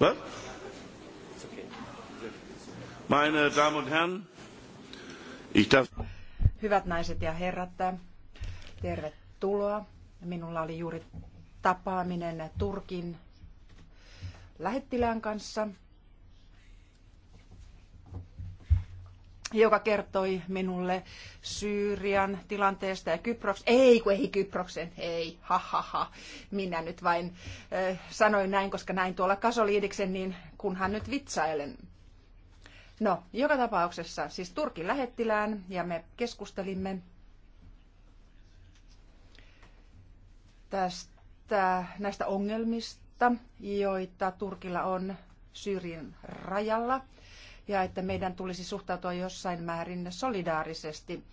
Was? Meine Damen und Herren, ich darf... Hyvät naiset ja herrat, tervetuloa. Minulla oli juuri tapaaminen Turkin lähettilään kanssa. joka kertoi minulle Syyrian tilanteesta ja Kyproks. Ei, kun ei Kyproksen, ei, ha, ha, ha. Minä nyt vain äh, sanoin näin, koska näin tuolla kasoliidiksen, niin kunhan nyt vitsailen. No, joka tapauksessa siis Turkin lähettilään ja me keskustelimme tästä, näistä ongelmista, joita Turkilla on Syyrian rajalla – ja että meidän tulisi suhtautua jossain määrin solidaarisesti.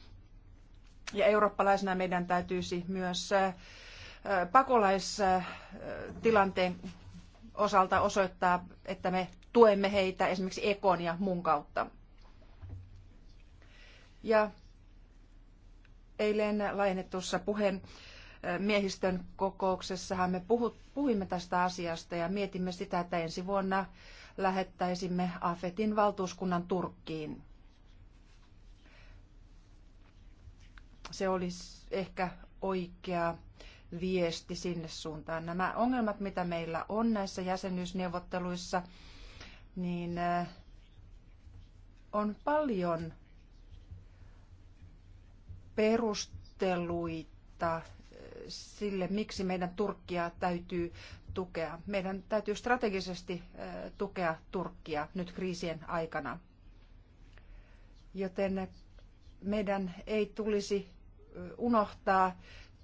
Ja eurooppalaisena meidän täytyisi myös pakolaistilanteen osalta osoittaa, että me tuemme heitä esimerkiksi ekon ja mun kautta. Ja eilen laajennetussa puheen miehistön kokouksessahan me puhut, puhuimme tästä asiasta ja mietimme sitä, että ensi vuonna lähettäisimme AFETin valtuuskunnan Turkkiin. Se olisi ehkä oikea viesti sinne suuntaan. Nämä ongelmat, mitä meillä on näissä jäsenyysneuvotteluissa, niin äh, on paljon perusteluita äh, sille, miksi meidän Turkkia täytyy tukea. Meidän täytyy strategisesti tukea Turkkia nyt kriisien aikana. Joten meidän ei tulisi unohtaa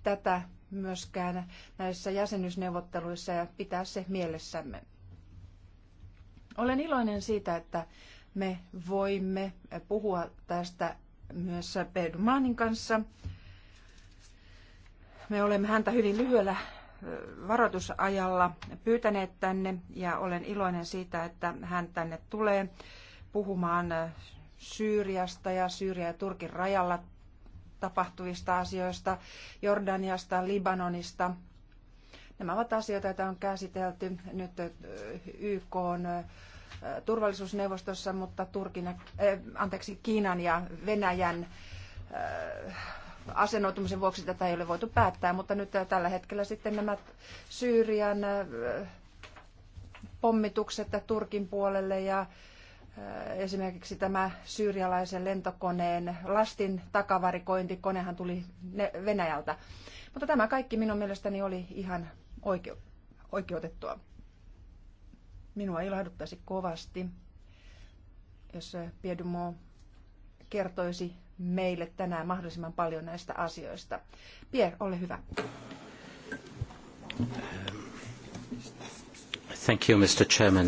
tätä myöskään näissä jäsenyysneuvotteluissa ja pitää se mielessämme. Olen iloinen siitä, että me voimme puhua tästä myös Pedmanin kanssa. Me olemme häntä hyvin lyhyellä varoitusajalla pyytäneet tänne ja olen iloinen siitä, että hän tänne tulee puhumaan Syyriasta ja Syyria ja Turkin rajalla tapahtuvista asioista, Jordaniasta, Libanonista. Nämä ovat asioita, joita on käsitelty nyt YK turvallisuusneuvostossa, mutta Turkin, äh, anteeksi, Kiinan ja Venäjän äh, asennoitumisen vuoksi tätä ei ole voitu päättää, mutta nyt äh, tällä hetkellä sitten nämä Syyrian äh, pommitukset Turkin puolelle ja äh, esimerkiksi tämä syyrialaisen lentokoneen lastin takavarikointi, konehan tuli Venäjältä. Mutta tämä kaikki minun mielestäni oli ihan oikeutettua. Minua ilahduttaisi kovasti, jos Piedumo kertoisi meille tänään mahdollisimman paljon näistä asioista. Pierre, ole hyvä. Thank you, Mr. Chairman.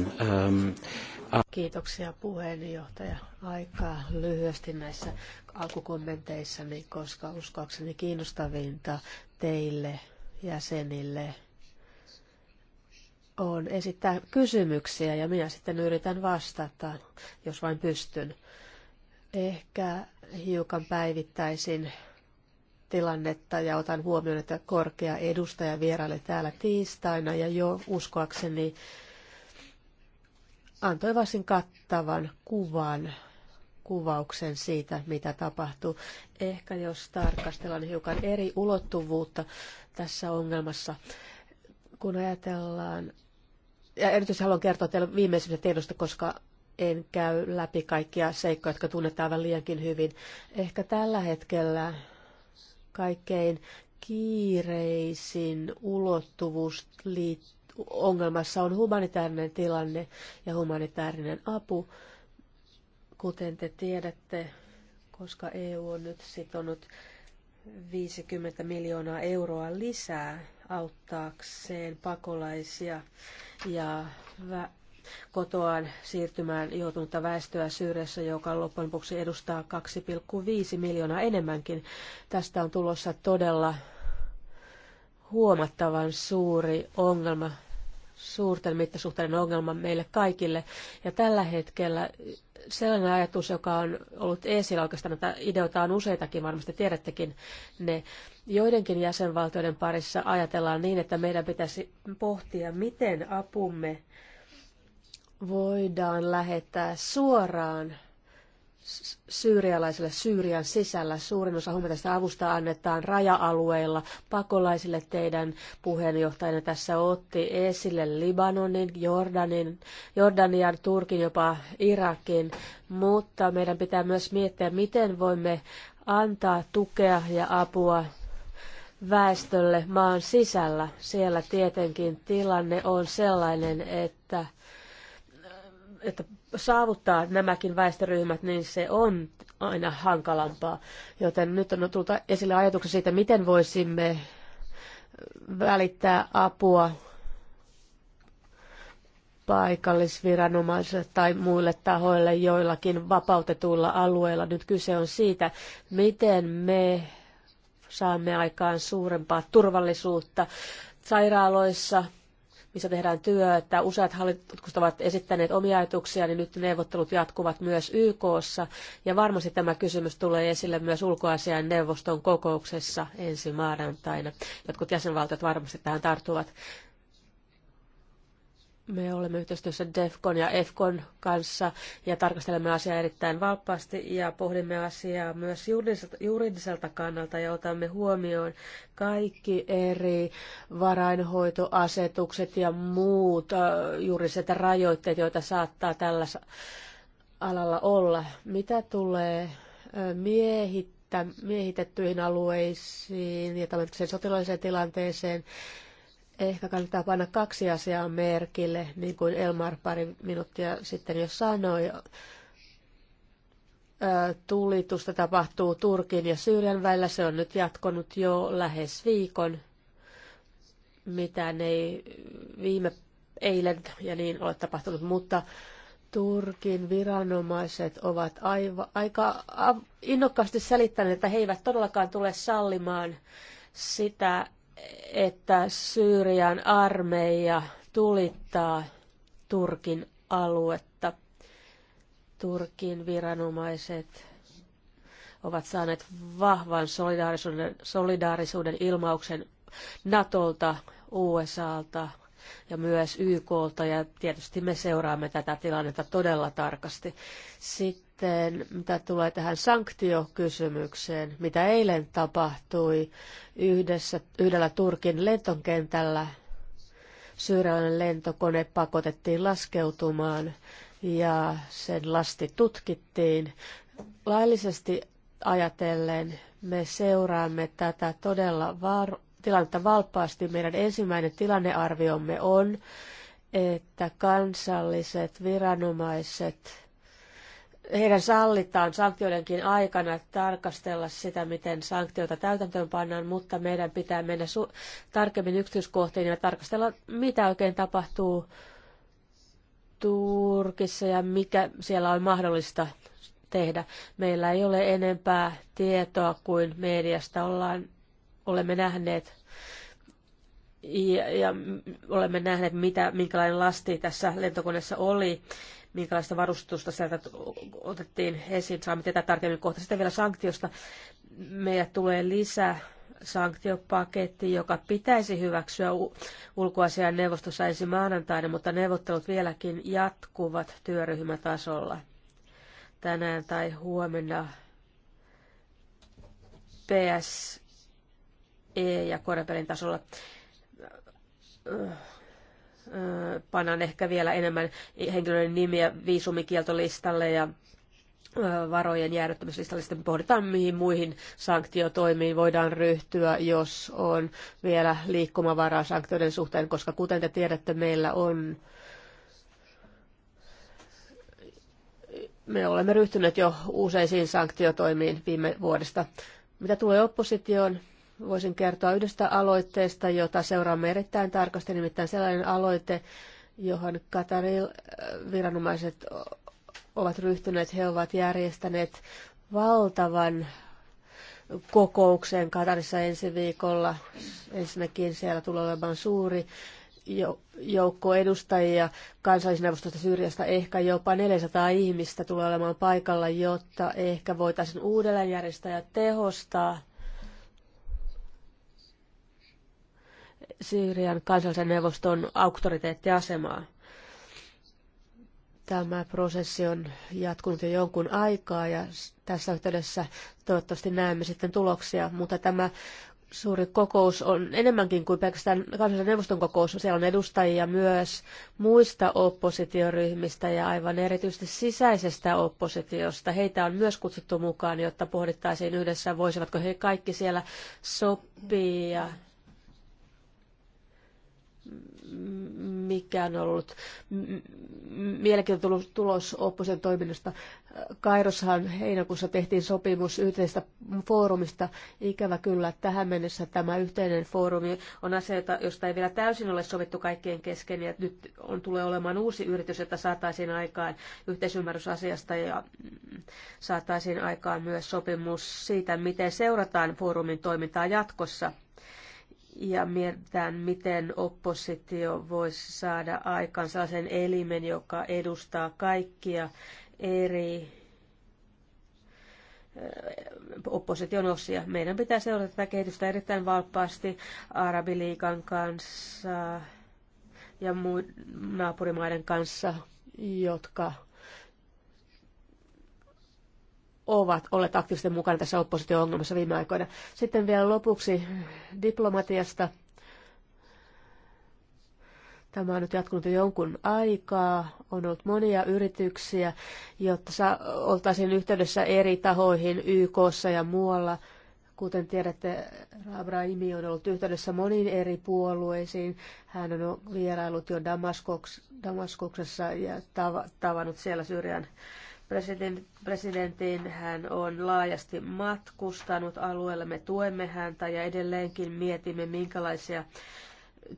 Um, uh... Kiitoksia puheenjohtaja. Aika lyhyesti näissä alkukommenteissa, koska uskoakseni kiinnostavinta teille jäsenille on esittää kysymyksiä ja minä sitten yritän vastata, jos vain pystyn. Ehkä hiukan päivittäisin tilannetta ja otan huomioon, että korkea edustaja vieraili täällä tiistaina ja jo uskoakseni antoi varsin kattavan kuvan, kuvauksen siitä, mitä tapahtuu. Ehkä jos tarkastellaan hiukan eri ulottuvuutta tässä ongelmassa, kun ajatellaan, ja erityisesti haluan kertoa teille viimeisimmistä tiedosta, koska en käy läpi kaikkia seikkoja, jotka tunnetaan aivan liiankin hyvin. Ehkä tällä hetkellä kaikkein kiireisin ulottuvuus ongelmassa on humanitaarinen tilanne ja humanitaarinen apu. Kuten te tiedätte, koska EU on nyt sitonut 50 miljoonaa euroa lisää auttaakseen pakolaisia ja kotoaan siirtymään joutunutta väestöä Syyriassa, joka loppujen lopuksi edustaa 2,5 miljoonaa enemmänkin. Tästä on tulossa todella huomattavan suuri ongelma, suurten mittasuhteiden ongelma meille kaikille. Ja tällä hetkellä sellainen ajatus, joka on ollut esillä oikeastaan, että ideoita on useitakin, varmasti tiedättekin ne, joidenkin jäsenvaltioiden parissa ajatellaan niin, että meidän pitäisi pohtia, miten apumme voidaan lähettää suoraan syyrialaisille Syyrian sisällä. Suurin osa humanitaarista avusta annetaan raja-alueilla pakolaisille. Teidän puheenjohtajana tässä otti esille Libanonin, Jordanin, Jordanian, Turkin, jopa Irakin, mutta meidän pitää myös miettiä, miten voimme antaa tukea ja apua väestölle maan sisällä. Siellä tietenkin tilanne on sellainen, että että saavuttaa nämäkin väestöryhmät, niin se on aina hankalampaa. Joten nyt on tullut esille ajatuksia siitä, miten voisimme välittää apua paikallisviranomaisille tai muille tahoille joillakin vapautetuilla alueilla. Nyt kyse on siitä, miten me saamme aikaan suurempaa turvallisuutta sairaaloissa, missä tehdään työtä. Useat hallitukset ovat esittäneet omia ajatuksia, niin nyt neuvottelut jatkuvat myös YKssa. Ja varmasti tämä kysymys tulee esille myös ulkoasian neuvoston kokouksessa ensi maanantaina. Jotkut jäsenvaltiot varmasti tähän tarttuvat. Me olemme yhteistyössä DEFCON ja EFCON kanssa ja tarkastelemme asiaa erittäin valppaasti ja pohdimme asiaa myös juridiselta kannalta ja otamme huomioon kaikki eri varainhoitoasetukset ja muut juridiset rajoitteet, joita saattaa tällä alalla olla. Mitä tulee miehittä, miehitettyihin alueisiin ja tämmöiseen sotilaalliseen tilanteeseen, Ehkä kannattaa panna kaksi asiaa merkille, niin kuin Elmar pari minuuttia sitten jo sanoi. Tulitusta tapahtuu Turkin ja Syyrian välillä. Se on nyt jatkonut jo lähes viikon. Mitään ei viime eilen ja niin ole tapahtunut, mutta Turkin viranomaiset ovat aiva, aika innokkaasti selittäneet, että he eivät todellakaan tule sallimaan sitä, että Syyrian armeija tulittaa Turkin aluetta. Turkin viranomaiset ovat saaneet vahvan solidaarisuuden, solidaarisuuden ilmauksen Natolta, USAlta ja myös YKlta ja tietysti me seuraamme tätä tilannetta todella tarkasti. Sitten sitten mitä tulee tähän sanktiokysymykseen, mitä eilen tapahtui yhdessä, yhdellä Turkin lentokentällä, syyrialainen lentokone pakotettiin laskeutumaan ja sen lasti tutkittiin. Laillisesti ajatellen me seuraamme tätä todella var- tilannetta valppaasti. Meidän ensimmäinen tilannearviomme on, että kansalliset viranomaiset heidän sallitaan sanktioidenkin aikana tarkastella sitä, miten sanktioita täytäntöön pannaan, mutta meidän pitää mennä tarkemmin yksityiskohtiin ja tarkastella, mitä oikein tapahtuu Turkissa ja mikä siellä on mahdollista tehdä. Meillä ei ole enempää tietoa kuin mediasta ollaan, olemme nähneet ja, ja olemme nähneet, mitä, minkälainen lasti tässä lentokoneessa oli minkälaista varustusta sieltä otettiin esiin. Saamme tätä tarkemmin kohta. Sitten vielä sanktiosta. Meillä tulee lisää sanktiopaketti, joka pitäisi hyväksyä ulkoasian neuvostossa ensi maanantaina, mutta neuvottelut vieläkin jatkuvat työryhmätasolla tänään tai huomenna. PSE ja korjapelin tasolla pannaan ehkä vielä enemmän henkilöiden nimiä viisumikieltolistalle ja varojen jäädyttämislistalle. Sitten pohditaan, mihin muihin sanktiotoimiin voidaan ryhtyä, jos on vielä liikkumavaraa sanktioiden suhteen, koska kuten te tiedätte, meillä on me olemme ryhtyneet jo useisiin sanktiotoimiin viime vuodesta. Mitä tulee oppositioon, voisin kertoa yhdestä aloitteesta, jota seuraamme erittäin tarkasti, nimittäin sellainen aloite, johon Kataril äh, viranomaiset ovat ryhtyneet. He ovat järjestäneet valtavan kokoukseen Katarissa ensi viikolla. Ensinnäkin siellä tulee olemaan suuri joukko edustajia kansallisneuvostosta Syyriasta. Ehkä jopa 400 ihmistä tulee olemaan paikalla, jotta ehkä voitaisiin uudelleen järjestää ja tehostaa Syyrian kansallisen neuvoston auktoriteettiasemaa. Tämä prosessi on jatkunut jo jonkun aikaa ja tässä yhteydessä toivottavasti näemme sitten tuloksia, mutta tämä suuri kokous on enemmänkin kuin pelkästään kansallisen neuvoston kokous. Siellä on edustajia myös muista oppositioryhmistä ja aivan erityisesti sisäisestä oppositiosta. Heitä on myös kutsuttu mukaan, jotta pohdittaisiin yhdessä, voisivatko he kaikki siellä sopia Mikään on ollut mielenkiintoinen tulos opposen toiminnasta. Kairossahan heinäkuussa tehtiin sopimus yhteisestä foorumista. Ikävä kyllä, tähän mennessä tämä yhteinen foorumi on asia, josta ei vielä täysin ole sovittu kaikkien kesken. Ja nyt on, tulee olemaan uusi yritys, että saataisiin aikaan yhteisymmärrys asiasta ja saataisiin aikaan myös sopimus siitä, miten seurataan foorumin toimintaa jatkossa ja mietitään, miten oppositio voisi saada aikaan sellaisen elimen, joka edustaa kaikkia eri eh, opposition osia. Meidän pitää seurata tätä kehitystä erittäin valppaasti Arabiliikan kanssa ja muiden naapurimaiden kanssa, jotka ovat olleet aktiivisesti mukana tässä oppositio-ongelmassa viime aikoina. Sitten vielä lopuksi diplomatiasta. Tämä on nyt jatkunut jo jonkun aikaa. On ollut monia yrityksiä, jotta oltaisiin yhteydessä eri tahoihin YKssa ja muualla. Kuten tiedätte, Abrahimi on ollut yhteydessä moniin eri puolueisiin. Hän on vierailut jo Damaskoksessa ja tavannut siellä Syyrian presidentin. Hän on laajasti matkustanut alueelle. Me tuemme häntä ja edelleenkin mietimme, minkälaisia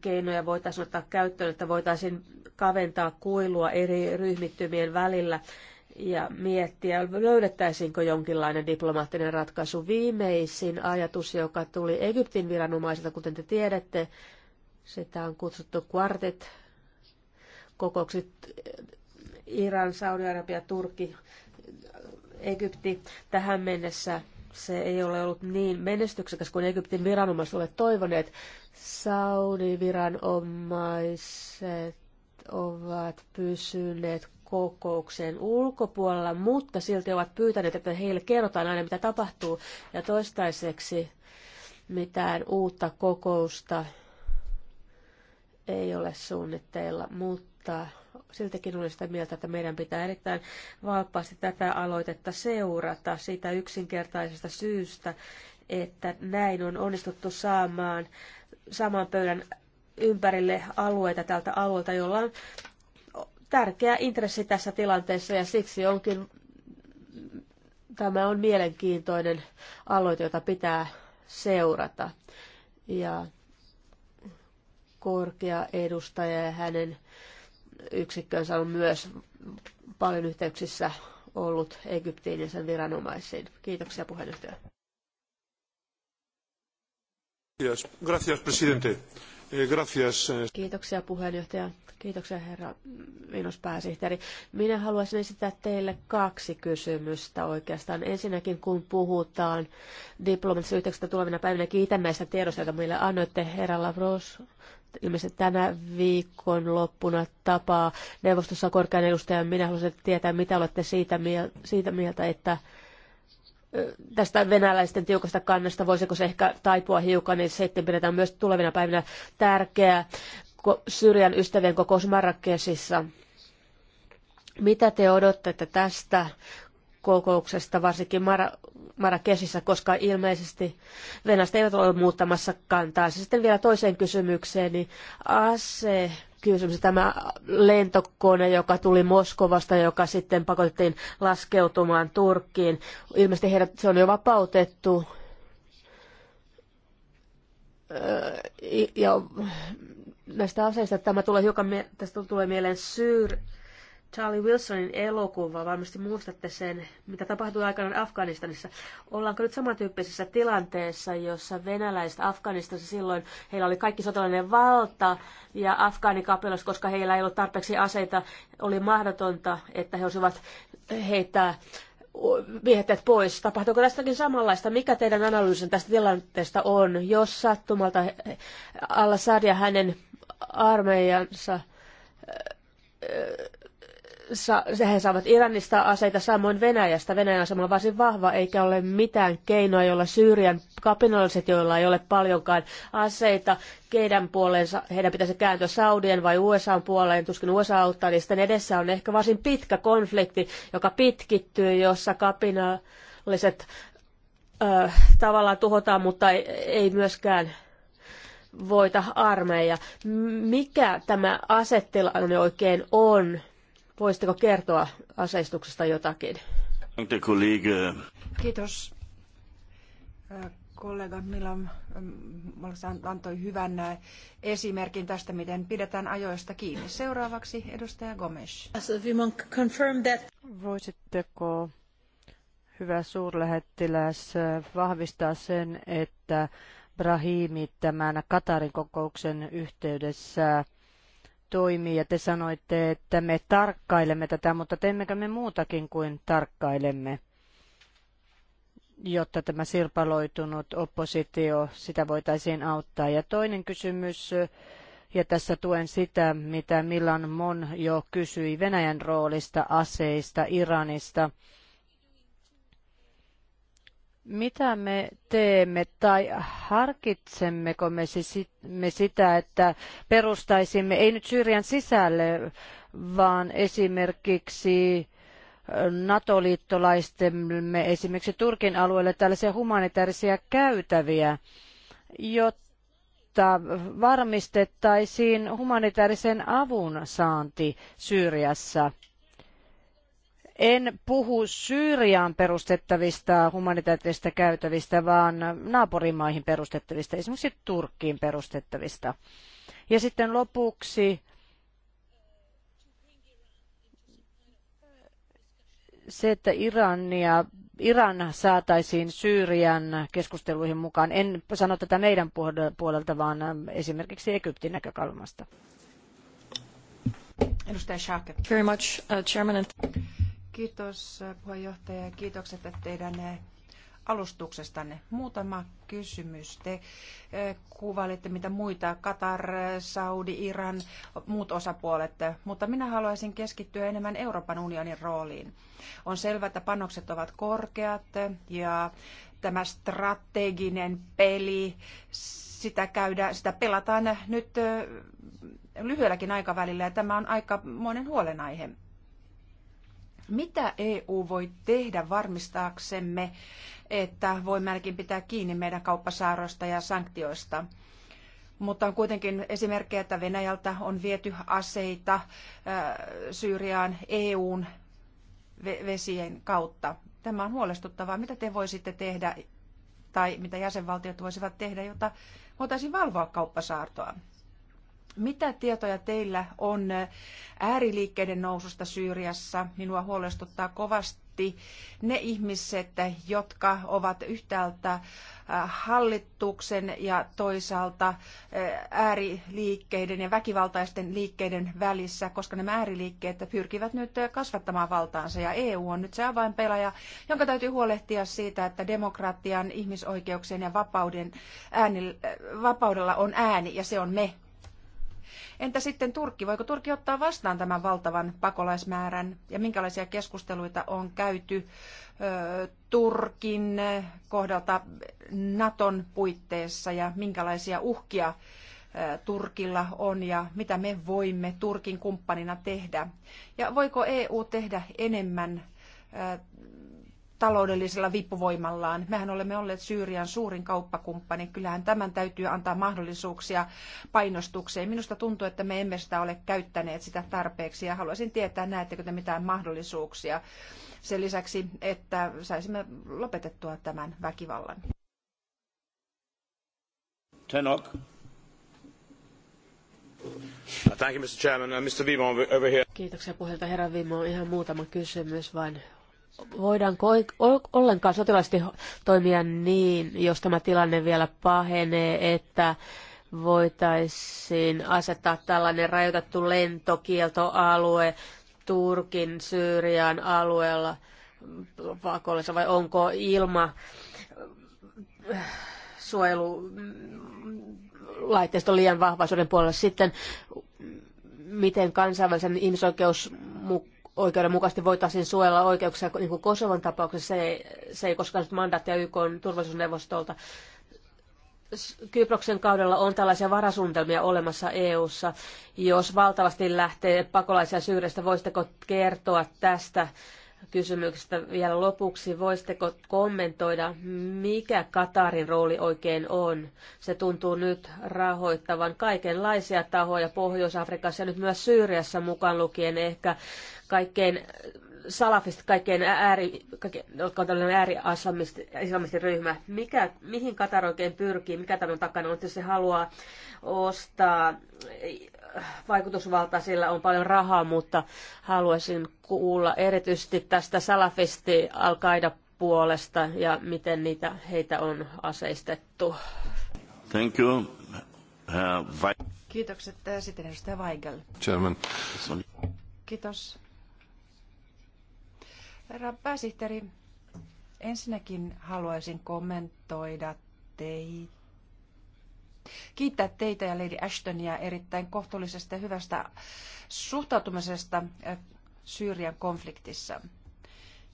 keinoja voitaisiin ottaa käyttöön, että voitaisiin kaventaa kuilua eri ryhmittymien välillä ja miettiä, löydettäisiinkö jonkinlainen diplomaattinen ratkaisu. Viimeisin ajatus, joka tuli Egyptin viranomaisilta, kuten te tiedätte, sitä on kutsuttu kvartet kokoukset Iran, Saudi-Arabia, Turkki, Egypti tähän mennessä se ei ole ollut niin menestyksekäs kuin Egyptin viranomaiset ovat toivoneet. Saudi-viranomaiset ovat pysyneet kokouksen ulkopuolella, mutta silti ovat pyytäneet, että heille kerrotaan aina, mitä tapahtuu. Ja toistaiseksi mitään uutta kokousta ei ole suunnitteilla, mutta mutta siltikin olen sitä mieltä, että meidän pitää erittäin valppaasti tätä aloitetta seurata siitä yksinkertaisesta syystä, että näin on onnistuttu saamaan saman pöydän ympärille alueita tältä alueelta, jolla on tärkeä intressi tässä tilanteessa ja siksi onkin tämä on mielenkiintoinen aloite, jota pitää seurata. Ja korkea edustaja ja hänen yksikkönsä on myös paljon yhteyksissä ollut Egyptiin ja sen viranomaisiin. Kiitoksia puheenjohtaja. Gracias, presidente. Eh, gracias. Eh. Kiitoksia puheenjohtaja. Kiitoksia herra Viinus pääsihteeri. Minä haluaisin esittää teille kaksi kysymystä oikeastaan. Ensinnäkin kun puhutaan diplomatista yhteyksistä tulevina päivinä, kiitän näistä tiedoista, joita meille annoitte herra Lavros. Ilmeisesti tänä viikon loppuna tapaa neuvostossa korkean edustajan. Minä haluaisin tietää, mitä olette siitä mieltä, siitä mieltä että tästä venäläisten tiukasta kannasta, voisiko se ehkä taipua hiukan, niin sitten pidetään myös tulevina päivinä tärkeää Syyrian ystävien kokous Marrakesissa. Mitä te odotatte tästä kokouksesta, varsinkin Mar- Marrakesissa, koska ilmeisesti Venäjä ei ole muuttamassa kantaa. Sitten vielä toiseen kysymykseen, niin ase kysymys. Tämä lentokone, joka tuli Moskovasta, joka sitten pakotettiin laskeutumaan Turkkiin. Ilmeisesti heidät, se on jo vapautettu. Ja näistä aseista tämä tulee hiukan, tästä tulee mieleen Syyri. Charlie Wilsonin elokuva, varmasti muistatte sen, mitä tapahtui aikanaan Afganistanissa. Ollaanko nyt samantyyppisessä tilanteessa, jossa venäläiset Afganistanissa silloin, heillä oli kaikki sotilainen valta ja afgaanikapelos, koska heillä ei ollut tarpeeksi aseita, oli mahdotonta, että he osuvat heittää viehettäjät pois. Tapahtuuko tästäkin samanlaista? Mikä teidän analyysin tästä tilanteesta on, jos sattumalta al-Assad ja hänen armeijansa sa- he saavat Iranista aseita, samoin Venäjästä. Venäjä on varsin vahva, eikä ole mitään keinoa, jolla Syyrian kapinalliset, joilla ei ole paljonkaan aseita, keidän puoleen. heidän pitäisi kääntyä Saudien vai USAn puoleen, tuskin USA auttaa, niin sitten edessä on ehkä varsin pitkä konflikti, joka pitkittyy, jossa kapinalliset ö, tavallaan tuhotaan, mutta ei, ei myöskään voita armeija. Mikä tämä asetilanne oikein on? Voisitteko kertoa aseistuksesta jotakin? Kiitos. Äh, kollega Milan ähm, antoi hyvän äh, esimerkin tästä, miten pidetään ajoista kiinni. Seuraavaksi edustaja Gomes. Voisitteko hyvä suurlähettiläs äh, vahvistaa sen, että Brahimi tämän Katarin kokouksen yhteydessä toimii ja te sanoitte, että me tarkkailemme tätä, mutta teemmekö me muutakin kuin tarkkailemme, jotta tämä sirpaloitunut oppositio, sitä voitaisiin auttaa. Ja toinen kysymys, ja tässä tuen sitä, mitä Milan Mon jo kysyi Venäjän roolista, aseista, Iranista – mitä me teemme tai harkitsemmeko me, sit, me sitä, että perustaisimme, ei nyt Syyrian sisälle, vaan esimerkiksi NATO-liittolaistemme, esimerkiksi Turkin alueelle tällaisia humanitaarisia käytäviä, jotta varmistettaisiin humanitaarisen avun saanti Syyriassa – en puhu Syyriaan perustettavista humanitaarisista käytävistä, vaan naapurimaihin perustettavista, esimerkiksi Turkkiin perustettavista. Ja sitten lopuksi se, että Irania, Iran saataisiin Syyrian keskusteluihin mukaan. En sano tätä meidän puolelta, vaan esimerkiksi Egyptin näkökulmasta. Edustaja Shaake. Very much, uh, chairman. Kiitos puheenjohtaja ja kiitokset teidän eh, alustuksestanne. Muutama kysymys. Te eh, kuvailitte mitä muita, Katar, eh, Saudi, Iran, muut osapuolet, mutta minä haluaisin keskittyä enemmän Euroopan unionin rooliin. On selvää, että panokset ovat korkeat ja tämä strateginen peli, sitä, käydä, sitä pelataan nyt lyhyelläkin aikavälillä ja tämä on aika monen huolenaihe. Mitä EU voi tehdä varmistaaksemme, että voi melkein pitää kiinni meidän kauppasaaroista ja sanktioista? Mutta on kuitenkin esimerkkejä, että Venäjältä on viety aseita äh, Syyriaan EUn vesien kautta. Tämä on huolestuttavaa. Mitä te voisitte tehdä tai mitä jäsenvaltiot voisivat tehdä, jotta voitaisiin valvoa kauppasaartoa? Mitä tietoja teillä on äh, ääriliikkeiden noususta Syyriassa? Minua huolestuttaa kovasti ne ihmiset, jotka ovat yhtäältä äh, hallituksen ja toisaalta äh, ääriliikkeiden ja väkivaltaisten liikkeiden välissä, koska nämä ääriliikkeet pyrkivät nyt kasvattamaan valtaansa ja EU on nyt se avainpelaaja, jonka täytyy huolehtia siitä, että demokratian, ihmisoikeuksien ja vapauden ääni, vapaudella on ääni ja se on me Entä sitten Turkki? Voiko Turkki ottaa vastaan tämän valtavan pakolaismäärän? Ja minkälaisia keskusteluita on käyty ö, Turkin kohdalta Naton puitteissa ja minkälaisia uhkia Turkilla on ja mitä me voimme Turkin kumppanina tehdä. Ja voiko EU tehdä enemmän taloudellisella vippuvoimallaan. Mehän olemme olleet Syyrian suurin kauppakumppani. Kyllähän tämän täytyy antaa mahdollisuuksia painostukseen. Minusta tuntuu, että me emme sitä ole käyttäneet sitä tarpeeksi ja haluaisin tietää, näettekö te mitään mahdollisuuksia sen lisäksi, että saisimme lopetettua tämän väkivallan. Tenok. Thank you, Mr. Chairman. Uh, Mr. Vimo, over here. Kiitoksia puhelta, Herra Vimo, ihan muutama kysymys vain voidaanko ollenkaan sotilaisesti toimia niin, jos tämä tilanne vielä pahenee, että voitaisiin asettaa tällainen rajoitettu lentokieltoalue Turkin, Syyrian alueella pakollisen vai onko ilma suojelu laitteisto liian vahvaisuuden puolella sitten, miten kansainvälisen ihmisoikeus oikeudenmukaisesti voitaisiin suojella oikeuksia, niin kuin kosovan tapauksessa se ei, se ei koskaan mandaattia YK on turvallisuusneuvostolta. Kyproksen kaudella on tällaisia varasuunnitelmia olemassa EU:ssa. Jos valtavasti lähtee pakolaisia syyreistä, voisitteko kertoa tästä kysymyksestä vielä lopuksi. Voisitteko kommentoida, mikä Katarin rooli oikein on? Se tuntuu nyt rahoittavan kaikenlaisia tahoja Pohjois-Afrikassa ja nyt myös Syyriassa mukaan lukien ehkä kaikkein salafista, kaikkein ääri, kaikkein, jotka on tällainen ääri Mikä, mihin Katar oikein pyrkii? Mikä tämän takana on, että se haluaa ostaa vaikutusvaltaa, sillä on paljon rahaa, mutta haluaisin kuulla erityisesti tästä salafisti al puolesta ja miten niitä, heitä on aseistettu. Thank you. Uh, Kiitokset. Eh, sitten edustaja Weigel. Chairman. Kiitos. Herra pääsihteeri, ensinnäkin haluaisin kommentoida teitä kiittää teitä ja Lady Ashtonia erittäin kohtuullisesta ja hyvästä suhtautumisesta eh, Syyrian konfliktissa.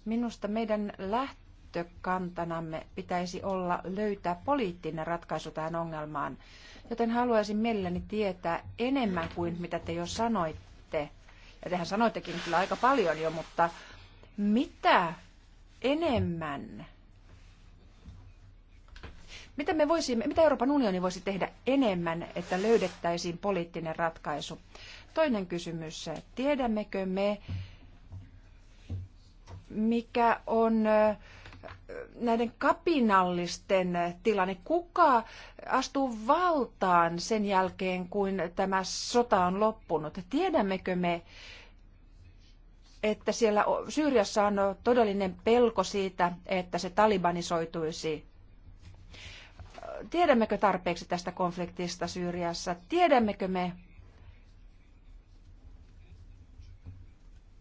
Minusta meidän lähtökantanamme pitäisi olla löytää poliittinen ratkaisu tähän ongelmaan, joten haluaisin mielelläni tietää enemmän kuin mitä te jo sanoitte. Ja tehän sanoittekin kyllä aika paljon jo, mutta mitä enemmän mitä, me voisimme, mitä Euroopan unioni voisi tehdä enemmän, että löydettäisiin poliittinen ratkaisu? Toinen kysymys. Tiedämmekö me, mikä on näiden kapinallisten tilanne? Kuka astuu valtaan sen jälkeen, kun tämä sota on loppunut? Tiedämmekö me, että siellä Syyriassa on todellinen pelko siitä, että se talibanisoituisi tiedämmekö tarpeeksi tästä konfliktista Syyriassa? Tiedämmekö me,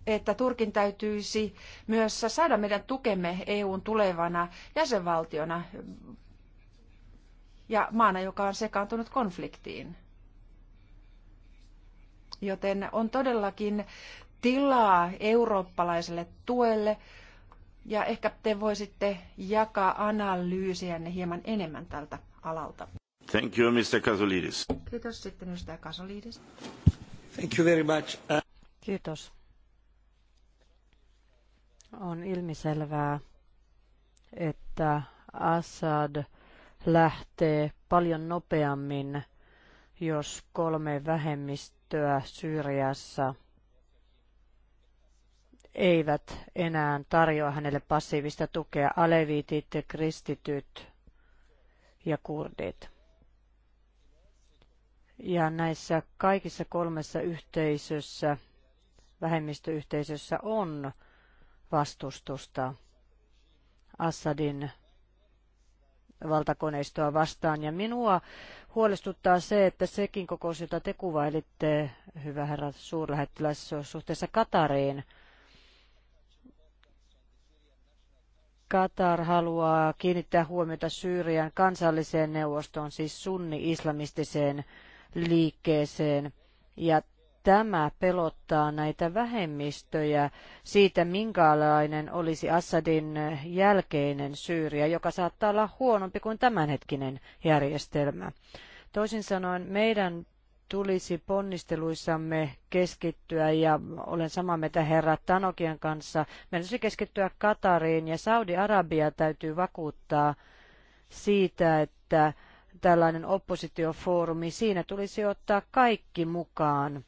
että Turkin täytyisi myös saada meidän tukemme EUn tulevana jäsenvaltiona ja maana, joka on sekaantunut konfliktiin? Joten on todellakin tilaa eurooppalaiselle tuelle, ja ehkä te voisitte jakaa analyysiänne hieman enemmän tältä alalta. Thank you, Mr. Kasolidis. Kiitos sitten edustaja Kasolidis. Thank you very much. Kiitos. On ilmiselvää, että Assad lähtee paljon nopeammin, jos kolme vähemmistöä Syyriassa eivät enää tarjoa hänelle passiivista tukea. Alevitit, kristityt, ja kurdit. Ja näissä kaikissa kolmessa yhteisössä, vähemmistöyhteisössä on vastustusta Assadin valtakoneistoa vastaan. Ja minua huolestuttaa se, että sekin kokous, jota te kuvailitte, hyvä herra suurlähettiläs, suhteessa Katariin – Katar haluaa kiinnittää huomiota Syyrian kansalliseen neuvostoon, siis sunni-islamistiseen liikkeeseen. Ja tämä pelottaa näitä vähemmistöjä siitä, minkälainen olisi Assadin jälkeinen Syyria, joka saattaa olla huonompi kuin tämänhetkinen järjestelmä. Toisin sanoen meidän tulisi ponnisteluissamme keskittyä, ja olen samaa mieltä herra Tanokian kanssa, meidän tulisi keskittyä Katariin, ja Saudi-Arabia täytyy vakuuttaa siitä, että tällainen oppositiofoorumi, siinä tulisi ottaa kaikki mukaan.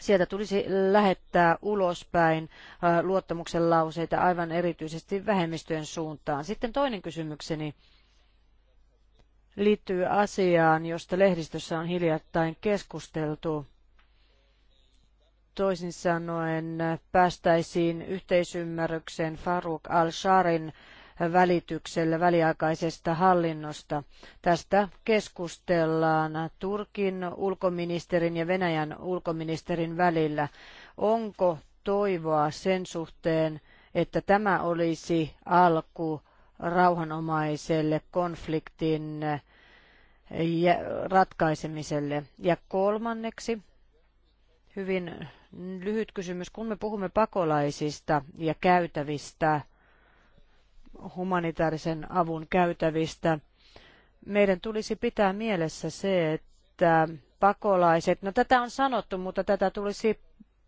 Sieltä tulisi lähettää ulospäin äh, luottamuksen lauseita aivan erityisesti vähemmistöjen suuntaan. Sitten toinen kysymykseni liittyy asiaan, josta lehdistössä on hiljattain keskusteltu. Toisin sanoen päästäisiin yhteisymmärrykseen Faruk al-Sharin välityksellä väliaikaisesta hallinnosta. Tästä keskustellaan Turkin ulkoministerin ja Venäjän ulkoministerin välillä. Onko toivoa sen suhteen, että tämä olisi alku rauhanomaiselle konfliktin eh, ratkaisemiselle. Ja kolmanneksi, hyvin lyhyt kysymys, kun me puhumme pakolaisista ja käytävistä, humanitaarisen avun käytävistä, meidän tulisi pitää mielessä se, että pakolaiset, no tätä on sanottu, mutta tätä tulisi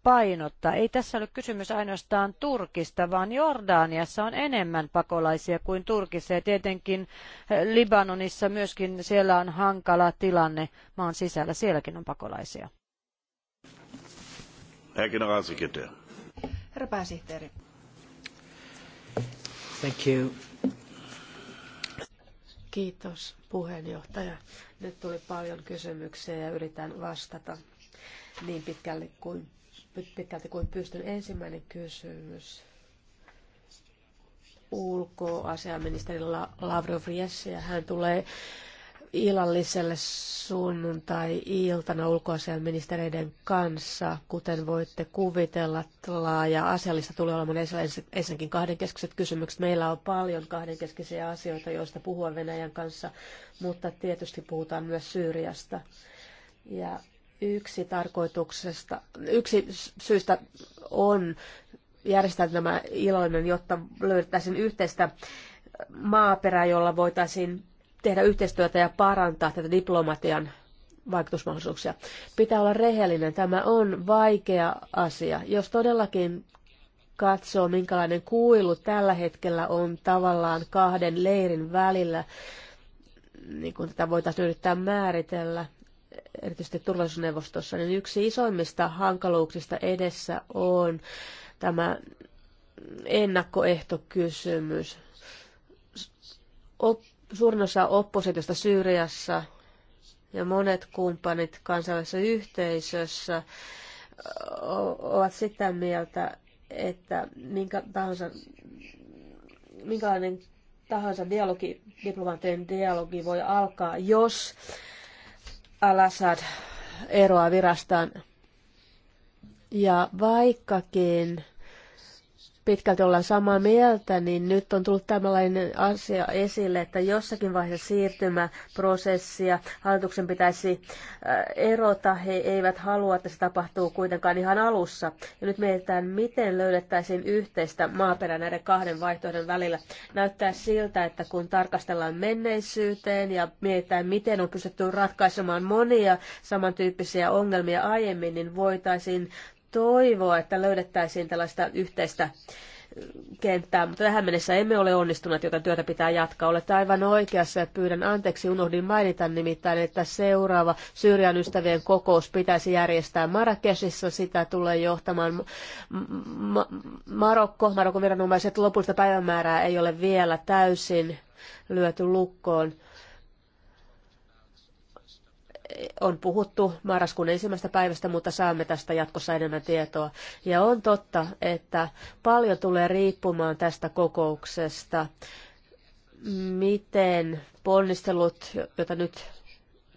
painottaa. Ei tässä ole kysymys ainoastaan Turkista, vaan Jordaniassa on enemmän pakolaisia kuin Turkissa ja tietenkin eh, Libanonissa myöskin siellä on hankala tilanne maan sisällä. Sielläkin on pakolaisia. Herr Generalsekretär. Herra pääsihteeri. Thank you. Kiitos puheenjohtaja. Nyt tuli paljon kysymyksiä ja yritän vastata niin pitkälle kuin pitkälti kuin pystyn. Ensimmäinen kysymys ulkoasiaministeri Lavrov ja hän tulee illalliselle sunnuntai-iltana ulkoasiaministereiden kanssa. Kuten voitte kuvitella, laaja asiallista tulee olemaan ensinnäkin kahdenkeskiset kysymykset. Meillä on paljon kahdenkeskisiä asioita, joista puhua Venäjän kanssa, mutta tietysti puhutaan myös Syyriasta. Ja Yksi tarkoituksesta, yksi syystä on järjestää nämä iloinen, jotta löydettäisiin yhteistä maaperää, jolla voitaisiin tehdä yhteistyötä ja parantaa tätä diplomatian vaikutusmahdollisuuksia. Pitää olla rehellinen. Tämä on vaikea asia. Jos todellakin katsoo, minkälainen kuilu tällä hetkellä on tavallaan kahden leirin välillä, niin kuin tätä voitaisiin yrittää määritellä, erityisesti turvallisuusneuvostossa, niin yksi isoimmista hankaluuksista edessä on tämä ennakkoehtokysymys. Op, suurin osa oppositiosta Syyriassa ja monet kumppanit kansainvälisessä yhteisössä ovat sitä mieltä, että minkä tahansa, minkälainen tahansa dialogi, diplomaattinen dialogi voi alkaa, jos al-Assad eroaa virastaan. Ja vaikkakin pitkälti ollaan samaa mieltä, niin nyt on tullut tällainen asia esille, että jossakin vaiheessa siirtymäprosessia hallituksen pitäisi äh, erota. He eivät halua, että se tapahtuu kuitenkaan ihan alussa. Ja nyt mietitään, miten löydettäisiin yhteistä maaperää näiden kahden vaihtoehdon välillä. Näyttää siltä, että kun tarkastellaan menneisyyteen ja mietitään, miten on pystytty ratkaisemaan monia samantyyppisiä ongelmia aiemmin, niin voitaisiin toivoa, että löydettäisiin tällaista yhteistä kenttää, mutta tähän mennessä emme ole onnistuneet, joten työtä pitää jatkaa. Olet aivan oikeassa ja pyydän anteeksi, unohdin mainita nimittäin, että seuraava Syyrian ystävien kokous pitäisi järjestää Marrakesissa. Sitä tulee johtamaan Marokko. Marokon viranomaiset lopullista päivämäärää ei ole vielä täysin lyöty lukkoon on puhuttu marraskuun ensimmäistä päivästä, mutta saamme tästä jatkossa enemmän tietoa. Ja on totta, että paljon tulee riippumaan tästä kokouksesta, miten ponnistelut, joita nyt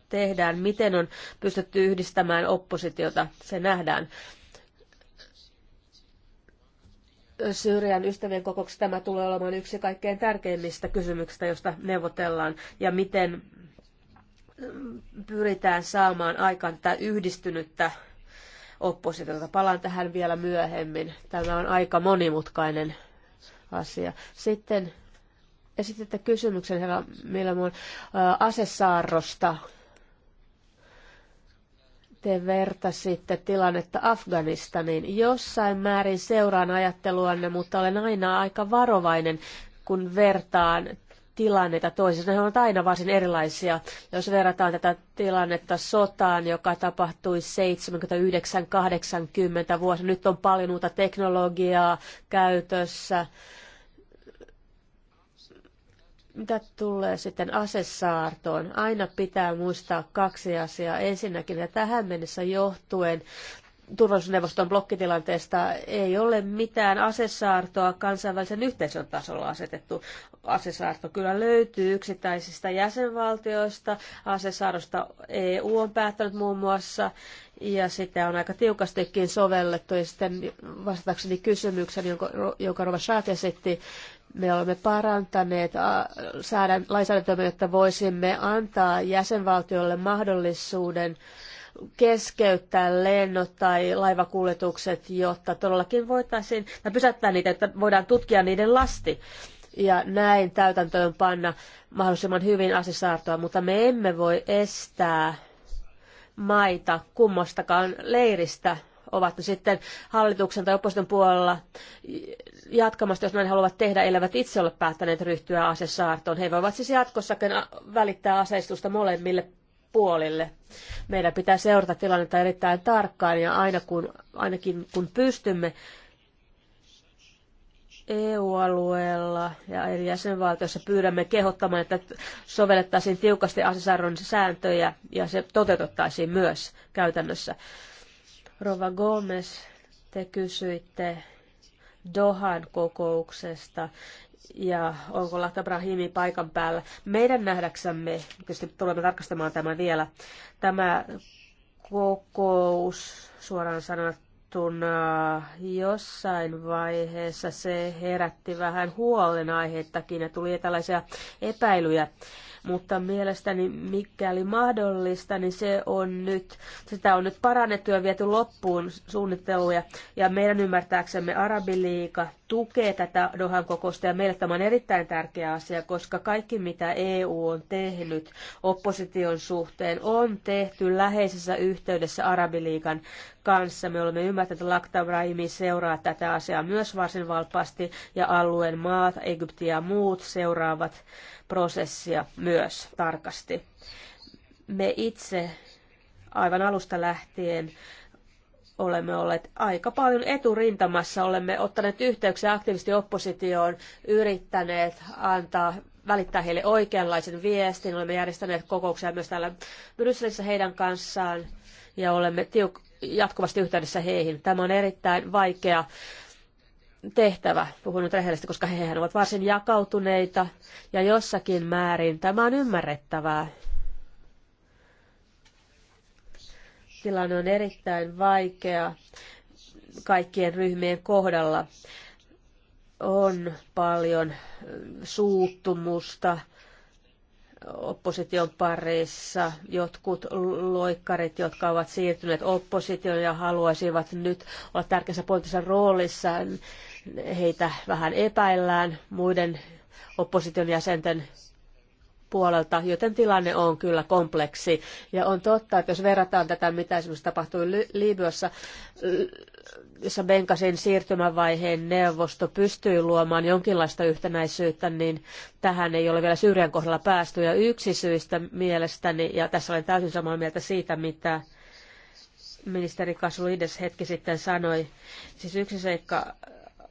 tehdään, miten on pystytty yhdistämään oppositiota, se nähdään. Syyrian ystävien kokouksessa tämä tulee olemaan yksi kaikkein tärkeimmistä kysymyksistä, josta neuvotellaan, ja miten pyritään saamaan aikaan tätä yhdistynyttä oppositiota. Palaan tähän vielä myöhemmin. Tämä on aika monimutkainen asia. Sitten esititte kysymyksen herra Milmon asesaarrosta. Te vertasitte tilannetta Afganistaniin. Jossain määrin seuraan ajatteluanne, mutta olen aina aika varovainen, kun vertaan tilanteita toisissa. Ne ovat aina varsin erilaisia. Jos verrataan tätä tilannetta sotaan, joka tapahtui 79-80 vuosi, nyt on paljon uutta teknologiaa käytössä. Mitä tulee sitten asesaartoon? Aina pitää muistaa kaksi asiaa. Ensinnäkin, että tähän mennessä johtuen turvallisuusneuvoston blokkitilanteesta ei ole mitään asesaartoa kansainvälisen yhteisön tasolla asetettu. Asesaarto kyllä löytyy yksittäisistä jäsenvaltioista. Asesaarosta EU on päättänyt muun muassa ja sitä on aika tiukastikin sovellettu. Ja sitten vastatakseni kysymyksen, jonka, jonka Rova Schaat esitti, me olemme parantaneet lainsäädäntöä, jotta voisimme antaa jäsenvaltiolle mahdollisuuden keskeyttää lennot tai laivakuljetukset, jotta todellakin voitaisiin, tai pysäyttää niitä, että voidaan tutkia niiden lasti ja näin täytäntöön panna mahdollisimman hyvin asisaartoa, mutta me emme voi estää maita kummastakaan leiristä, ovat ne sitten hallituksen tai opposition puolella jatkamasta, jos näin haluavat tehdä, elävät itse ole päättäneet ryhtyä asesaartoon. He voivat siis jatkossakin välittää aseistusta molemmille puolille. Meidän pitää seurata tilannetta erittäin tarkkaan ja aina kun, ainakin kun pystymme EU-alueella ja eri jäsenvaltioissa pyydämme kehottamaan, että sovellettaisiin tiukasti asesarron sääntöjä ja se toteutettaisiin myös käytännössä. Rova Gomez, te kysyitte Dohan kokouksesta ja onko Lahta Brahimi paikan päällä. Meidän nähdäksemme, tietysti tulemme tarkastamaan tämä vielä, tämä kokous suoraan sanottuna jossain vaiheessa se herätti vähän huolenaiheittakin ja tuli tällaisia epäilyjä. Mutta mielestäni mikäli mahdollista, niin se on nyt, sitä on nyt parannettu ja viety loppuun suunnitteluja. Ja meidän ymmärtääksemme Arabiliika tukee tätä Dohan kokousta ja meille tämä on erittäin tärkeä asia, koska kaikki mitä EU on tehnyt opposition suhteen on tehty läheisessä yhteydessä Arabiliikan kanssa. Me olemme ymmärtäneet, että Lakta Brahimi seuraa tätä asiaa myös varsin valpaasti ja alueen maat, Egypti ja muut seuraavat prosessia myös tarkasti. Me itse aivan alusta lähtien olemme olleet aika paljon eturintamassa, olemme ottaneet yhteyksiä aktiivisesti oppositioon, yrittäneet antaa välittää heille oikeanlaisen viestin. Olemme järjestäneet kokouksia myös täällä Brysselissä heidän kanssaan ja olemme tiuk- jatkuvasti yhteydessä heihin. Tämä on erittäin vaikea tehtävä, puhun nyt rehellisesti, koska hehän ovat varsin jakautuneita ja jossakin määrin tämä on ymmärrettävää. tilanne on erittäin vaikea kaikkien ryhmien kohdalla. On paljon suuttumusta opposition parissa. Jotkut loikkarit, jotka ovat siirtyneet oppositioon ja haluaisivat nyt olla tärkeässä poliittisessa roolissa, heitä vähän epäillään muiden opposition jäsenten puolelta, joten tilanne on kyllä kompleksi. Ja on totta, että jos verrataan tätä, mitä esimerkiksi tapahtui Libyassa, jossa Benkasin siirtymävaiheen neuvosto pystyy luomaan jonkinlaista yhtenäisyyttä, niin tähän ei ole vielä Syyrian kohdalla päästy. Ja yksi syistä mielestäni, ja tässä olen täysin samaa mieltä siitä, mitä ministeri Kasluides hetki sitten sanoi, siis yksi seikka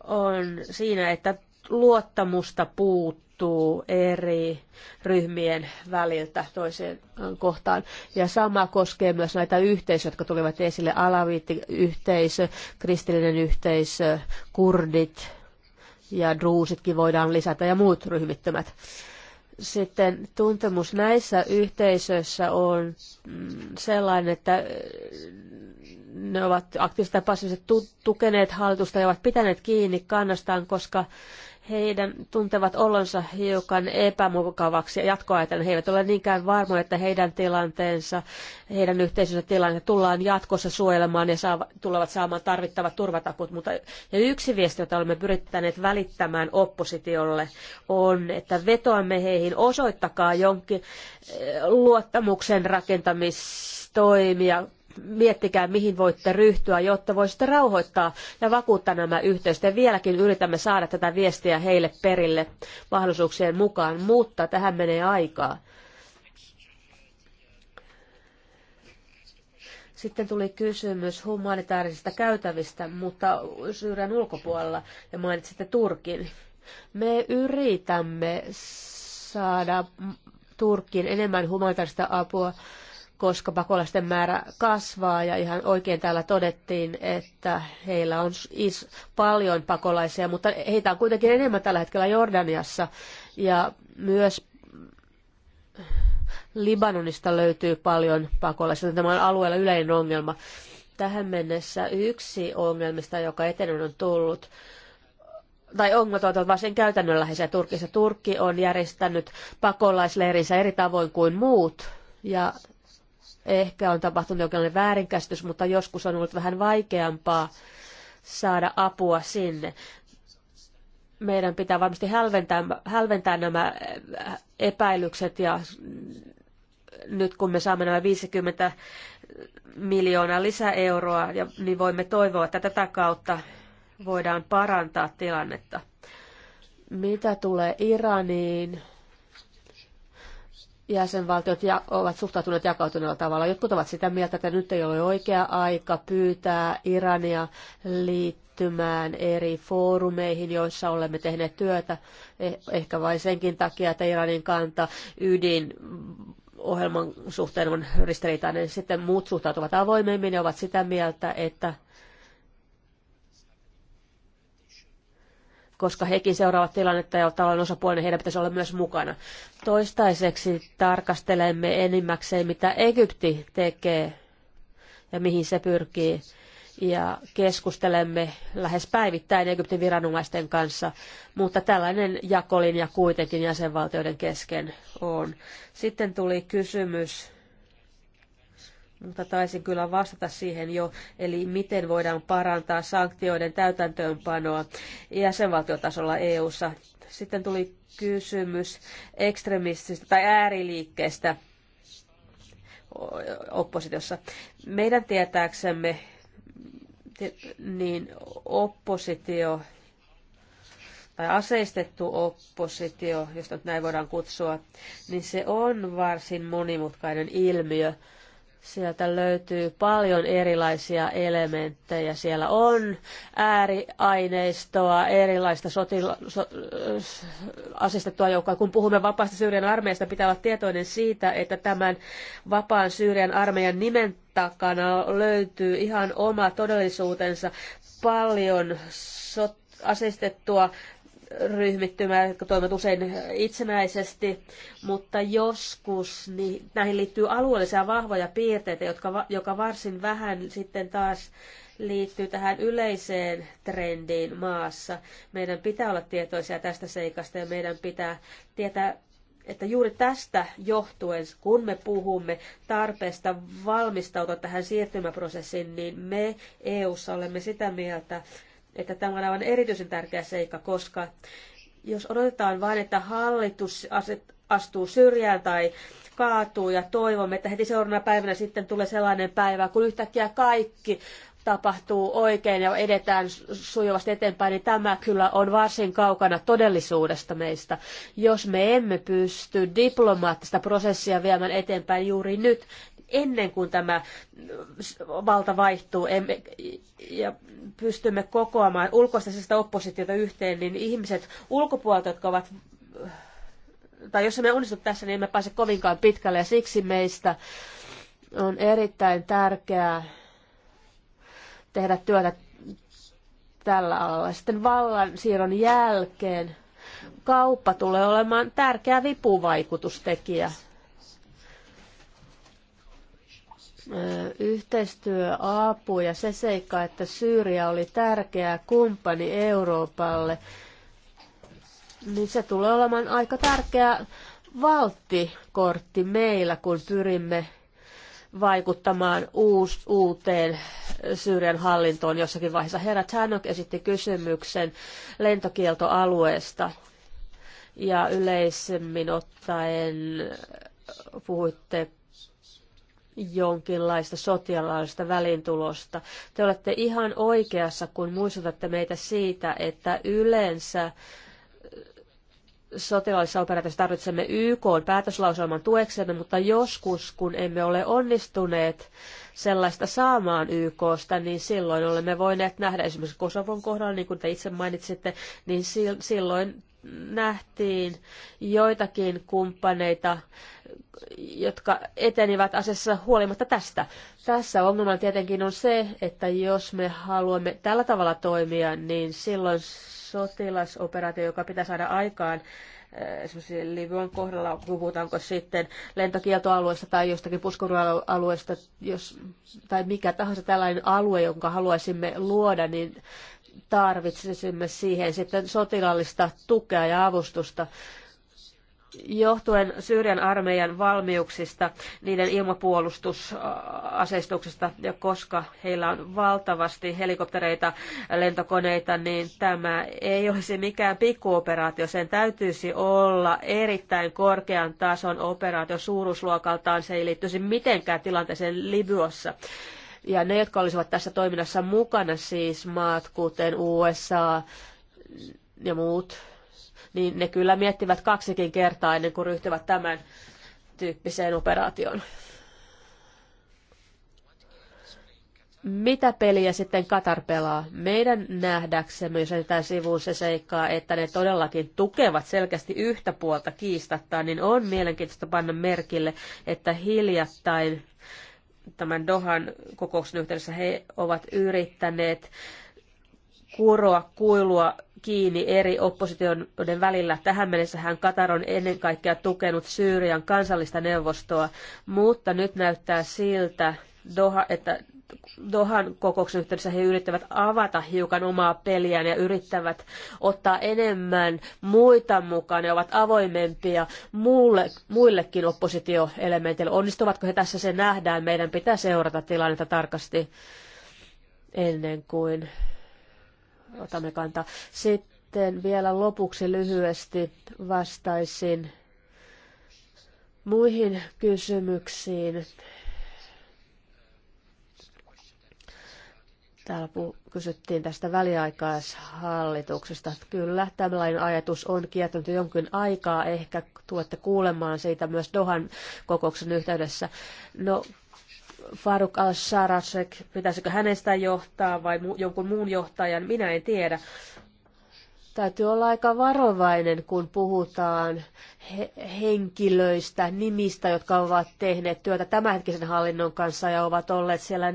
on siinä, että luottamusta puuttuu muuttuu eri ryhmien väliltä toiseen äh, kohtaan. Ja sama koskee myös näitä yhteisöjä, jotka tulivat esille. Alaviitti-yhteisö, kristillinen yhteisö, kurdit ja druusitkin voidaan lisätä ja muut ryhmittymät. Sitten tuntemus näissä yhteisöissä on mm, sellainen, että äh, ne ovat aktiivisesti ja passiivisesti tukeneet hallitusta ja ovat pitäneet kiinni kannastaan, koska heidän tuntevat olonsa hiukan epämukavaksi ja jatkoa että he eivät ole niinkään varmoja, että heidän tilanteensa, heidän yhteisönsä tilanne tullaan jatkossa suojelemaan ja saavat, tulevat saamaan tarvittavat turvatakut. Mutta, ja yksi viesti, jota olemme pyrittäneet välittämään oppositiolle, on, että vetoamme heihin, osoittakaa jonkin eh, luottamuksen rakentamistoimia miettikää, mihin voitte ryhtyä, jotta voisitte rauhoittaa ja vakuuttaa nämä yhteydet. Ja vieläkin yritämme saada tätä viestiä heille perille mahdollisuuksien mukaan, mutta tähän menee aikaa. Sitten tuli kysymys humanitaarisista käytävistä, mutta Syyrian ulkopuolella, ja mainitsitte Turkin. Me yritämme saada Turkkiin enemmän humanitaarista apua koska pakolaisten määrä kasvaa ja ihan oikein täällä todettiin, että heillä on is- paljon pakolaisia, mutta heitä on kuitenkin enemmän tällä hetkellä Jordaniassa ja myös Libanonista löytyy paljon pakolaisia. Tämä on alueella yleinen ongelma. Tähän mennessä yksi ongelmista, joka etenen on tullut, tai ongelmat ovat varsin käytännönläheisiä Turkissa. Turkki on järjestänyt pakolaisleirinsä eri tavoin kuin muut ja Ehkä on tapahtunut jonkinlainen väärinkäsitys, mutta joskus on ollut vähän vaikeampaa saada apua sinne. Meidän pitää varmasti hälventää, hälventää nämä äh, epäilykset ja nyt kun me saamme nämä 50 miljoonaa lisäeuroa, ja, niin voimme toivoa, että tätä kautta voidaan parantaa tilannetta. Mitä tulee Iraniin, jäsenvaltiot ovat suhtautuneet jakautuneella tavalla. Jotkut ovat sitä mieltä, että nyt ei ole oikea aika pyytää Irania liittymään eri foorumeihin, joissa olemme tehneet työtä, eh, ehkä vain senkin takia, että Iranin kanta ydin ohjelman suhteen on ristiriitainen. Sitten muut suhtautuvat avoimemmin ja ovat sitä mieltä, että koska hekin seuraavat tilannetta ja talouden osapuolinen heidän pitäisi olla myös mukana. Toistaiseksi tarkastelemme enimmäkseen, mitä Egypti tekee ja mihin se pyrkii. Ja keskustelemme lähes päivittäin Egyptin viranomaisten kanssa, mutta tällainen jakolinja kuitenkin jäsenvaltioiden kesken on. Sitten tuli kysymys mutta taisin kyllä vastata siihen jo, eli miten voidaan parantaa sanktioiden täytäntöönpanoa jäsenvaltiotasolla EU-ssa. Sitten tuli kysymys ekstremististä tai ääriliikkeestä oppositiossa. Meidän tietääksemme niin oppositio tai aseistettu oppositio, jos nyt näin voidaan kutsua, niin se on varsin monimutkainen ilmiö Sieltä löytyy paljon erilaisia elementtejä. Siellä on ääriaineistoa, erilaista sotila- so- asistettua joukkoa. Kun puhumme vapaasta Syyrian armeijasta, pitää olla tietoinen siitä, että tämän vapaan Syyrian armeijan nimen takana löytyy ihan oma todellisuutensa paljon sot- asistettua ryhmittymä, jotka toimivat usein itsenäisesti, mutta joskus niin näihin liittyy alueellisia vahvoja piirteitä, jotka, joka varsin vähän sitten taas liittyy tähän yleiseen trendiin maassa. Meidän pitää olla tietoisia tästä seikasta ja meidän pitää tietää, että juuri tästä johtuen, kun me puhumme tarpeesta valmistautua tähän siirtymäprosessiin, niin me EU:ssa olemme sitä mieltä, että tämä on aivan erityisen tärkeä seikka, koska jos odotetaan vain, että hallitus astuu syrjään tai kaatuu ja toivomme, että heti seuraavana päivänä sitten tulee sellainen päivä, kun yhtäkkiä kaikki tapahtuu oikein ja edetään sujuvasti eteenpäin, niin tämä kyllä on varsin kaukana todellisuudesta meistä. Jos me emme pysty diplomaattista prosessia viemään eteenpäin juuri nyt, ennen kuin tämä valta vaihtuu emme, ja pystymme kokoamaan ulkoisesta oppositiota yhteen, niin ihmiset ulkopuolelta, jotka ovat tai jos emme onnistu tässä, niin emme pääse kovinkaan pitkälle ja siksi meistä on erittäin tärkeää tehdä työtä tällä alalla. Sitten vallan siirron jälkeen kauppa tulee olemaan tärkeä vipuvaikutustekijä. yhteistyö, apu ja se seikka, että Syyria oli tärkeä kumppani Euroopalle, niin se tulee olemaan aika tärkeä valttikortti meillä, kun pyrimme vaikuttamaan uus, uuteen Syyrian hallintoon jossakin vaiheessa. Herra Tanok esitti kysymyksen lentokieltoalueesta ja yleisemmin ottaen puhuitte jonkinlaista sotilaallista välintulosta. Te olette ihan oikeassa, kun muistutatte meitä siitä, että yleensä sotilaallisessa operaatiossa tarvitsemme YK päätöslauselman tueksemme, mutta joskus, kun emme ole onnistuneet sellaista saamaan YKsta, niin silloin olemme voineet nähdä esimerkiksi Kosovon kohdalla, niin kuin te itse mainitsitte, niin silloin nähtiin joitakin kumppaneita, jotka etenivät asiassa huolimatta tästä. Tässä ongelma tietenkin on se, että jos me haluamme tällä tavalla toimia, niin silloin sotilasoperaatio, joka pitää saada aikaan, eh, esimerkiksi Livon kohdalla, puhutaanko sitten lentokieltoalueesta tai jostakin puskurualueesta, jos, tai mikä tahansa tällainen alue, jonka haluaisimme luoda, niin tarvitsisimme siihen sitten sotilaallista tukea ja avustusta. Johtuen Syyrian armeijan valmiuksista, niiden ilmapuolustusaseistuksesta ja koska heillä on valtavasti helikoptereita, lentokoneita, niin tämä ei olisi mikään pikkuoperaatio. Sen täytyisi olla erittäin korkean tason operaatio suuruusluokaltaan. Se ei liittyisi mitenkään tilanteeseen Libyassa ja ne, jotka olisivat tässä toiminnassa mukana, siis maat kuten USA ja muut, niin ne kyllä miettivät kaksikin kertaa ennen kuin ryhtyvät tämän tyyppiseen operaatioon. Mitä peliä sitten Katar pelaa? Meidän nähdäksemme, jos jätetään sivuun se seikkaa, että ne todellakin tukevat selkeästi yhtä puolta kiistattaa, niin on mielenkiintoista panna merkille, että hiljattain tämän Dohan kokouksen yhteydessä he ovat yrittäneet kuroa kuilua kiinni eri oppositioiden välillä. Tähän hän Katar on ennen kaikkea tukenut Syyrian kansallista neuvostoa, mutta nyt näyttää siltä, Doha, että Dohan kokouksen yhteydessä he yrittävät avata hiukan omaa peliään ja yrittävät ottaa enemmän muita mukaan ja ovat avoimempia muulle, muillekin oppositioelementeille. Onnistuvatko he tässä, se nähdään. Meidän pitää seurata tilannetta tarkasti ennen kuin otamme kantaa. Sitten vielä lopuksi lyhyesti vastaisin muihin kysymyksiin Täällä kysyttiin tästä väliaikaishallituksesta. Kyllä, tällainen ajatus on kiertänyt jonkin aikaa. Ehkä tulette kuulemaan siitä myös Dohan kokouksen yhteydessä. No, Faruk al-Sarasek, pitäisikö hänestä johtaa vai mu- jonkun muun johtajan, minä en tiedä. Täytyy olla aika varovainen, kun puhutaan he- henkilöistä, nimistä, jotka ovat tehneet työtä tämänhetkisen hallinnon kanssa ja ovat olleet siellä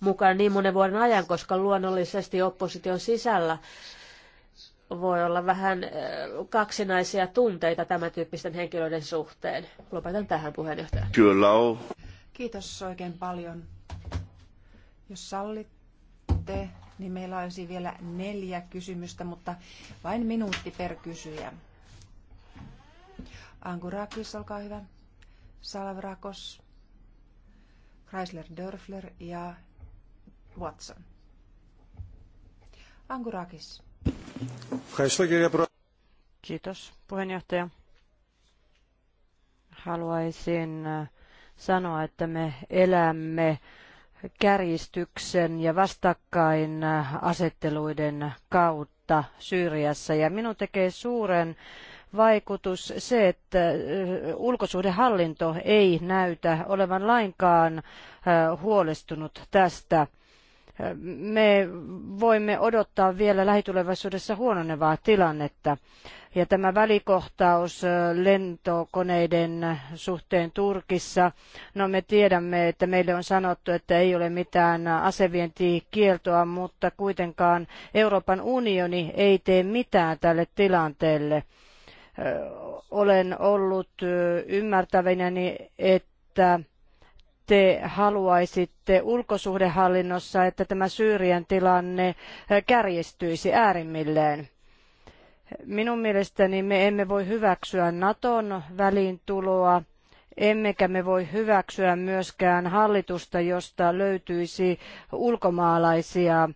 mukana niin monen vuoden ajan, koska luonnollisesti opposition sisällä voi olla vähän eh, kaksinaisia tunteita tämän tyyppisten henkilöiden suhteen. Lopetan tähän puheenjohtaja. Kyllä on. Kiitos oikein paljon. Jos sallitte, niin meillä olisi vielä neljä kysymystä, mutta vain minuutti per kysyjä. Angurakis, olkaa hyvä. Salavrakos, Chrysler Dörfler ja Watson. Angurakis. Kiitos puheenjohtaja. Haluaisin äh, sanoa, että me elämme kärjistyksen ja vastakkainasetteluiden äh, kautta Syyriassa. Ja minun tekee suuren vaikutus se, että äh, ulkosuhdehallinto ei näytä olevan lainkaan huolestunut tästä me voimme odottaa vielä lähitulevaisuudessa huononevaa tilannetta. Ja tämä välikohtaus lentokoneiden suhteen Turkissa, no me tiedämme, että meille on sanottu, että ei ole mitään asevientikieltoa, mutta kuitenkaan Euroopan unioni ei tee mitään tälle tilanteelle. Olen ollut ymmärtävinäni, että te haluaisitte ulkosuhdehallinnossa, että tämä Syyrian tilanne kärjistyisi äärimmilleen? Minun mielestäni me emme voi hyväksyä Naton väliintuloa, emmekä me voi hyväksyä myöskään hallitusta, josta löytyisi ulkomaalaisia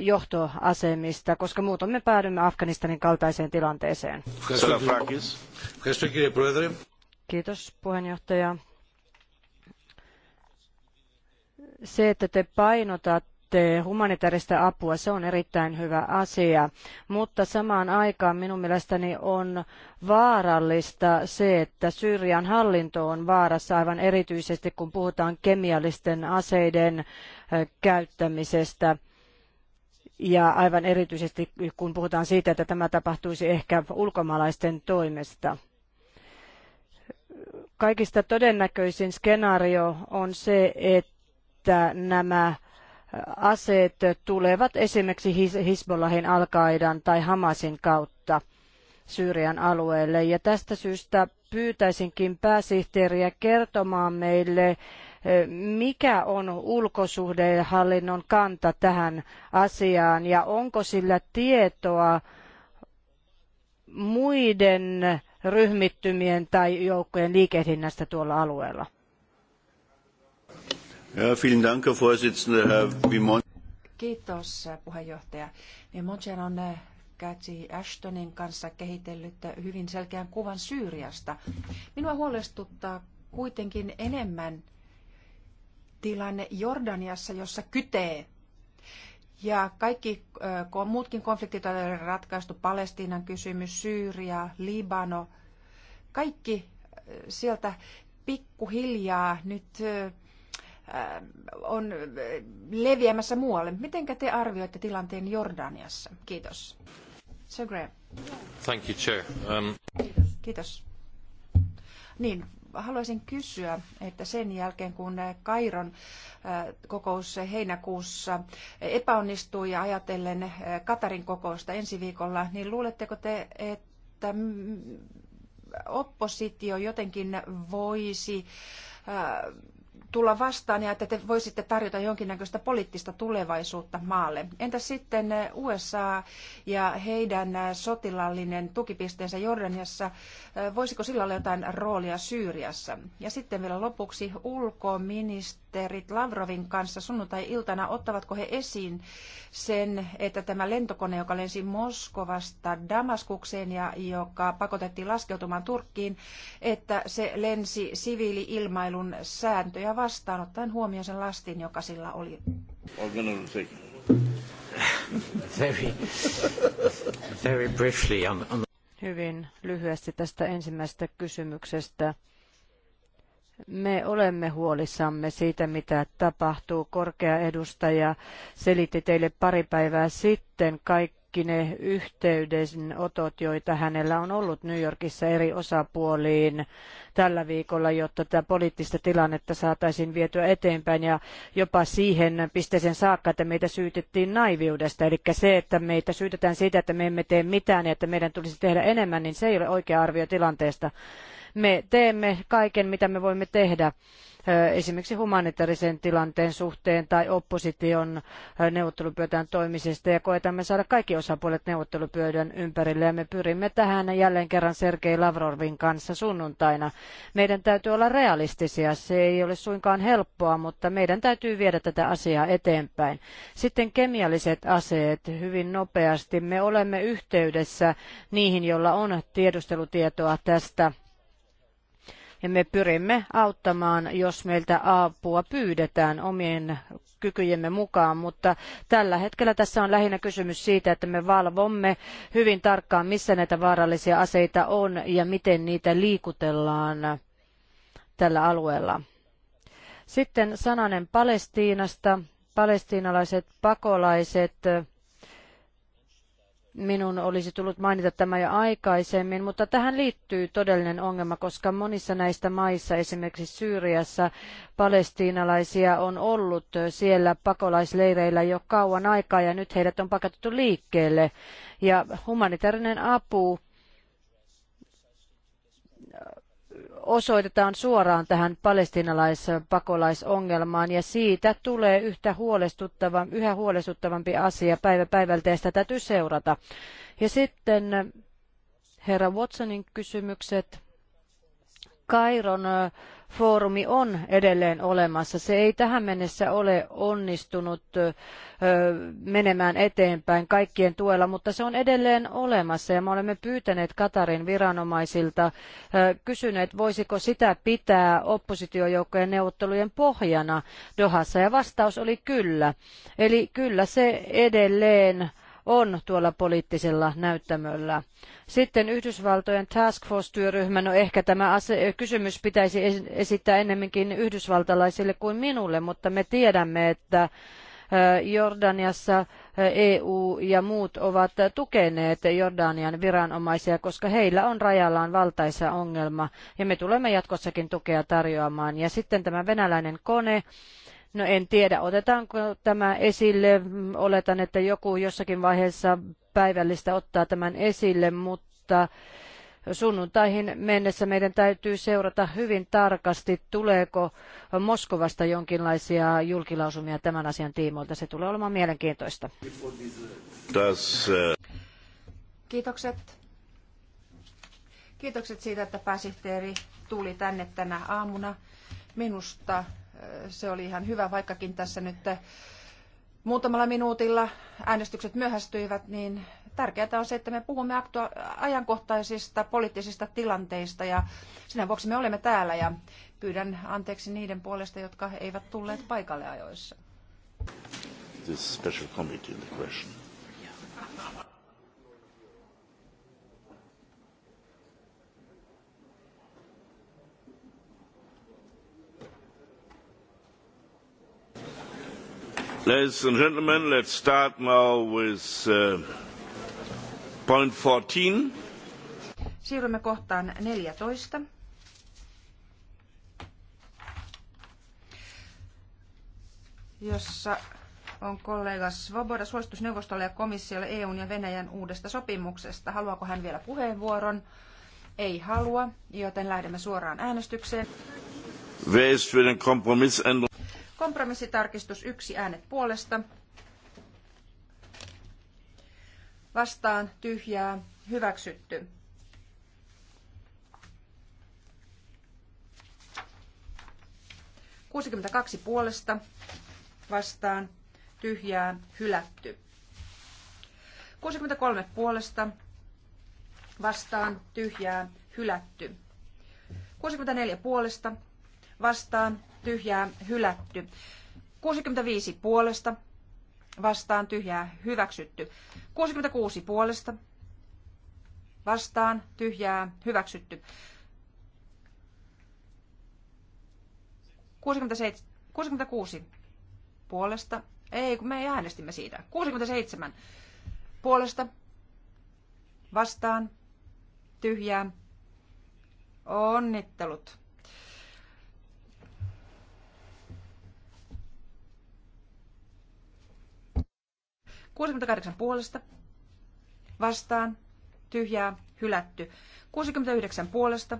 johtoasemista, koska muutoin me päädymme Afganistanin kaltaiseen tilanteeseen. Kiitos puheenjohtaja. Se, että te painotatte humanitaarista apua, se on erittäin hyvä asia, mutta samaan aikaan minun mielestäni on vaarallista se, että Syyrian hallinto on vaarassa aivan erityisesti, kun puhutaan kemiallisten aseiden käyttämisestä. Ja aivan erityisesti, kun puhutaan siitä, että tämä tapahtuisi ehkä ulkomaalaisten toimesta kaikista todennäköisin skenaario on se, että että nämä äh, aseet tulevat esimerkiksi Hisbollahin, al tai Hamasin kautta Syyrian alueelle. Ja tästä syystä pyytäisinkin pääsihteeriä kertomaan meille, äh, mikä on ulkosuhdehallinnon kanta tähän asiaan ja onko sillä tietoa muiden ryhmittymien tai joukkojen liikehdinnästä tuolla alueella? Kiitos äh, puheenjohtaja. Vimon on äh, Cathy Ashtonin kanssa kehitellyt äh, hyvin selkeän kuvan Syyriasta. Minua huolestuttaa kuitenkin enemmän tilanne Jordaniassa, jossa kytee. Ja kaikki muutkin konfliktit on ratkaistu, Palestiinan kysymys, Syyria, Libano, kaikki sieltä pikkuhiljaa nyt Äh, on äh, leviämässä muualle. Miten te arvioitte tilanteen Jordaniassa? Kiitos. Sir Graham. Thank you, Chair. Um... Kiitos. Kiitos. Niin, haluaisin kysyä, että sen jälkeen kun Kairon äh, kokous heinäkuussa epäonnistui ja ajatellen Katarin kokousta ensi viikolla, niin luuletteko te, että oppositio jotenkin voisi tulla vastaan ja että te voisitte tarjota jonkinnäköistä poliittista tulevaisuutta maalle. Entä sitten eh, USA ja heidän eh, sotilaallinen tukipisteensä Jordaniassa, eh, voisiko sillä olla jotain roolia Syyriassa? Ja sitten vielä lopuksi ulkoministeri ministerit Lavrovin kanssa sunnuntai-iltana, ottavatko he esiin sen, että tämä lentokone, joka lensi Moskovasta Damaskukseen ja joka pakotettiin laskeutumaan Turkkiin, että se lensi siviili-ilmailun sääntöjä vastaan, ottaen huomioon sen lastin, joka sillä oli? Very, very briefly on... Hyvin lyhyesti tästä ensimmäisestä kysymyksestä me olemme huolissamme siitä, mitä tapahtuu. Korkea edustaja selitti teille pari päivää sitten kaikki ne yhteydenotot, joita hänellä on ollut New Yorkissa eri osapuoliin tällä viikolla, jotta tätä poliittista tilannetta saataisiin vietyä eteenpäin ja jopa siihen pisteeseen saakka, että meitä syytettiin naiviudesta. Eli se, että meitä syytetään siitä, että me emme tee mitään ja että meidän tulisi tehdä enemmän, niin se ei ole oikea arvio tilanteesta me teemme kaiken, mitä me voimme tehdä esimerkiksi humanitaarisen tilanteen suhteen tai opposition neuvottelupöytään toimisesta ja koetamme saada kaikki osapuolet neuvottelupöydän ympärille ja me pyrimme tähän jälleen kerran Sergei Lavrovin kanssa sunnuntaina. Meidän täytyy olla realistisia, se ei ole suinkaan helppoa, mutta meidän täytyy viedä tätä asiaa eteenpäin. Sitten kemialliset aseet hyvin nopeasti. Me olemme yhteydessä niihin, joilla on tiedustelutietoa tästä ja me pyrimme auttamaan, jos meiltä apua pyydetään omien kykyjemme mukaan, mutta tällä hetkellä tässä on lähinnä kysymys siitä, että me valvomme hyvin tarkkaan, missä näitä vaarallisia aseita on ja miten niitä liikutellaan tällä alueella. Sitten sananen Palestiinasta. Palestiinalaiset pakolaiset minun olisi tullut mainita tämä jo aikaisemmin, mutta tähän liittyy todellinen ongelma, koska monissa näistä maissa, esimerkiksi Syyriassa, palestiinalaisia on ollut siellä pakolaisleireillä jo kauan aikaa ja nyt heidät on pakotettu liikkeelle. Ja humanitaarinen apu osoitetaan suoraan tähän palestinalaispakolaisongelmaan ja siitä tulee yhtä huolestuttavan, yhä huolestuttavampi asia päivä päivältä ja sitä täytyy seurata. Ja sitten äh, herra Watsonin kysymykset. Kairon äh, foorumi on edelleen olemassa. Se ei tähän mennessä ole onnistunut menemään eteenpäin kaikkien tuella, mutta se on edelleen olemassa ja me olemme pyytäneet Katarin viranomaisilta, kysyneet voisiko sitä pitää oppositiojoukkojen neuvottelujen pohjana Dohassa ja vastaus oli kyllä. Eli kyllä se edelleen on tuolla poliittisella näyttämöllä. Sitten Yhdysvaltojen task force-työryhmä, no ehkä tämä kysymys pitäisi esittää ennemminkin yhdysvaltalaisille kuin minulle, mutta me tiedämme, että Jordaniassa EU ja muut ovat tukeneet Jordanian viranomaisia, koska heillä on rajallaan valtaisa ongelma ja me tulemme jatkossakin tukea tarjoamaan. Ja sitten tämä venäläinen kone, No en tiedä, otetaanko tämä esille. Oletan, että joku jossakin vaiheessa päivällistä ottaa tämän esille, mutta sunnuntaihin mennessä meidän täytyy seurata hyvin tarkasti, tuleeko Moskovasta jonkinlaisia julkilausumia tämän asian tiimoilta. Se tulee olemaan mielenkiintoista. Uh, Kiitokset. Kiitokset siitä, että pääsihteeri tuli tänne tänä aamuna. Minusta se oli ihan hyvä, vaikkakin tässä nyt eh, muutamalla minuutilla äänestykset myöhästyivät, niin tärkeää on se, että me puhumme ajankohtaisista poliittisista tilanteista ja sen vuoksi me olemme täällä ja pyydän anteeksi niiden puolesta, jotka eivät tulleet paikalle ajoissa. This special committee in the question. Ladies and gentlemen, let's start now with uh, point 14. Siirrymme kohtaan 14. jossa on kollega Svoboda suositus neuvostolle ja komissiolle EUn ja Venäjän uudesta sopimuksesta. Haluaako hän vielä puheenvuoron? Ei halua, joten lähdemme suoraan äänestykseen. Wer ist für den Kompromissitarkistus yksi äänet puolesta. Vastaan tyhjää hyväksytty. Kuusikymmentäkaksi puolesta vastaan tyhjää hylätty. 63 puolesta vastaan tyhjää hylätty. 64 puolesta vastaan tyhjää hylätty. 65 puolesta vastaan tyhjää hyväksytty. 66 puolesta vastaan tyhjää hyväksytty. 67, 66 puolesta. Ei, kun me äänestimme siitä. 67 puolesta vastaan tyhjää. Onnittelut. 68 puolesta vastaan tyhjää hylätty. 69 puolesta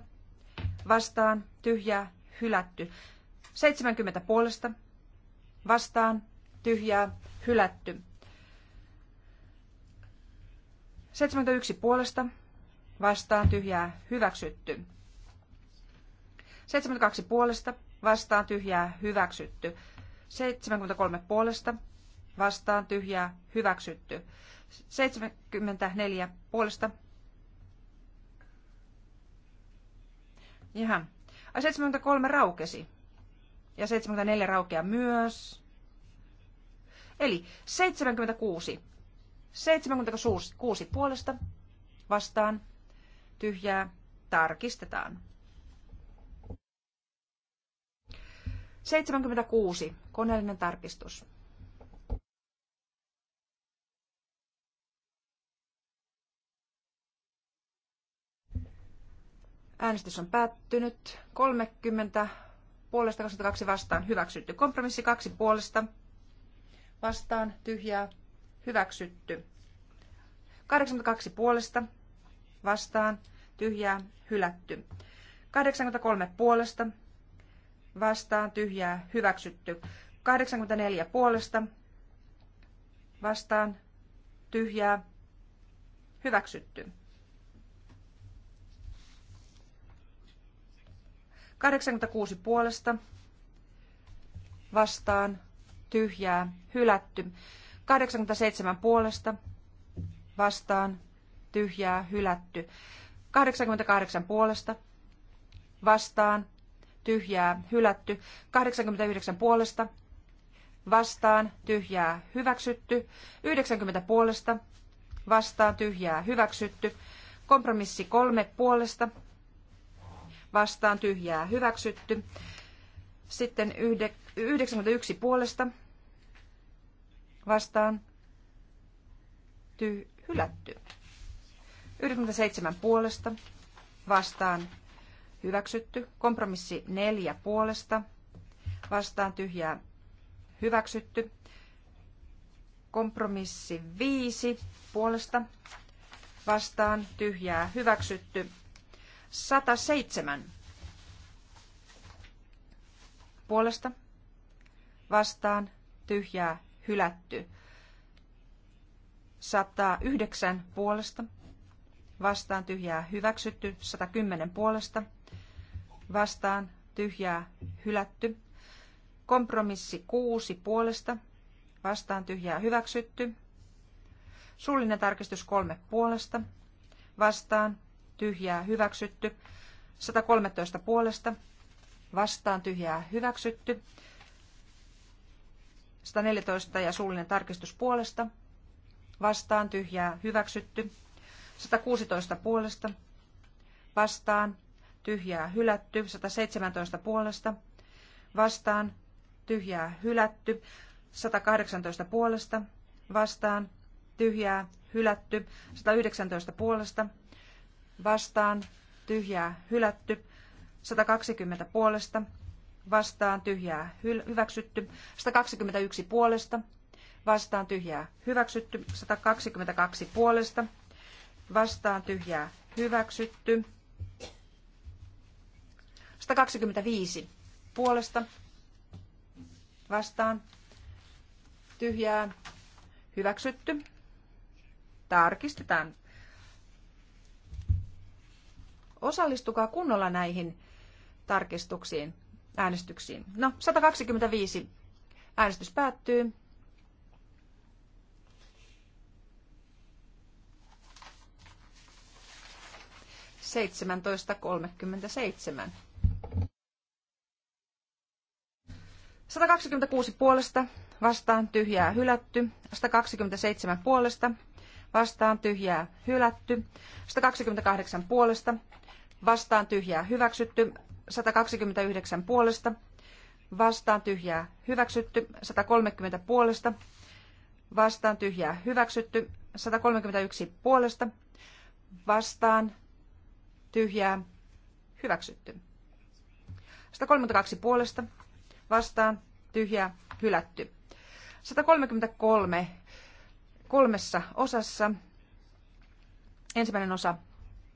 vastaan tyhjää hylätty. 70 puolesta vastaan tyhjää hylätty. 71 puolesta vastaan tyhjää hyväksytty. 72 puolesta vastaan tyhjää hyväksytty. 73 puolesta vastaan tyhjää hyväksytty. 74 puolesta. Ihan. 73 raukesi. Ja 74 raukea myös. Eli 76. 76 puolesta vastaan tyhjää tarkistetaan. 76. Koneellinen tarkistus. Äänestys on päättynyt. 30 puolesta 22 vastaan hyväksytty. Kompromissi 2 puolesta vastaan tyhjää hyväksytty. 82 puolesta vastaan tyhjää hylätty. 83 puolesta vastaan tyhjää hyväksytty. 84 puolesta vastaan tyhjää hyväksytty. 86 puolesta vastaan tyhjää hylätty. 87 puolesta vastaan tyhjää hylätty. 88 puolesta vastaan tyhjää hylätty. 89 puolesta vastaan tyhjää hyväksytty. 90 puolesta vastaan tyhjää hyväksytty. Kompromissi kolme puolesta vastaan tyhjää hyväksytty. Sitten 91 puolesta vastaan ty, hylätty. 97 puolesta vastaan hyväksytty. Kompromissi 4 puolesta vastaan tyhjää hyväksytty. Kompromissi 5 puolesta vastaan tyhjää hyväksytty. 107 puolesta vastaan tyhjää hylätty. 109 puolesta vastaan tyhjää hyväksytty. 110 puolesta vastaan tyhjää hylätty. Kompromissi 6 puolesta vastaan tyhjää hyväksytty. Suullinen tarkistus 3 puolesta vastaan tyhjää hyväksytty. 113 puolesta vastaan tyhjää hyväksytty. 114 ja suullinen tarkistus puolesta vastaan tyhjää hyväksytty. 116 puolesta vastaan tyhjää hylätty. 117 puolesta vastaan tyhjää hylätty. 118 puolesta vastaan tyhjää hylätty. 119 puolesta vastaan tyhjää hylätty, 120 puolesta vastaan tyhjää hyväksytty, 121 puolesta vastaan tyhjää hyväksytty, 122 puolesta vastaan tyhjää hyväksytty, 125 puolesta vastaan tyhjää hyväksytty. Tarkistetaan Osallistukaa kunnolla näihin tarkistuksiin, äänestyksiin. No, 125. Äänestys päättyy. Seitsemäntoista kolmekymmentä seitsemän. 126 puolesta, vastaan tyhjää hylätty, 127 puolesta, vastaan tyhjää hylätty, 128 puolesta, vastaan tyhjää hyväksytty, 129 puolesta, vastaan tyhjää hyväksytty, 130 puolesta, vastaan tyhjää hyväksytty, 131 puolesta, vastaan tyhjää hyväksytty. 132 puolesta, vastaan tyhjää hylätty. 133 kolmessa osassa. Ensimmäinen osa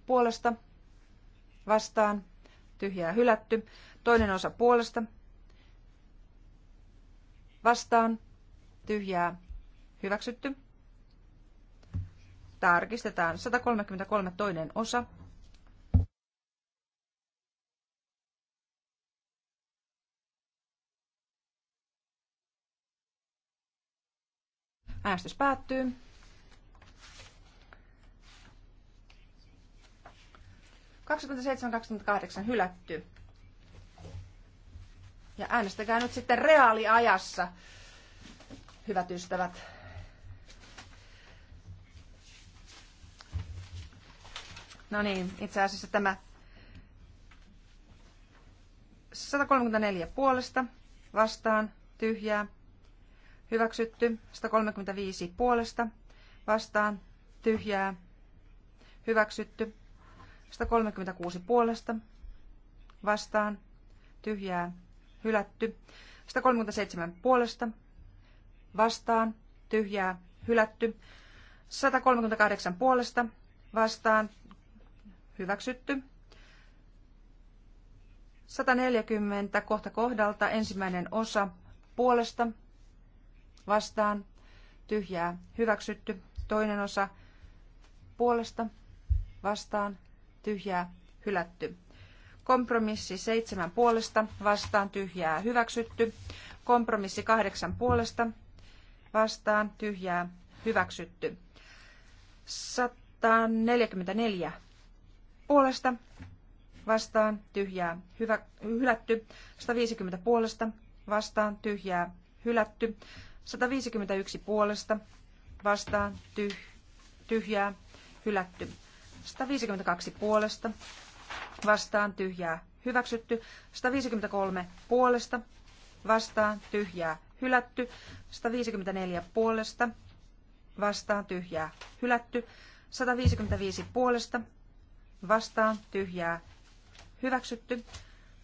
puolesta vastaan, tyhjää hylätty. Toinen osa puolesta, vastaan, tyhjää hyväksytty. Tarkistetaan 133 toinen osa. Äänestys päättyy. 27.28 28 hylätty. Ja äänestäkää nyt sitten reaaliajassa, hyvät ystävät. No niin, itse asiassa tämä 134 puolesta vastaan tyhjää. Hyväksytty 135 puolesta vastaan tyhjää. Hyväksytty 136 puolesta vastaan tyhjää hylätty. 137 puolesta vastaan tyhjää hylätty. 138 puolesta vastaan hyväksytty. 140 kohta kohdalta ensimmäinen osa puolesta vastaan tyhjää hyväksytty. Toinen osa puolesta vastaan tyhjää hylätty. Kompromissi seitsemän puolesta vastaan tyhjää hyväksytty. Kompromissi kahdeksan puolesta vastaan tyhjää hyväksytty. 144 puolesta vastaan tyhjää hyvä, hylätty. 150 puolesta vastaan tyhjää hylätty. 151 puolesta vastaan tyh, tyhjää hylätty. 152 puolesta vastaan tyhjää hyväksytty, 153 puolesta vastaan tyhjää hylätty, 154 puolesta vastaan tyhjää hylätty, 155 puolesta vastaan tyhjää hyväksytty,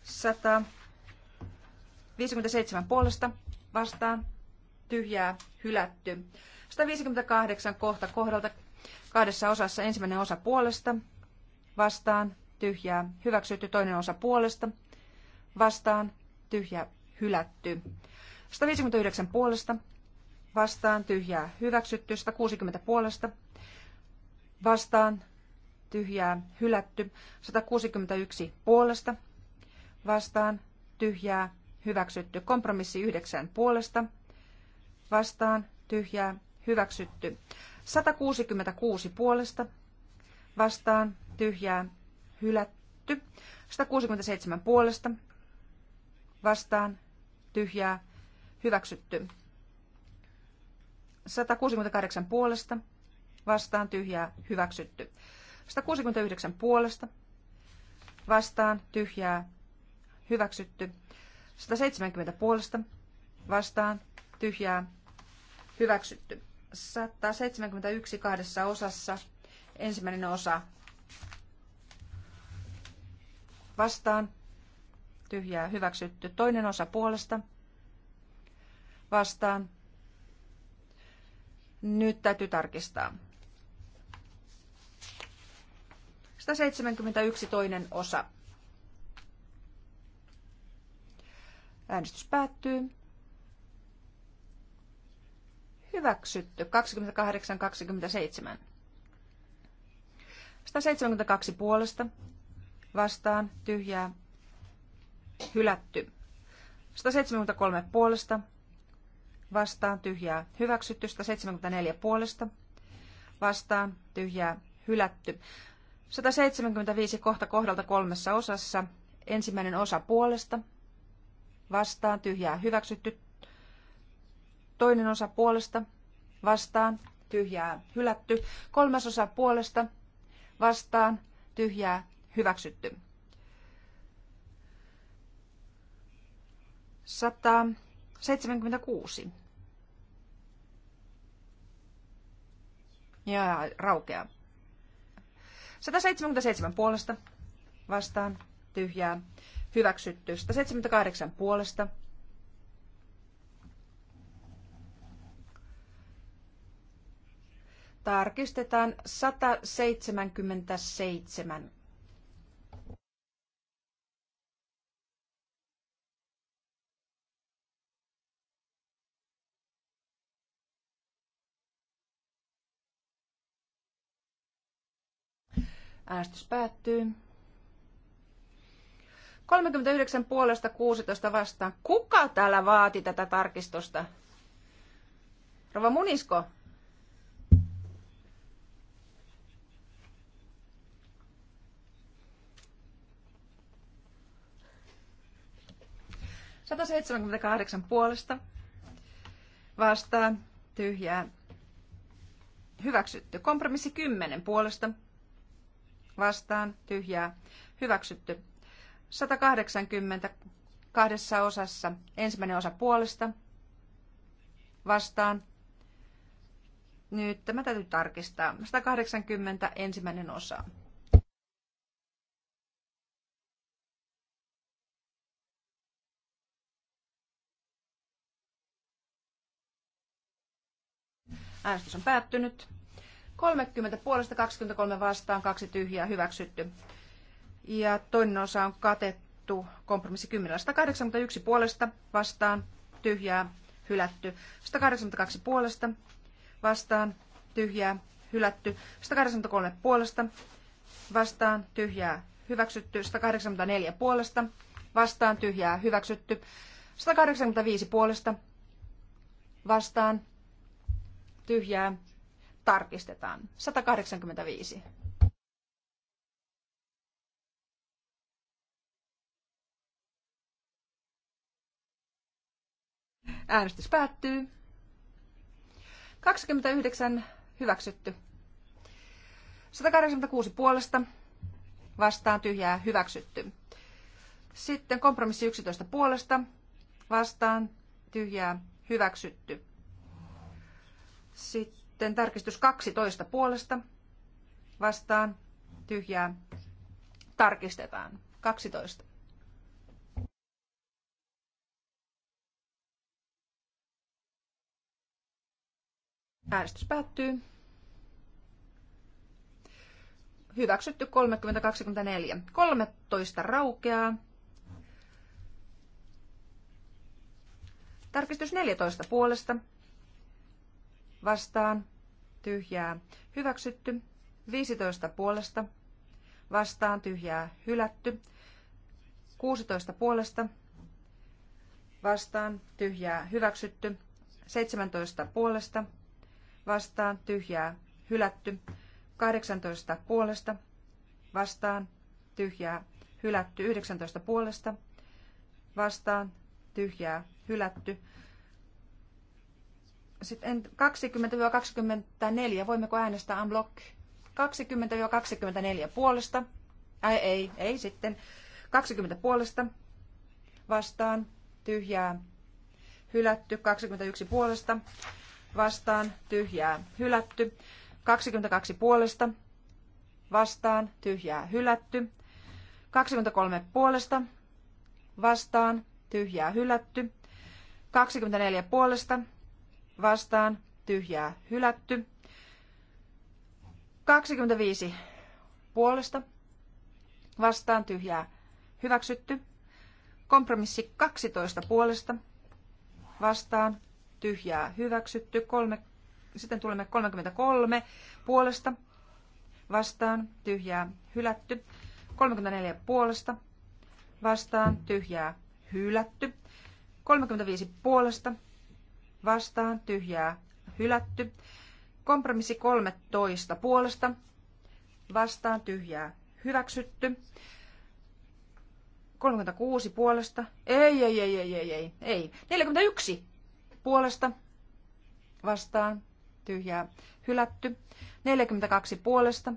157 puolesta vastaan tyhjää hylätty. 158 kohta kohdalta Kahdessa osassa ensimmäinen osa puolesta, vastaan, tyhjää, hyväksytty. Toinen osa puolesta, vastaan, tyhjää, hylätty. 159 puolesta, vastaan, tyhjää, hyväksytty. 160 puolesta, vastaan, tyhjää, hylätty. 161 puolesta, vastaan, tyhjää, hyväksytty. Kompromissi 9 puolesta, vastaan, tyhjää, hyväksytty. 166 puolesta vastaan tyhjää hylätty. 167 puolesta vastaan tyhjää hyväksytty. 168 puolesta vastaan tyhjää hyväksytty. 169 puolesta vastaan tyhjää hyväksytty. 170 puolesta vastaan tyhjää hyväksytty. 171 kahdessa osassa. Ensimmäinen osa vastaan. Tyhjää hyväksytty. Toinen osa puolesta vastaan. Nyt täytyy tarkistaa. 171 toinen osa. Äänestys päättyy. Hyväksytty. 28-27. 172 puolesta. Vastaan. Tyhjää. Hylätty. 173 puolesta. Vastaan. Tyhjää. Hyväksytty. 174 puolesta. Vastaan. Tyhjää. Hylätty. 175 kohta kohdalta kolmessa osassa. Ensimmäinen osa puolesta. Vastaan. Tyhjää. Hyväksytty Toinen osa puolesta vastaan tyhjää hylätty. Kolmas osa puolesta vastaan tyhjää hyväksytty. 176. Ja raukea. 177 puolesta vastaan tyhjää hyväksytty. 178 puolesta Tarkistetaan 177. Äänestys päättyy. 39 puolesta 16 vastaan. Kuka täällä vaati tätä tarkistusta? Rova Munisko, 178 puolesta vastaan tyhjää hyväksytty. Kompromissi 10 puolesta vastaan tyhjää hyväksytty. 180 kahdessa osassa. Ensimmäinen osa puolesta vastaan. Nyt tämä täytyy tarkistaa. 180 ensimmäinen osa. Äänestys on päättynyt. 30 puolesta, 23 vastaan, kaksi tyhjää hyväksytty. Ja toinen osa on katettu kompromissi 10. 181 puolesta vastaan, tyhjää hylätty. 182 puolesta vastaan, tyhjää hylätty. 183 puolesta vastaan, tyhjää hyväksytty. 184 puolesta vastaan, tyhjää hyväksytty. 185 puolesta vastaan, tyhjää, tarkistetaan. 185. Äänestys päättyy. 29 hyväksytty. 186 puolesta vastaan tyhjää hyväksytty. Sitten kompromissi 11 puolesta vastaan tyhjää hyväksytty. Sitten tarkistus 12 puolesta vastaan tyhjää tarkistetaan. 12. Äänestys päättyy. Hyväksytty 30-24. 13 raukeaa. Tarkistus 14 puolesta vastaan, tyhjää, hyväksytty. 15 puolesta, vastaan, tyhjää, hylätty. 16 puolesta, vastaan, tyhjää, hyväksytty. 17 puolesta, vastaan, tyhjää, hylätty. 18 puolesta, vastaan, tyhjää, hylätty. 19 puolesta, vastaan, tyhjää, hylätty. Sitten 20-24, voimmeko äänestää unblock? 20-24 puolesta. Ei, ei, ei sitten. 20 puolesta vastaan, tyhjää, hylätty. 21 puolesta vastaan, tyhjää, hylätty. 22 puolesta vastaan, tyhjää, hylätty. 23 puolesta vastaan, tyhjää, hylätty. 24 puolesta vastaan, tyhjää hylätty. 25 puolesta vastaan tyhjää hyväksytty. Kompromissi 12 puolesta vastaan tyhjää hyväksytty. Kolme, sitten tulemme 33 puolesta vastaan tyhjää hylätty. 34 puolesta vastaan tyhjää hylätty. 35 puolesta vastaan tyhjää hylätty. Kompromissi 13 puolesta vastaan tyhjää hyväksytty. 36 puolesta. Ei, ei, ei, ei, ei, ei, ei. 41 puolesta vastaan tyhjää hylätty. 42 puolesta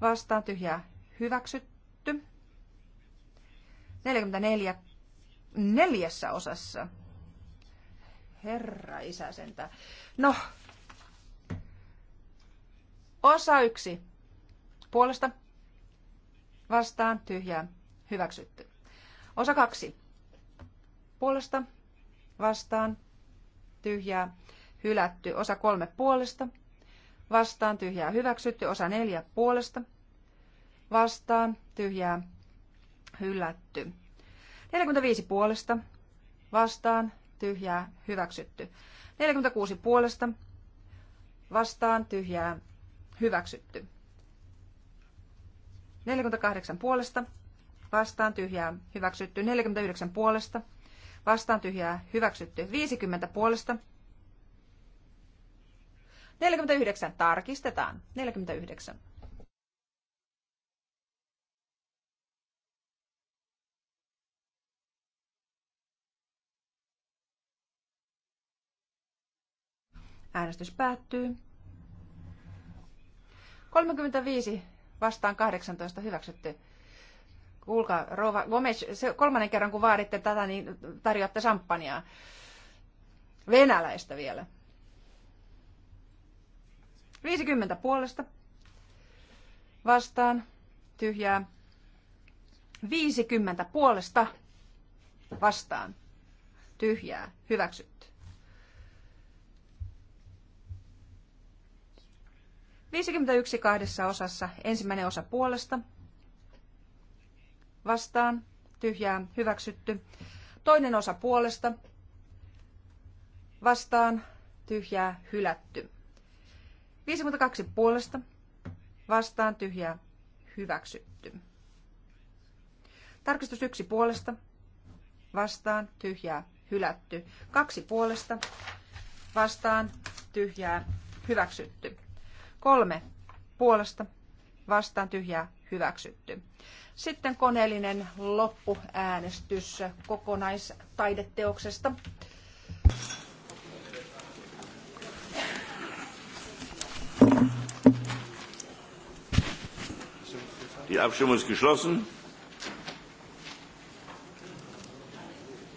vastaan tyhjää hyväksytty. 44 neljässä osassa herra isä sentään. No, osa yksi. Puolesta vastaan tyhjää hyväksytty. Osa kaksi. Puolesta vastaan tyhjää hylätty. Osa kolme puolesta vastaan tyhjää hyväksytty. Osa neljä puolesta vastaan tyhjää hylätty. 45 puolesta vastaan tyhjää, hyväksytty. 46 puolesta, vastaan, tyhjää, hyväksytty. 48 puolesta, vastaan, tyhjää, hyväksytty. 49 puolesta, vastaan, tyhjää, hyväksytty. 50 puolesta, 49 tarkistetaan. 49. Äänestys päättyy. 35 vastaan 18 hyväksytty. Kuulkaa, Rova Gomes, se kolmannen kerran kun vaaditte tätä, niin tarjoatte samppaniaa. Venäläistä vielä. 50 puolesta. Vastaan. Tyhjää. 50 puolesta. Vastaan. Tyhjää. Hyväksy. 51 kahdessa osassa. Ensimmäinen osa puolesta. Vastaan. Tyhjää. Hyväksytty. Toinen osa puolesta. Vastaan. Tyhjää. Hylätty. 52 puolesta. Vastaan. Tyhjää. Hyväksytty. Tarkistus yksi puolesta. Vastaan. Tyhjää. Hylätty. Kaksi puolesta. Vastaan. Tyhjää. Hyväksytty. Kolme puolesta vastaan tyhjää hyväksytty. Sitten koneellinen loppuäänestys kokonaistaideteoksesta. Die Abstimmung ist geschlossen.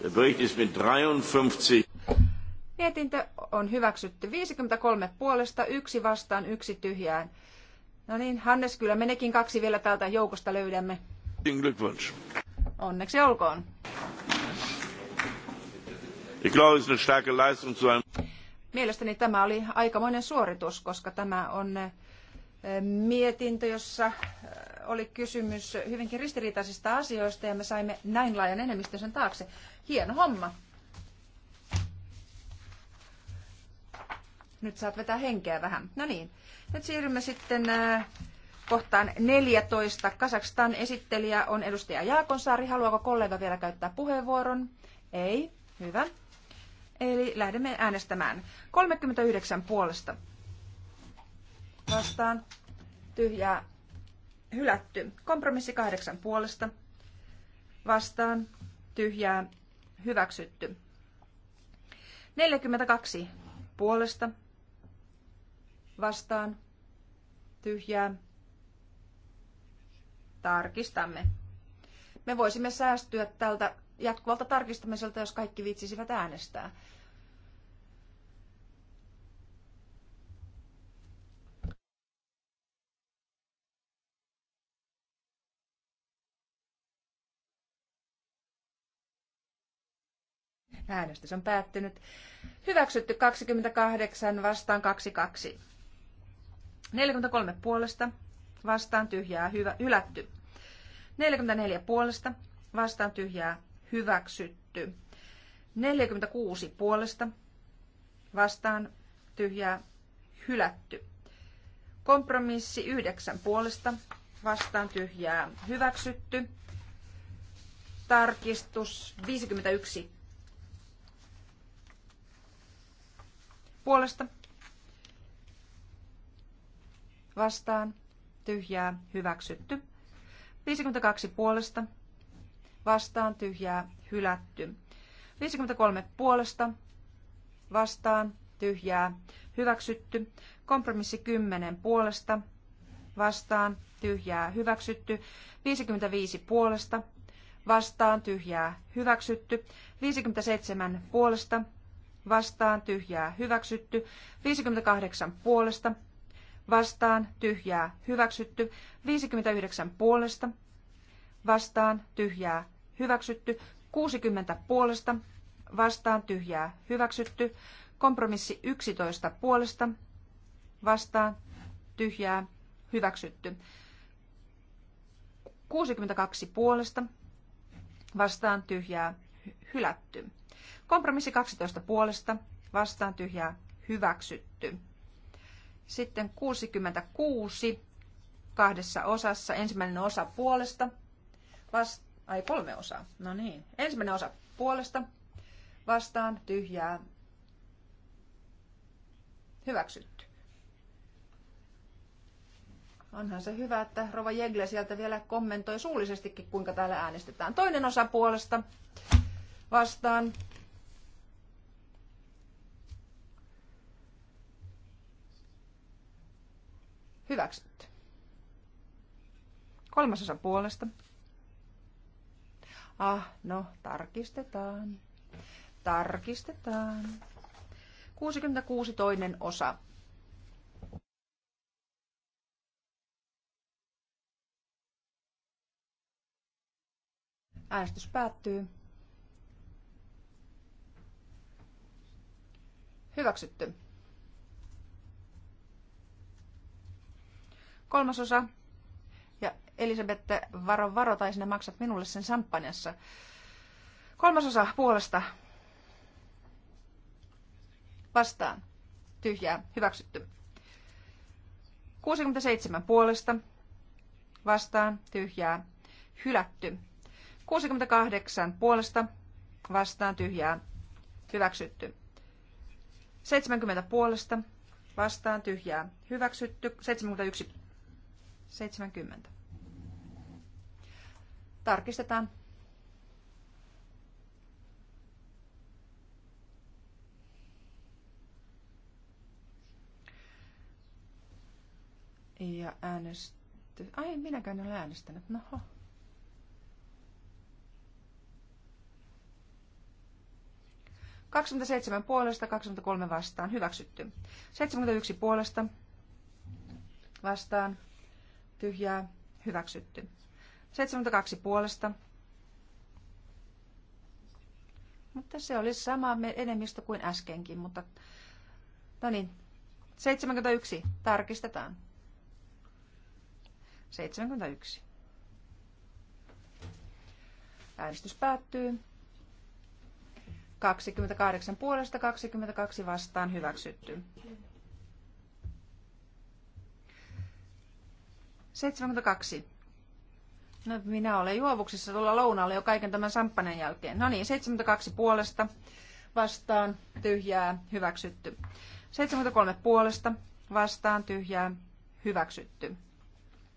Der Bericht ist mit 53. Mietintö on hyväksytty 53 puolesta, yksi vastaan, yksi tyhjään. No niin, Hannes, kyllä me nekin kaksi vielä täältä joukosta löydämme. Onneksi olkoon. Mielestäni tämä oli aikamoinen suoritus, koska tämä on eh, mietintö, jossa eh, oli kysymys hyvinkin ristiriitaisista asioista ja me saimme näin laajan enemmistön sen taakse. Hieno homma. Nyt saat vetää henkeä vähän. No niin, nyt siirrymme sitten äh, kohtaan 14. Kasakstan esittelijä on edustaja Jaakonsaari. Haluaako kollega vielä käyttää puheenvuoron? Ei. Hyvä. Eli lähdemme äänestämään. 39 puolesta. Vastaan. Tyhjää. Hylätty. Kompromissi 8 puolesta. Vastaan. Tyhjää. Hyväksytty. 42 puolesta vastaan, tyhjää. Tarkistamme. Me voisimme säästyä tältä jatkuvalta tarkistamiselta, jos kaikki viitsisivät äänestää. Äänestys on päättynyt. Hyväksytty 28 vastaan 22. 43 puolesta vastaan tyhjää hyvä, hylätty. 44 puolesta vastaan tyhjää hyväksytty. 46 puolesta vastaan tyhjää hylätty. Kompromissi 9 puolesta vastaan tyhjää hyväksytty. Tarkistus 51 puolesta vastaan, tyhjää, hyväksytty. 52 puolesta, vastaan, tyhjää, hylätty. 53 puolesta, vastaan, tyhjää, hyväksytty. Kompromissi 10 puolesta, vastaan, tyhjää, hyväksytty. 55 puolesta, vastaan, tyhjää, hyväksytty. 57 puolesta, vastaan, tyhjää, hyväksytty. 58 puolesta, vastaan tyhjää hyväksytty, 59 puolesta vastaan tyhjää hyväksytty, 60 puolesta vastaan tyhjää hyväksytty, kompromissi 11 puolesta vastaan tyhjää hyväksytty, 62 puolesta vastaan tyhjää hylätty, kompromissi 12 puolesta vastaan tyhjää hyväksytty. Sitten 66 kahdessa osassa. Ensimmäinen osa puolesta. Vast... Ai kolme osaa. No niin. Ensimmäinen osa puolesta. Vastaan tyhjää. Hyväksytty. Onhan se hyvä, että Rova Jegle sieltä vielä kommentoi suullisestikin, kuinka täällä äänestetään. Toinen osa puolesta vastaan Hyväksytty. Kolmasosa puolesta. Ah, no, tarkistetaan. Tarkistetaan. 66 toinen osa. Äänestys päättyy. Hyväksytty. kolmasosa. Ja Elisabeth, varo, varo, tai sinä maksat minulle sen samppanjassa. Kolmasosa puolesta. Vastaan. Tyhjää. Hyväksytty. 67 puolesta. Vastaan. Tyhjää. Hylätty. 68 puolesta. Vastaan. Tyhjää. Hyväksytty. 70 puolesta. Vastaan. Tyhjää. Hyväksytty. 71 70. Tarkistetaan. Ja äänesty... Ai, minäkään en ole äänestänyt. Noho. Kaksikymmentäseitsemän puolesta, 23 vastaan. Hyväksytty. 71 puolesta vastaan tyhjää, hyväksytty. 72 puolesta. Mutta se oli sama enemmistö kuin äskenkin, mutta no niin, 71, tarkistetaan. 71. Äänestys päättyy. 28 puolesta 22 vastaan hyväksytty. 72. No minä olen juovuksissa tuolla lounaalle jo kaiken tämän samppanen jälkeen. No niin, 72 puolesta vastaan tyhjää hyväksytty. 73 puolesta vastaan tyhjää hyväksytty.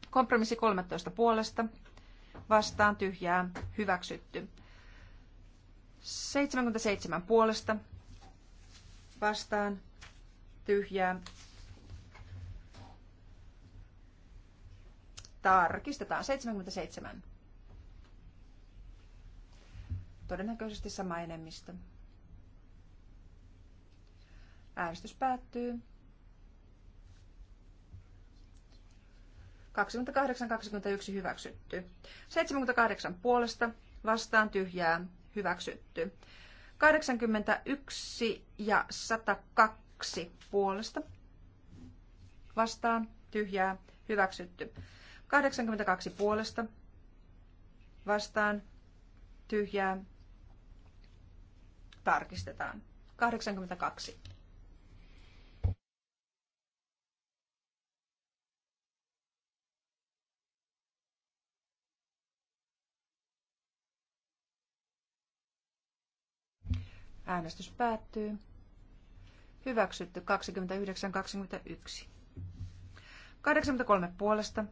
Kompromissi 13 puolesta vastaan tyhjää hyväksytty. 77 puolesta vastaan tyhjää Tarkistetaan 77. Todennäköisesti sama enemmistö. Äänestys päättyy. 28-21 hyväksytty. 78 puolesta vastaan tyhjää hyväksytty. 81 ja 102 puolesta vastaan tyhjää hyväksytty. 82 puolesta vastaan tyhjää tarkistetaan. 82. Äänestys päättyy. Hyväksytty 29.21. 83 puolesta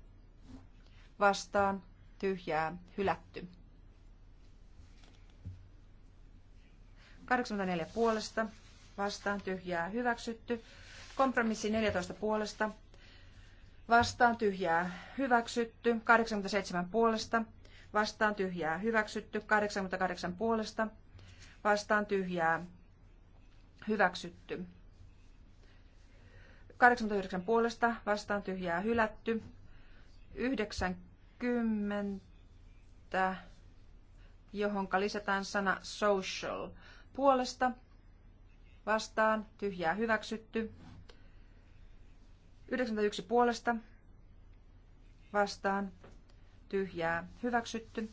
vastaan tyhjää hylätty. 84 puolesta vastaan tyhjää hyväksytty. Kompromissi 14 puolesta vastaan tyhjää hyväksytty. 87 puolesta vastaan tyhjää hyväksytty. 88 puolesta vastaan tyhjää hyväksytty. 89 puolesta vastaan tyhjää hylätty. 90 kymmentä, johonka lisätään sana social. Puolesta vastaan tyhjää hyväksytty. 91 puolesta vastaan tyhjää hyväksytty.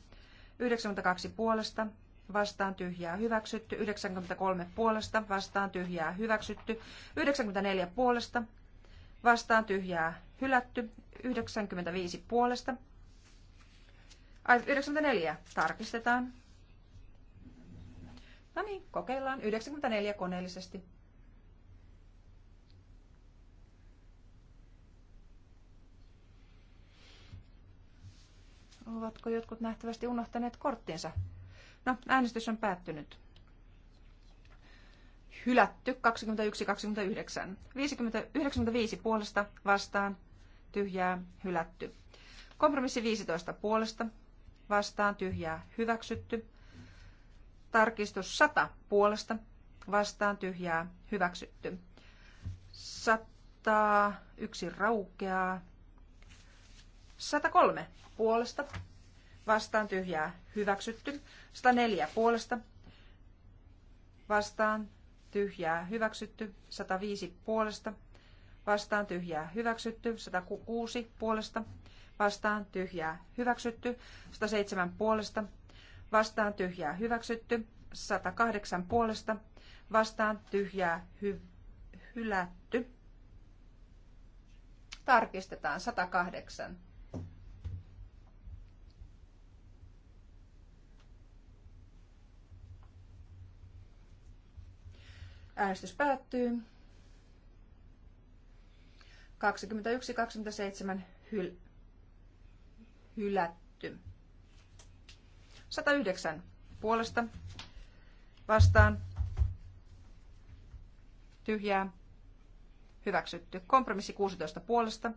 92 puolesta vastaan tyhjää hyväksytty, 93 puolesta vastaan tyhjää hyväksytty, 94 puolesta vastaan tyhjää hylätty, 95 puolesta Ai, 94. Tarkistetaan. No niin, kokeillaan. 94 koneellisesti. Ovatko jotkut nähtävästi unohtaneet korttinsa? No, äänestys on päättynyt. Hylätty 21-29. 50, 95 puolesta vastaan. Tyhjää, hylätty. Kompromissi 15 puolesta vastaan tyhjää hyväksytty. Tarkistus 100 puolesta vastaan tyhjää hyväksytty. 101 raukeaa. 103 puolesta vastaan tyhjää hyväksytty. 104 puolesta vastaan tyhjää hyväksytty. 105 puolesta vastaan tyhjää hyväksytty. 106 puolesta vastaan tyhjää hyväksytty, 107 puolesta vastaan tyhjää hyväksytty, 108 puolesta vastaan tyhjää hy- hylätty. Tarkistetaan 108. Äänestys päättyy. 21-27 hyl- hylätty. 109 puolesta vastaan tyhjää hyväksytty. Kompromissi 16 puolesta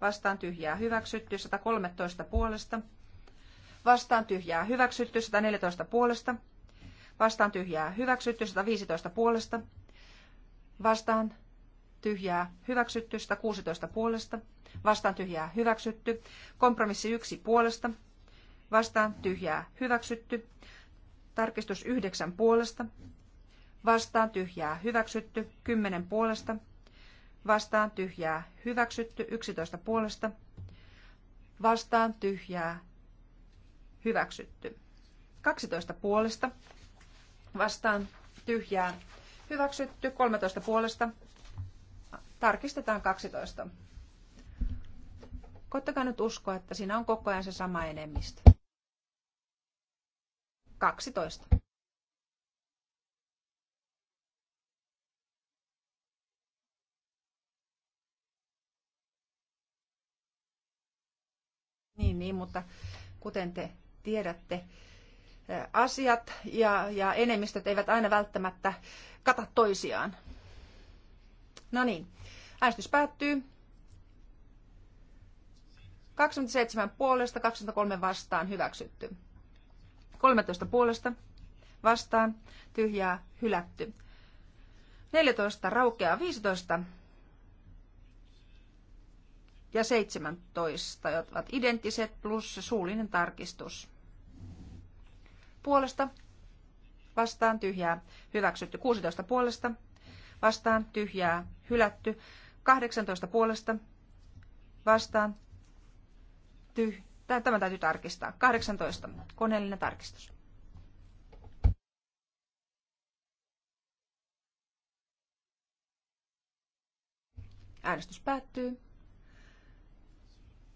vastaan tyhjää hyväksytty. 113 puolesta vastaan tyhjää hyväksytty. 114 puolesta vastaan tyhjää hyväksytty. 115 puolesta vastaan tyhjää hyväksytty, 116 puolesta, vastaan tyhjää hyväksytty, kompromissi 1 puolesta, vastaan tyhjää hyväksytty, tarkistus 9 puolesta, vastaan tyhjää hyväksytty, 10 puolesta, vastaan tyhjää hyväksytty, 11 puolesta, vastaan tyhjää hyväksytty, 12 puolesta, vastaan tyhjää hyväksytty, 13 puolesta, Tarkistetaan 12. Koittakaa nyt uskoa, että siinä on koko ajan se sama enemmistö. 12. Niin, niin, mutta kuten te tiedätte, asiat ja, ja enemmistöt eivät aina välttämättä kata toisiaan. No niin, Äänestys päättyy. 27 puolesta, 23 vastaan hyväksytty. 13 puolesta vastaan tyhjää hylätty. 14 raukeaa 15 ja 17, jotka ovat identtiset plus suullinen tarkistus. Puolesta vastaan tyhjää hyväksytty. 16 puolesta vastaan tyhjää hylätty. 18 puolesta vastaan. Tyh. Tämä täytyy tarkistaa. 18. Koneellinen tarkistus. Äänestys päättyy.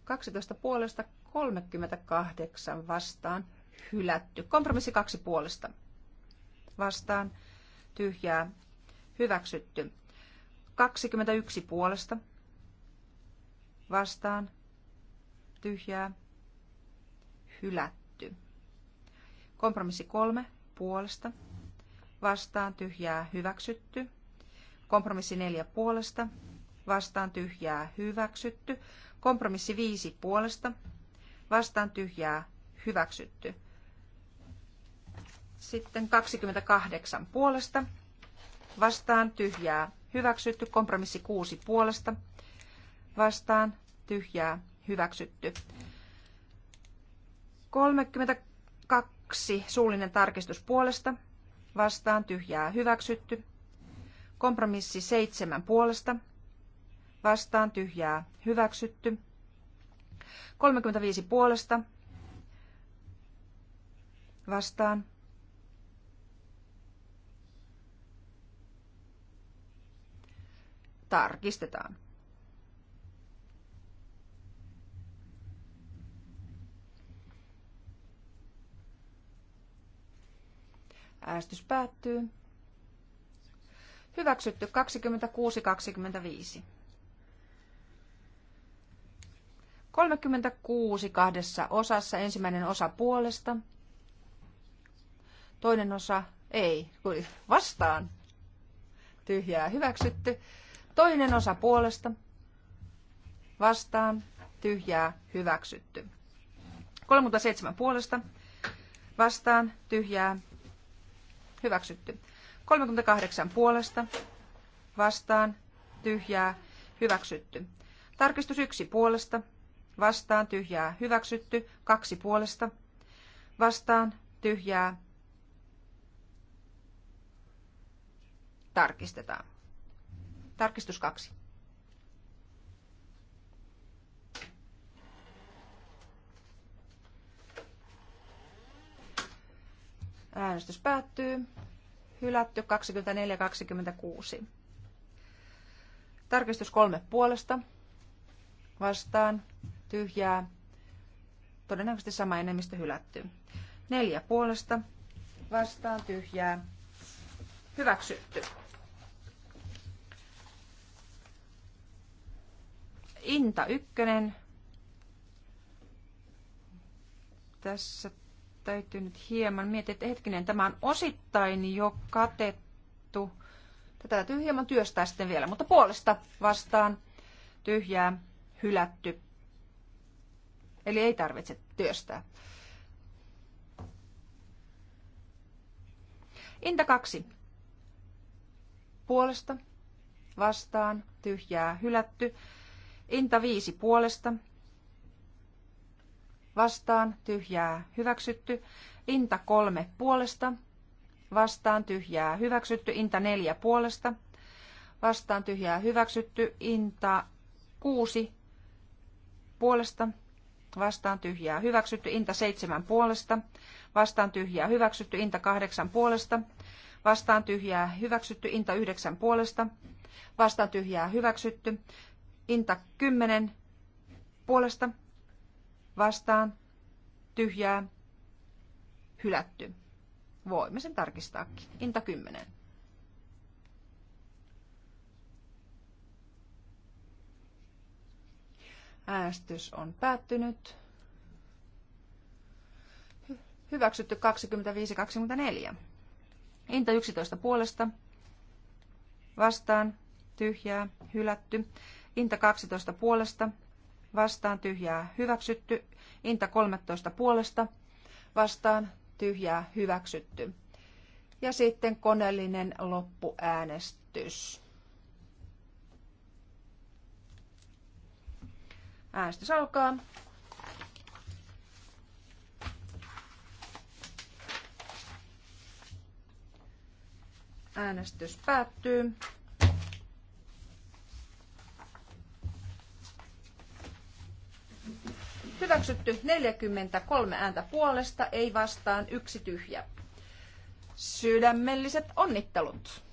12 puolesta 38 vastaan hylätty. Kompromissi 2 puolesta vastaan tyhjää hyväksytty. 21 puolesta. Vastaan. Tyhjää. Hylätty. Kompromissi 3 puolesta. Vastaan tyhjää hyväksytty. Kompromissi 4 puolesta. Vastaan tyhjää hyväksytty. Kompromissi 5 puolesta. Vastaan tyhjää hyväksytty. Sitten 28 puolesta. Vastaan tyhjää hyväksytty. Kompromissi kuusi puolesta vastaan tyhjää hyväksytty. 32 suullinen tarkistus puolesta vastaan tyhjää hyväksytty. Kompromissi seitsemän puolesta vastaan tyhjää hyväksytty. 35 puolesta vastaan Tarkistetaan. Äästys päättyy. Hyväksytty 2625. 36 kahdessa osassa. Ensimmäinen osa puolesta. Toinen osa ei, vastaan. Tyhjää hyväksytty. Toinen osa puolesta. Vastaan. Tyhjää. Hyväksytty. 37 puolesta. Vastaan. Tyhjää. Hyväksytty. 38 puolesta. Vastaan. Tyhjää. Hyväksytty. Tarkistus 1 puolesta. Vastaan. Tyhjää. Hyväksytty. 2 puolesta. Vastaan. Tyhjää. Tarkistetaan. Tarkistus kaksi. Äänestys päättyy. Hylätty 24-26. Tarkistus kolme puolesta. Vastaan. Tyhjää. Todennäköisesti sama enemmistö hylätty. Neljä puolesta. Vastaan. Tyhjää. Hyväksytty. Inta ykkönen. Tässä täytyy nyt hieman miettiä, että hetkinen, tämä on osittain jo katettu. Tätä täytyy hieman työstää sitten vielä, mutta puolesta vastaan tyhjää, hylätty. Eli ei tarvitse työstää. Inta kaksi. Puolesta, vastaan, tyhjää, hylätty. Inta viisi puolesta. Vastaan tyhjää hyväksytty. Inta kolme puolesta. Vastaan tyhjää hyväksytty. Inta neljä puolesta. Vastaan tyhjää hyväksytty. Inta kuusi puolesta vastaan tyhjää hyväksytty, Inta seitsemän puolesta, vastaan tyhjää hyväksytty, Inta kahdeksan puolesta, vastaan tyhjää hyväksytty, Inta yhdeksän puolesta, vastaan tyhjää hyväksytty, Inta 10 puolesta vastaan tyhjää hylätty. Voimme sen tarkistaakin. Inta 10. Äänestys on päättynyt. Hyväksytty 25-24. Inta 11 puolesta. Vastaan. Tyhjää. Hylätty. Inta 12 puolesta, vastaan tyhjää hyväksytty. Inta 13 puolesta, vastaan tyhjää hyväksytty. Ja sitten koneellinen loppuäänestys. Äänestys alkaa. Äänestys päättyy. Hyväksytty 43 ääntä puolesta, ei vastaan, yksi tyhjä. Sydämelliset onnittelut.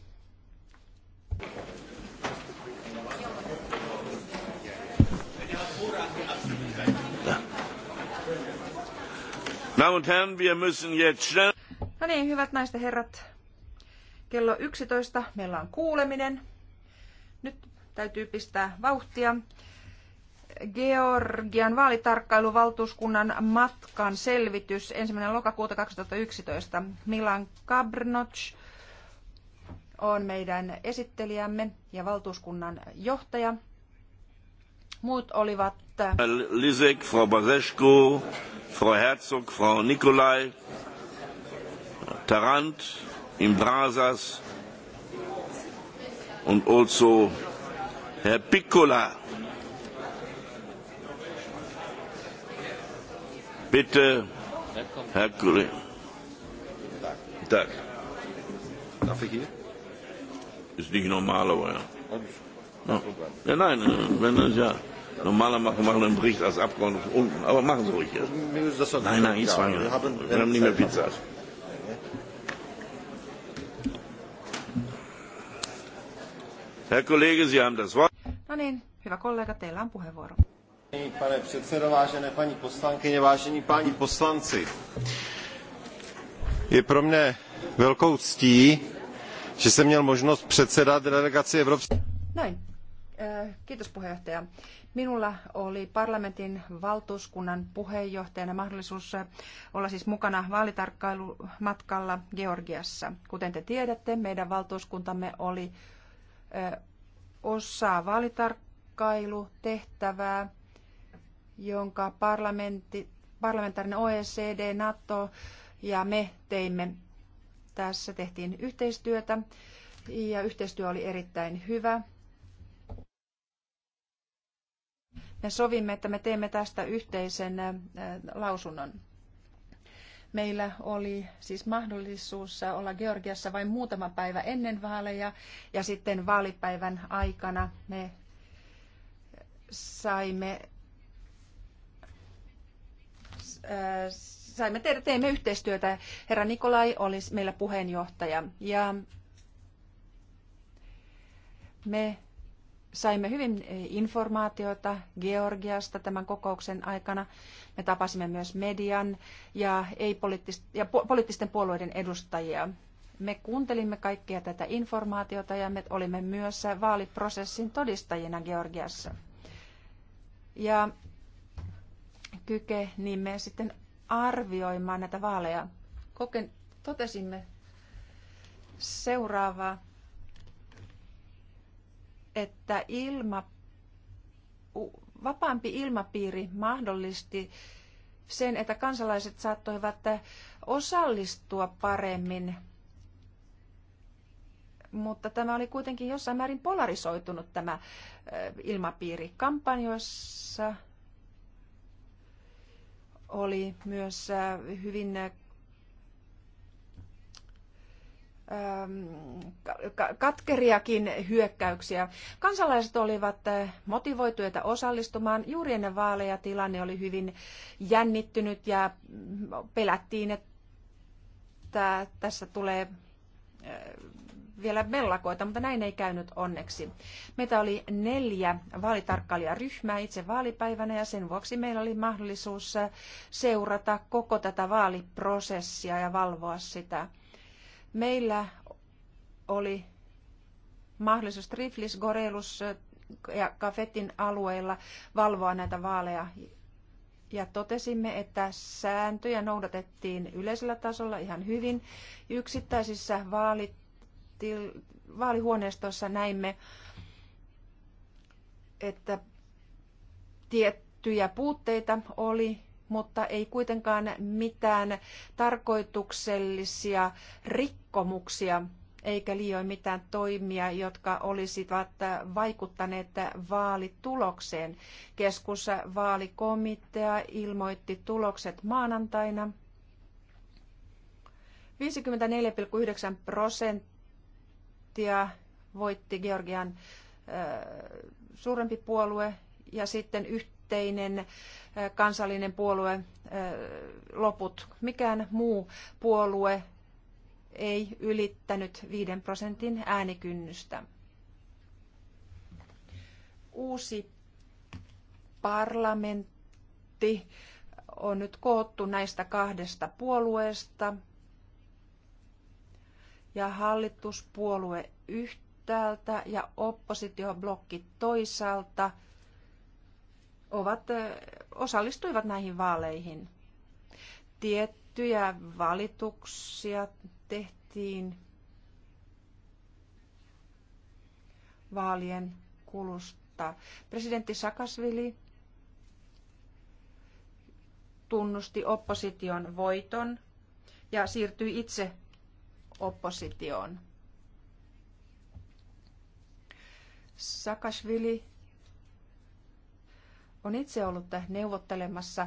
No niin, hyvät naiset herrat. Kello 11 meillä on kuuleminen. Nyt täytyy pistää vauhtia. Georgian vaalitarkkailuvaltuuskunnan matkan selvitys 1. lokakuuta 2011. Milan Kabrnoch on meidän esittelijämme ja valtuuskunnan johtaja. Muut olivat Lisek, Frau Basescu, Frau Herzog, Frau Nikolai, Tarant, Imbrasas und also Herr Piccola. Bitte, Herr Kollege. Tag. Darf ich hier? Ist nicht normal, aber ja. No. Ja, nein, äh, wenn das ja. Normaler machen, machen einen Bericht als Abgeordneter unten, aber machen Sie ruhig jetzt. Ja. Nein, nein, ich fange. Wir haben, wir haben nicht mehr Pizza. Herr Kollege, Sie haben das Wort. No niin, hyvä kollega, teillä on puheenvuoro pane předsedo, vážené paní poslankyně, vážení páni poslanci, je pro mne velkou ctí, že jsem měl možnost předsedat delegaci Evropské... Eh, kiitos puheenjohtaja. Minulla oli parlamentin valtuuskunnan puheenjohtajana mahdollisuus eh, olla siis mukana vaalitarkkailumatkalla Georgiassa. Kuten te tiedätte, meidän valtuuskuntamme oli eh, osa vaalitarkkailutehtävää jonka parlamentti, parlamentaarinen OECD, NATO ja me teimme. Tässä tehtiin yhteistyötä ja yhteistyö oli erittäin hyvä. Me sovimme, että me teemme tästä yhteisen äh, lausunnon. Meillä oli siis mahdollisuus olla Georgiassa vain muutama päivä ennen vaaleja ja sitten vaalipäivän aikana me saimme saimme tehdä, teemme yhteistyötä. Herra Nikolai oli meillä puheenjohtaja ja me saimme hyvin e, informaatiota Georgiasta tämän kokouksen aikana. Me tapasimme myös median ja, ei poliittisten, ja poliittisten puolueiden edustajia. Me kuuntelimme kaikkia tätä informaatiota ja me olimme myös vaaliprosessin todistajina Georgiassa. Ja kykenimme sitten arvioimaan näitä vaaleja. Koken, totesimme seuraavaa, että ilma, vapaampi ilmapiiri mahdollisti sen, että kansalaiset saattoivat osallistua paremmin, mutta tämä oli kuitenkin jossain määrin polarisoitunut tämä ilmapiiri kampanjoissa oli myös äh, hyvin äh, ähm, katkeriakin hyökkäyksiä. Kansalaiset olivat äh, motivoituja osallistumaan. Juuri ennen vaaleja tilanne oli hyvin jännittynyt ja mm, pelättiin, että tässä tulee vielä bellakoita, mutta näin ei käynyt onneksi. Meitä oli neljä vaalitarkkailijaryhmää itse vaalipäivänä ja sen vuoksi meillä oli mahdollisuus äh, seurata koko tätä vaaliprosessia ja valvoa sitä. Meillä oli mahdollisuus Triflis, Gorelus äh, ja Kafetin alueilla valvoa näitä vaaleja ja totesimme, että sääntöjä noudatettiin yleisellä tasolla ihan hyvin. Yksittäisissä vaalit til, vaalihuoneistossa näimme, että tiettyjä puutteita oli, mutta ei kuitenkaan mitään tarkoituksellisia rikkomuksia eikä liioin mitään toimia, jotka olisivat vaikuttaneet vaalitulokseen. Keskusvaalikomitea ilmoitti tulokset maanantaina. 54,9 prosenttia prosenttia voitti Georgian suurempi puolue ja sitten yhteinen kansallinen puolue loput. Mikään muu puolue ei ylittänyt 5 prosentin äänikynnystä. Uusi parlamentti on nyt koottu näistä kahdesta puolueesta – ja hallituspuolue yhtäältä ja oppositioblokki toisaalta ovat, osallistuivat näihin vaaleihin. Tiettyjä valituksia tehtiin vaalien kulusta. Presidentti Sakasvili tunnusti opposition voiton ja siirtyi itse oppositioon. Sakashvili on itse ollut neuvottelemassa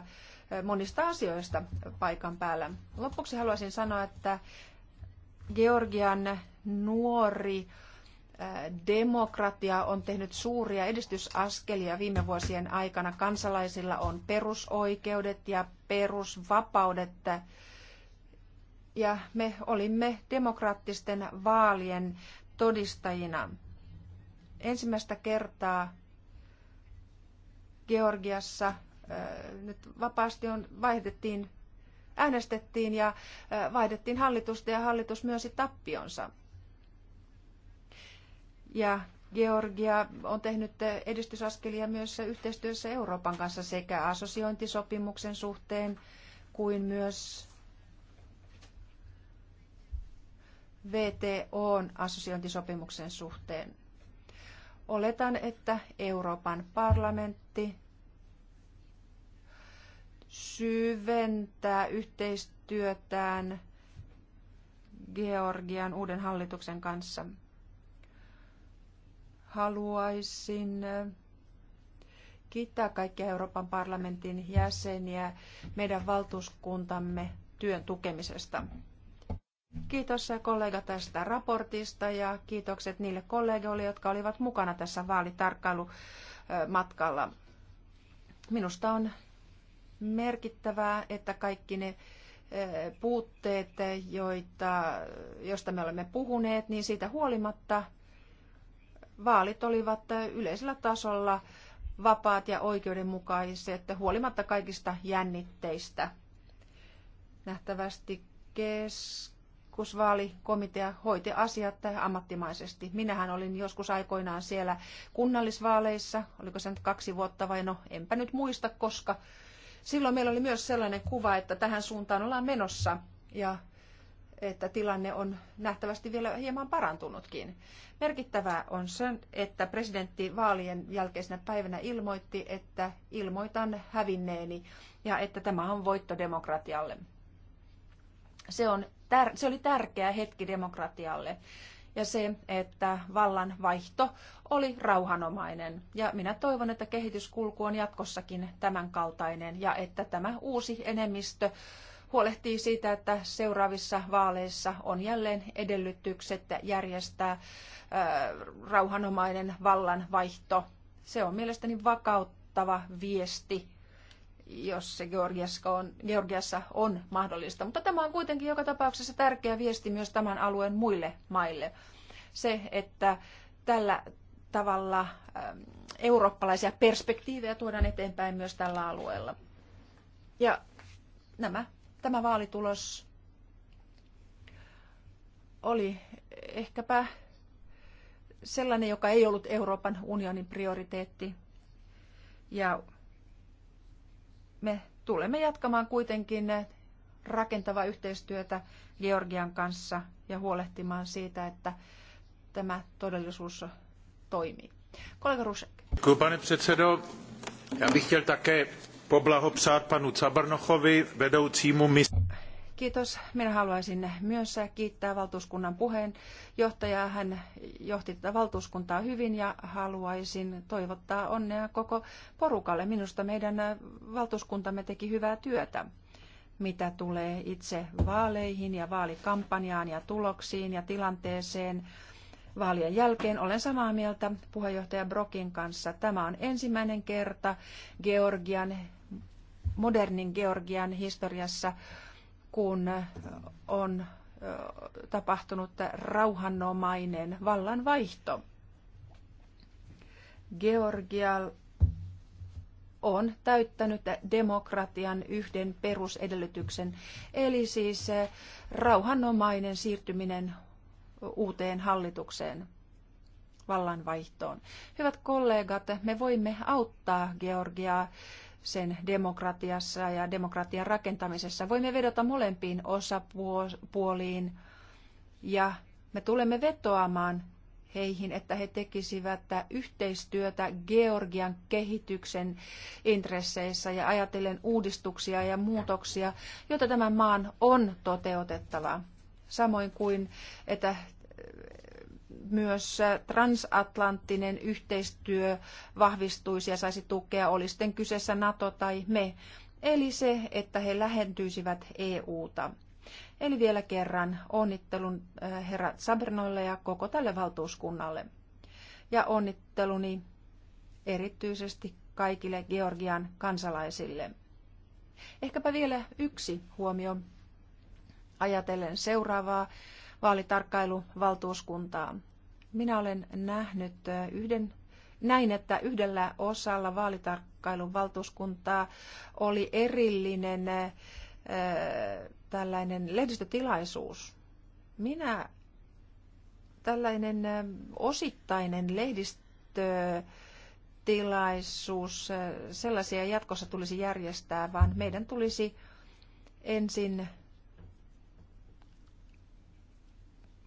eh, monista asioista paikan päällä. Lopuksi haluaisin sanoa, että Georgian nuori eh, demokratia on tehnyt suuria edistysaskelia viime vuosien aikana. Kansalaisilla on perusoikeudet ja perusvapaudet eh, ja me olimme demokraattisten vaalien todistajina. Ensimmäistä kertaa Georgiassa nyt vapaasti on, vaihdettiin, äänestettiin ja vaihdettiin hallitusta ja hallitus myönsi tappionsa. Ja Georgia on tehnyt edistysaskelia myös yhteistyössä Euroopan kanssa sekä assosiointisopimuksen suhteen kuin myös VTOn assosiointisopimuksen suhteen. Oletan, että Euroopan parlamentti syventää yhteistyötään Georgian uuden hallituksen kanssa. Haluaisin äh, kiittää kaikkia Euroopan parlamentin jäseniä meidän valtuuskuntamme työn tukemisesta. Kiitos äh, kollega tästä raportista ja kiitokset niille kollegoille, jotka olivat mukana tässä vaalitarkkailumatkalla. Minusta on merkittävää, että kaikki ne äh, puutteet, joita, josta me olemme puhuneet, niin siitä huolimatta vaalit olivat äh, yleisellä tasolla vapaat ja oikeudenmukaiset, huolimatta kaikista jännitteistä. Nähtävästi kes ehdokkuusvaalikomitea hoiti asiat ammattimaisesti. Minähän olin joskus aikoinaan siellä kunnallisvaaleissa, oliko se nyt kaksi vuotta vai no, enpä nyt muista, koska silloin meillä oli myös sellainen kuva, että tähän suuntaan ollaan menossa ja että tilanne on nähtävästi vielä hieman parantunutkin. Merkittävää on se, että presidentti vaalien jälkeisenä päivänä ilmoitti, että ilmoitan hävinneeni ja että tämä on voitto demokratialle. Se on tär- se oli tärkeä hetki demokratialle ja se, että vallan vaihto oli rauhanomainen. Ja minä toivon, että kehityskulku on jatkossakin tämän kaltainen ja että tämä uusi enemmistö huolehtii siitä, että seuraavissa vaaleissa on jälleen edellytykset järjestää rauhanomainen vallanvaihto. Se on mielestäni vakauttava viesti jos se Georgiassa on, Georgiassa on mahdollista. Mutta tämä on kuitenkin joka tapauksessa tärkeä viesti myös tämän alueen muille maille. Se, että tällä tavalla ähm, eurooppalaisia perspektiivejä tuodaan eteenpäin myös tällä alueella. Ja nämä, tämä vaalitulos oli ehkäpä sellainen, joka ei ollut Euroopan unionin prioriteetti. Ja me tulemme jatkamaan kuitenkin rakentavaa yhteistyötä Georgian kanssa ja huolehtimaan siitä, että tämä todellisuus toimii. Kollega Rusek. Pane předsedo, já bych chtěl také poblahopřát panu Cabrnochovi, vedoucímu misi. Kiitos. Minä haluaisin myös kiittää valtuuskunnan puheenjohtajaa. Hän johti tätä valtuuskuntaa hyvin ja haluaisin toivottaa onnea koko porukalle. Minusta meidän valtuuskuntamme teki hyvää työtä mitä tulee itse vaaleihin ja vaalikampanjaan ja tuloksiin ja tilanteeseen vaalien jälkeen. Olen samaa mieltä puheenjohtaja Brokin kanssa. Tämä on ensimmäinen kerta Georgian, modernin Georgian historiassa, kun on tapahtunut rauhanomainen vallanvaihto. Georgia on täyttänyt demokratian yhden perusedellytyksen, eli siis rauhanomainen siirtyminen uuteen hallitukseen vallanvaihtoon. Hyvät kollegat, me voimme auttaa Georgiaa sen demokratiassa ja demokratian rakentamisessa. Voimme vedota molempiin osapuoliin ja me tulemme vetoamaan heihin, että he tekisivät yhteistyötä Georgian kehityksen intresseissä ja ajatellen uudistuksia ja muutoksia, joita tämän maan on toteutettava. Samoin kuin, että myös äh, transatlanttinen yhteistyö vahvistuisi ja saisi tukea, oli sitten kyseessä NATO tai me. Eli se, että he lähentyisivät e ta, Eli vielä kerran onnittelun äh, herra Sabernoille ja koko tälle valtuuskunnalle. Ja onnitteluni erityisesti kaikille Georgian kansalaisille. Ehkäpä vielä yksi huomio ajatellen seuraavaa vaalitarkkailuvaltuuskuntaa. Minä olen nähnyt yhden, näin, että yhdellä osalla vaalitarkkailun valtuuskuntaa oli erillinen äh, tällainen lehdistötilaisuus. Minä tällainen osittainen lehdistötilaisuus, sellaisia jatkossa tulisi järjestää, vaan meidän tulisi ensin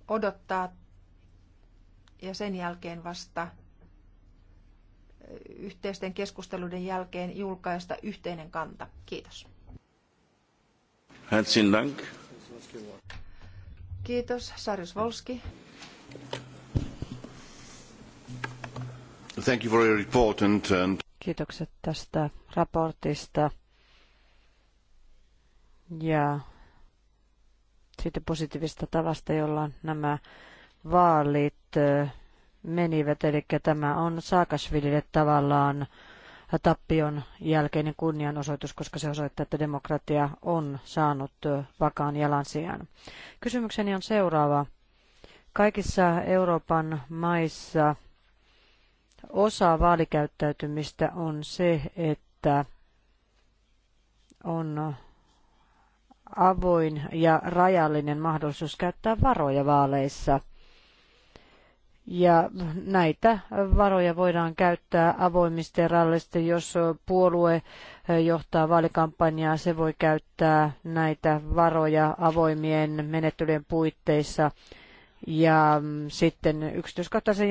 odottaa ja sen jälkeen vasta yhteisten keskusteluiden jälkeen julkaista yhteinen kanta. Kiitos. Herzlichen Dank. Kiitos. Sarjus Volski. Thank you for your report and, and... Kiitokset tästä raportista ja siitä positiivista tavasta, jolla nämä vaalit menivät, eli tämä on Saakasvilille tavallaan tappion jälkeinen kunnianosoitus, koska se osoittaa, että demokratia on saanut vakaan jalansijan. Kysymykseni on seuraava. Kaikissa Euroopan maissa osa vaalikäyttäytymistä on se, että on avoin ja rajallinen mahdollisuus käyttää varoja vaaleissa. Ja näitä varoja voidaan käyttää avoimista rallista, jos puolue eh, johtaa vaalikampanjaa, se voi käyttää näitä varoja avoimien menettelyjen puitteissa. Ja mm, sitten yksityiskohtaisen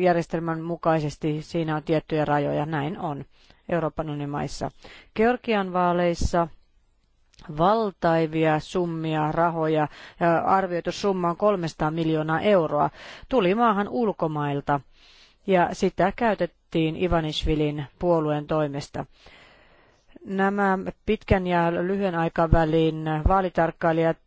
järjestelmän mukaisesti siinä on tiettyjä rajoja, näin on Euroopan unionin maissa. Georgian vaaleissa valtaivia summia rahoja. Arvioitu summa on 300 miljoonaa euroa. Tuli maahan ulkomailta ja sitä käytettiin Ivanishvilin puolueen toimesta. Nämä pitkän ja lyhyen aikavälin vaalitarkkailijat,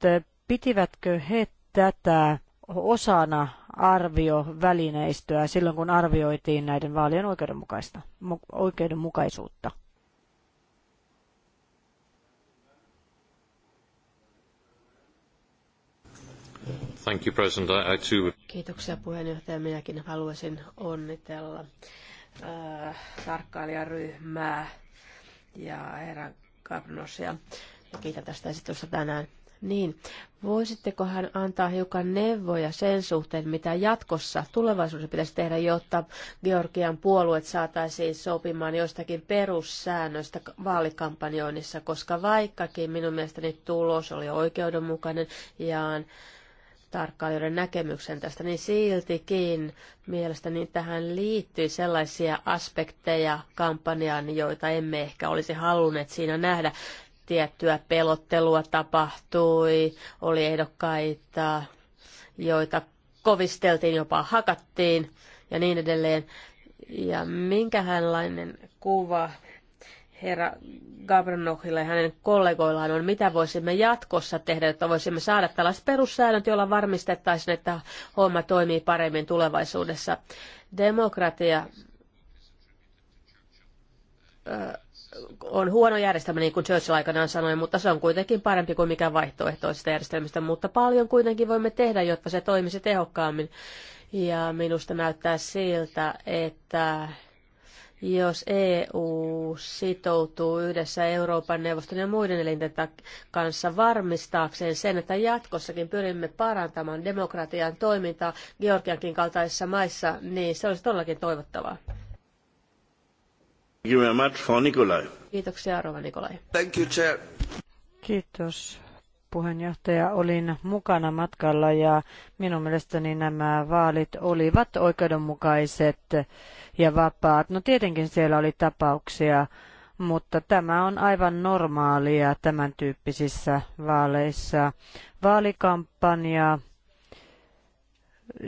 pitivätkö he tätä osana arviovälineistöä silloin, kun arvioitiin näiden vaalien oikeudenmukaista, oikeudenmukaisuutta? Thank you, President. I, too... Kiitoksia puheenjohtaja. Minäkin haluaisin onnitella äh, tarkkailijaryhmää ja herra Karnosia. Kiitän tästä esitystä tänään. Niin, voisittekohan antaa hiukan neuvoja sen suhteen, mitä jatkossa tulevaisuudessa pitäisi tehdä, jotta Georgian puolueet saataisiin sopimaan jostakin perussäännöistä vaalikampanjoinnissa, koska vaikkakin minun mielestäni tulos oli oikeudenmukainen ja tarkkailijoiden näkemyksen tästä, niin siltikin mielestäni tähän liittyy sellaisia aspekteja kampanjaan, joita emme ehkä olisi halunneet siinä nähdä. Tiettyä pelottelua tapahtui, oli ehdokkaita, joita kovisteltiin, jopa hakattiin ja niin edelleen. Ja minkähänlainen kuva herra Gabranohille ja hänen kollegoillaan on, mitä voisimme jatkossa tehdä, että voisimme saada tällaiset perussäännöt, joilla varmistettaisiin, että homma toimii paremmin tulevaisuudessa. Demokratia on huono järjestelmä, niin kuin Churchill aikanaan sanoi, mutta se on kuitenkin parempi kuin mikä vaihtoehtoisista järjestelmistä. Mutta paljon kuitenkin voimme tehdä, jotta se toimisi tehokkaammin. Ja minusta näyttää siltä, että jos EU sitoutuu yhdessä Euroopan neuvoston ja muiden elinten kanssa varmistaakseen sen, että jatkossakin pyrimme parantamaan demokratian toimintaa Georgiankin kaltaisissa maissa, niin se olisi todellakin toivottavaa. Thank you very much for Nikolai. Kiitoksia, Rova Nikolai. Thank you, Chair. Kiitos puheenjohtaja, olin mukana matkalla ja minun mielestäni nämä vaalit olivat oikeudenmukaiset ja vapaat. No tietenkin siellä oli tapauksia, mutta tämä on aivan normaalia tämän tyyppisissä vaaleissa. Vaalikampanja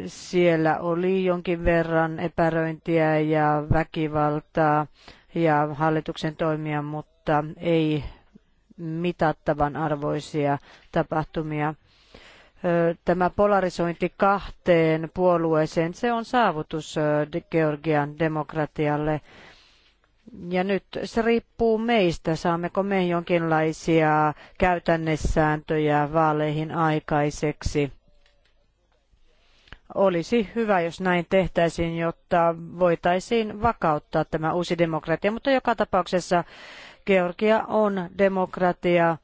siellä oli jonkin verran epäröintiä ja väkivaltaa ja hallituksen toimia, mutta ei mitattavan arvoisia tapahtumia. Tämä polarisointi kahteen puolueeseen, se on saavutus Georgian demokratialle. Ja nyt se riippuu meistä, saammeko me jonkinlaisia käytännessääntöjä vaaleihin aikaiseksi. Olisi hyvä, jos näin tehtäisiin, jotta voitaisiin vakauttaa tämä uusi demokratia, mutta joka tapauksessa Georgia on demokratia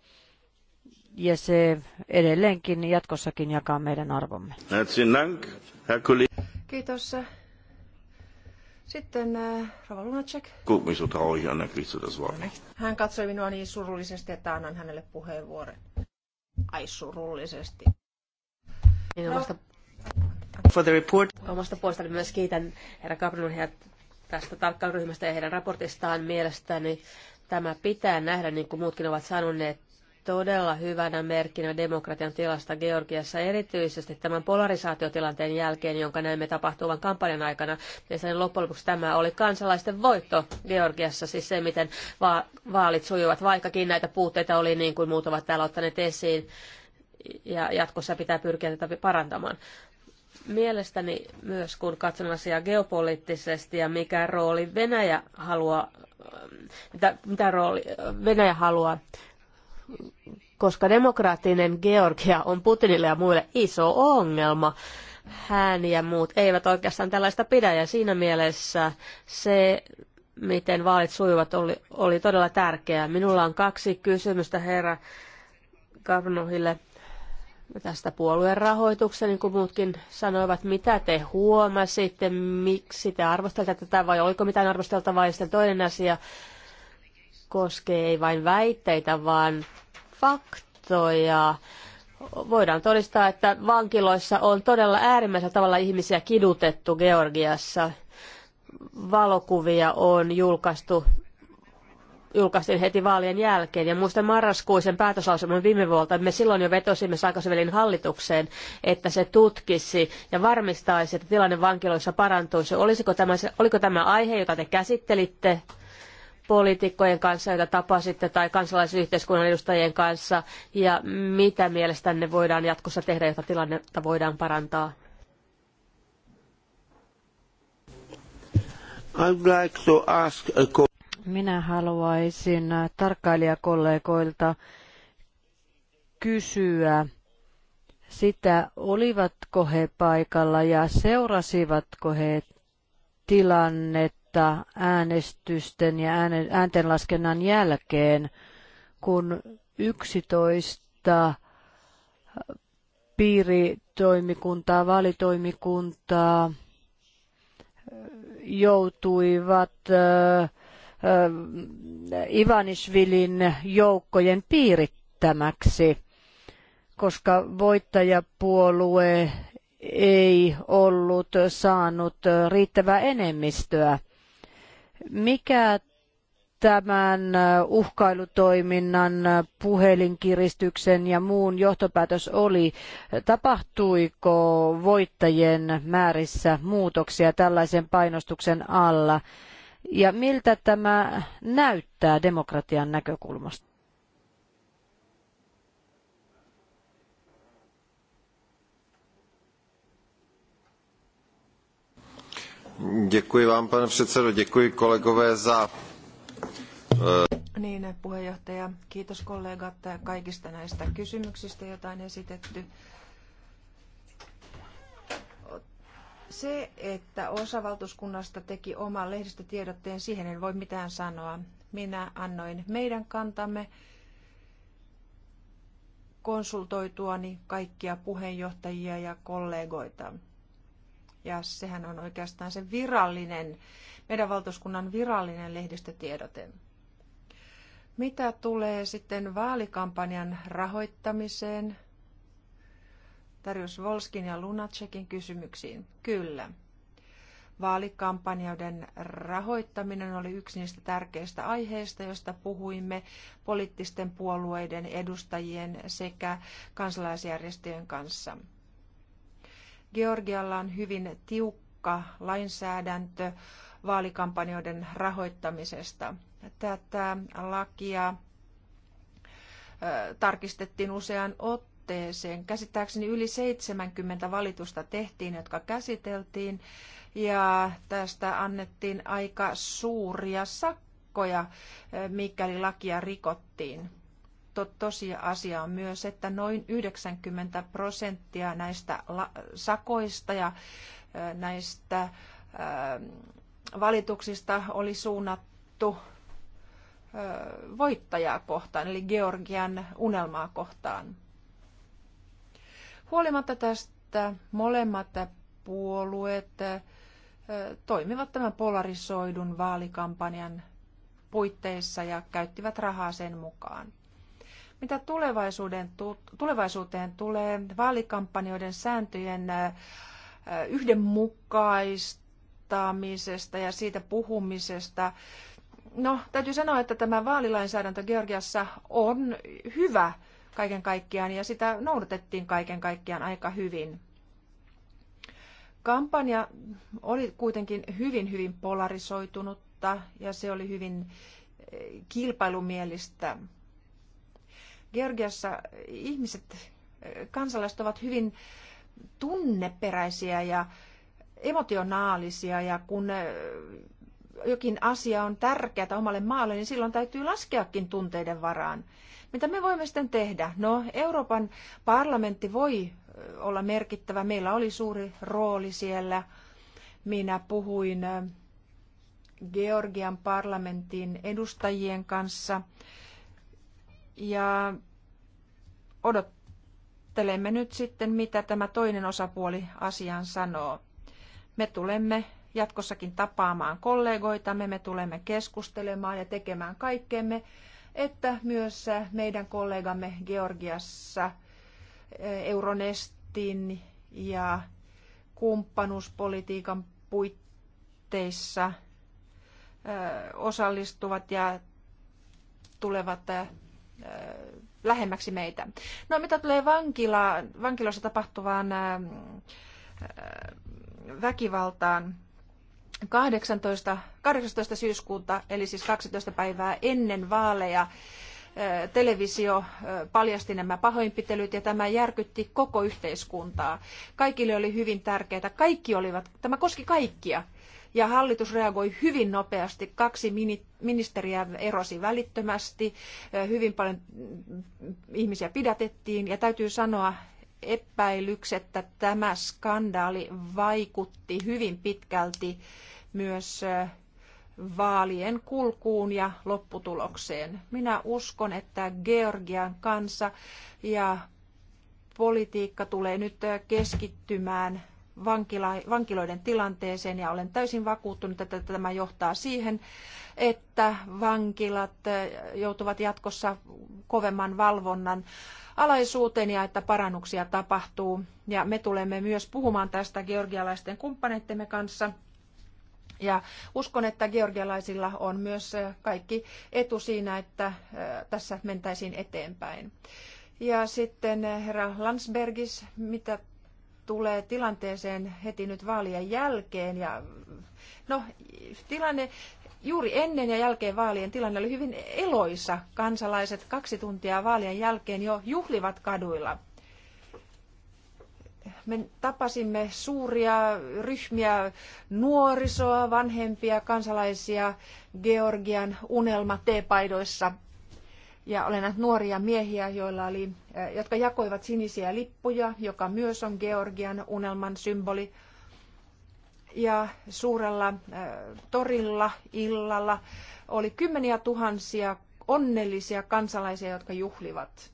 ja se edelleenkin jatkossakin jakaa meidän arvomme. Kiitos. Sitten äh, Rova Lunacek. Hän katsoi minua niin surullisesti, että annan hänelle puheenvuoron. Ai surullisesti. Niin no. omasta, For the report. omasta puolestani myös kiitän herra Gabriel tästä tarkkailuryhmästä ja heidän raportistaan mielestäni Tämä pitää nähdä, niin kuin muutkin ovat sanoneet, todella hyvänä merkkinä demokratian tilasta Georgiassa, erityisesti tämän polarisaatiotilanteen jälkeen, jonka näimme tapahtuvan kampanjan aikana. Ja sen loppujen lopuksi tämä oli kansalaisten voitto Georgiassa, siis se, miten va- vaalit sujuvat, vaikkakin näitä puutteita oli niin kuin muut ovat täällä ottaneet esiin, ja jatkossa pitää pyrkiä tätä parantamaan. Mielestäni myös kun katson asiaa geopoliittisesti ja mikä rooli Venäjä haluaa, mitä, mitä rooli Venäjä haluaa, koska demokraattinen Georgia on Putinille ja muille iso ongelma. Hän ja muut eivät oikeastaan tällaista pidä ja siinä mielessä se, miten vaalit sujuvat, oli, oli todella tärkeää. Minulla on kaksi kysymystä herra Karnohille tästä puolueen rahoituksesta, niin kuin muutkin sanoivat, mitä te huomasitte, miksi te arvostelette tätä vai oliko mitään arvosteltavaa. Ja sitten toinen asia koskee ei vain väitteitä, vaan faktoja. Voidaan todistaa, että vankiloissa on todella äärimmäisellä tavalla ihmisiä kidutettu Georgiassa. Valokuvia on julkaistu julkaistiin heti vaalien jälkeen. Ja muistan marraskuisen päätöslauselman viime vuolta, me silloin jo vetosimme Saakasvelin hallitukseen, että se tutkisi ja varmistaisi, että tilanne vankiloissa parantuisi. Olisiko tämä, oliko tämä aihe, jota te käsittelitte poliitikkojen kanssa, joita tapasitte, tai kansalaisyhteiskunnan edustajien kanssa, ja mitä mielestänne voidaan jatkossa tehdä, jotta tilannetta voidaan parantaa? like to ask a minä haluaisin tarkkailijakollegoilta kysyä sitä, olivatko he paikalla ja seurasivatko he tilannetta äänestysten ja ääntenlaskennan jälkeen, kun 11 piiritoimikuntaa, valitoimikuntaa joutuivat äh, Ivanishvilin joukkojen piirittämäksi, koska voittajapuolue ei ollut saanut riittävää enemmistöä. Mikä tämän uhkailutoiminnan, puhelinkiristyksen ja muun johtopäätös oli, tapahtuiko voittajien määrissä muutoksia tällaisen painostuksen alla? ja miltä tämä näyttää demokratian näkökulmasta? Děkuji vám, pane předsedo, děkuji kolegové za... Niin, puheenjohtaja, kiitos kollegat kaikista näistä kysymyksistä, joita on esitetty. Se, että osa valtuuskunnasta teki oman lehdistötiedotteen, siihen en voi mitään sanoa. Minä annoin meidän kantamme konsultoituani kaikkia puheenjohtajia ja kollegoita. Ja sehän on oikeastaan se virallinen, meidän valtuuskunnan virallinen lehdistötiedote. Mitä tulee sitten vaalikampanjan rahoittamiseen, tarjosi Volskin ja Lunacekin kysymyksiin. Kyllä. Vaalikampanjoiden rahoittaminen oli yksi niistä tärkeistä aiheista, josta puhuimme poliittisten puolueiden edustajien sekä kansalaisjärjestöjen kanssa. Georgialla on hyvin tiukka lainsäädäntö vaalikampanjoiden rahoittamisesta. Tätä lakia tarkistettiin useaan otteeseen otteeseen. Käsittääkseni yli 70 valitusta tehtiin, jotka käsiteltiin, ja tästä annettiin aika suuria sakkoja, eh, mikäli lakia rikottiin. Tosiasia on myös, että noin 90 prosenttia näistä sakoista ja eh, näistä eh, valituksista oli suunnattu voittajaa kohtaan, eli Georgian unelmaa kohtaan. Huolimatta tästä molemmat puolueet toimivat tämän polarisoidun vaalikampanjan puitteissa ja käyttivät rahaa sen mukaan. Mitä tulevaisuuden, tulevaisuuteen tulee vaalikampanjoiden sääntöjen yhdenmukaistamisesta ja siitä puhumisesta, No, täytyy sanoa, että tämä vaalilainsäädäntö Georgiassa on hyvä kaiken kaikkiaan ja sitä noudatettiin kaiken kaikkiaan aika hyvin. Kampanja oli kuitenkin hyvin, hyvin polarisoitunutta ja se oli hyvin eh, kilpailumielistä. Georgiassa ihmiset, eh, kansalaiset ovat hyvin tunneperäisiä ja emotionaalisia ja kun eh, jokin asia on tärkeää omalle maalle, niin silloin täytyy laskeakin tunteiden varaan. Mitä me voimme sitten tehdä? No, Euroopan parlamentti voi olla merkittävä. Meillä oli suuri rooli siellä. Minä puhuin Georgian parlamentin edustajien kanssa ja odottelemme nyt sitten, mitä tämä toinen osapuoli asiaan sanoo. Me tulemme jatkossakin tapaamaan kollegoitamme, me tulemme keskustelemaan ja tekemään kaikkemme, että myös meidän kollegamme Georgiassa eh, Euronestin ja kumppanuuspolitiikan puitteissa eh, osallistuvat ja tulevat eh, lähemmäksi meitä. No mitä tulee vankila, vankilassa tapahtuvaan väkivaltaan, 18, 18 syyskuuta, eli siis 12 päivää ennen vaaleja, televisio paljasti nämä pahoinpitelyt ja tämä järkytti koko yhteiskuntaa. Kaikille oli hyvin tärkeää. Kaikki olivat, tämä koski kaikkia. Ja hallitus reagoi hyvin nopeasti. Kaksi ministeriä erosi välittömästi. Hyvin paljon mm, ihmisiä pidätettiin. Ja täytyy sanoa, epäilyksettä tämä skandaali vaikutti hyvin pitkälti myös vaalien kulkuun ja lopputulokseen. Minä uskon, että Georgian kansa ja politiikka tulee nyt keskittymään vankiloiden tilanteeseen ja olen täysin vakuuttunut, että tämä johtaa siihen, että vankilat joutuvat jatkossa kovemman valvonnan alaisuuteen ja että parannuksia tapahtuu. Ja me tulemme myös puhumaan tästä georgialaisten kumppaneittemme kanssa. Ja uskon, että georgialaisilla on myös kaikki etu siinä, että tässä mentäisiin eteenpäin. Ja sitten herra Landsbergis, mitä tulee tilanteeseen heti nyt vaalien jälkeen. Ja, no, tilanne Juuri ennen ja jälkeen vaalien tilanne oli hyvin eloisa. Kansalaiset kaksi tuntia vaalien jälkeen jo juhlivat kaduilla. Me tapasimme suuria ryhmiä nuorisoa, vanhempia, kansalaisia Georgian unelma-teepaidoissa ja olen nähnyt nuoria miehiä, joilla oli, jotka jakoivat sinisiä lippuja, joka myös on Georgian unelman symboli ja suurella torilla illalla oli kymmeniä tuhansia onnellisia kansalaisia, jotka juhlivat.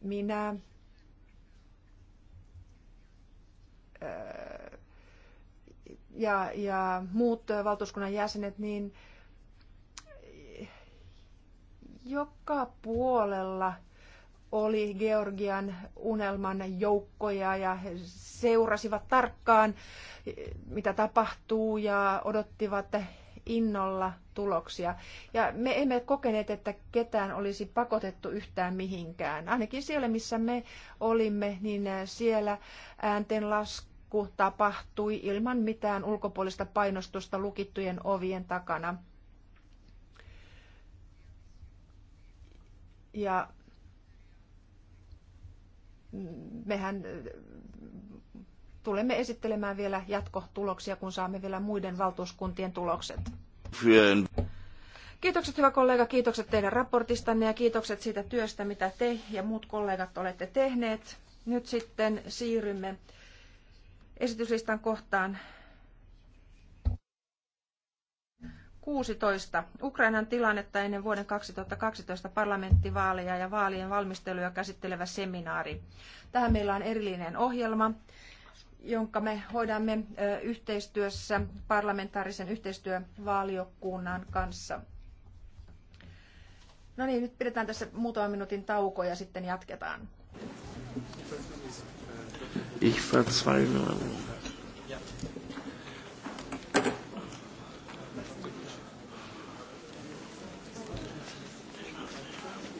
Minä ja, ja muut valtuuskunnan jäsenet, niin joka puolella – oli Georgian unelman joukkoja ja he seurasivat tarkkaan, mitä tapahtuu ja odottivat innolla tuloksia. Ja me emme kokeneet, että ketään olisi pakotettu yhtään mihinkään. Ainakin siellä, missä me olimme, niin siellä ääntenlasku tapahtui ilman mitään ulkopuolista painostusta lukittujen ovien takana. Ja mehän tulemme esittelemään vielä jatkotuloksia, kun saamme vielä muiden valtuuskuntien tulokset. Kiitokset hyvä kollega, kiitokset teidän raportistanne ja kiitokset siitä työstä, mitä te ja muut kollegat olette tehneet. Nyt sitten siirrymme esityslistan kohtaan 16. Ukrainan tilannetta ennen vuoden 2012 parlamenttivaaleja ja vaalien valmisteluja käsittelevä seminaari. Tähän meillä on erillinen ohjelma, jonka me hoidamme yhteistyössä parlamentaarisen yhteistyövaaliokunnan kanssa. No niin, nyt pidetään tässä muutaman minuutin tauko ja sitten jatketaan. Ich verzweifle.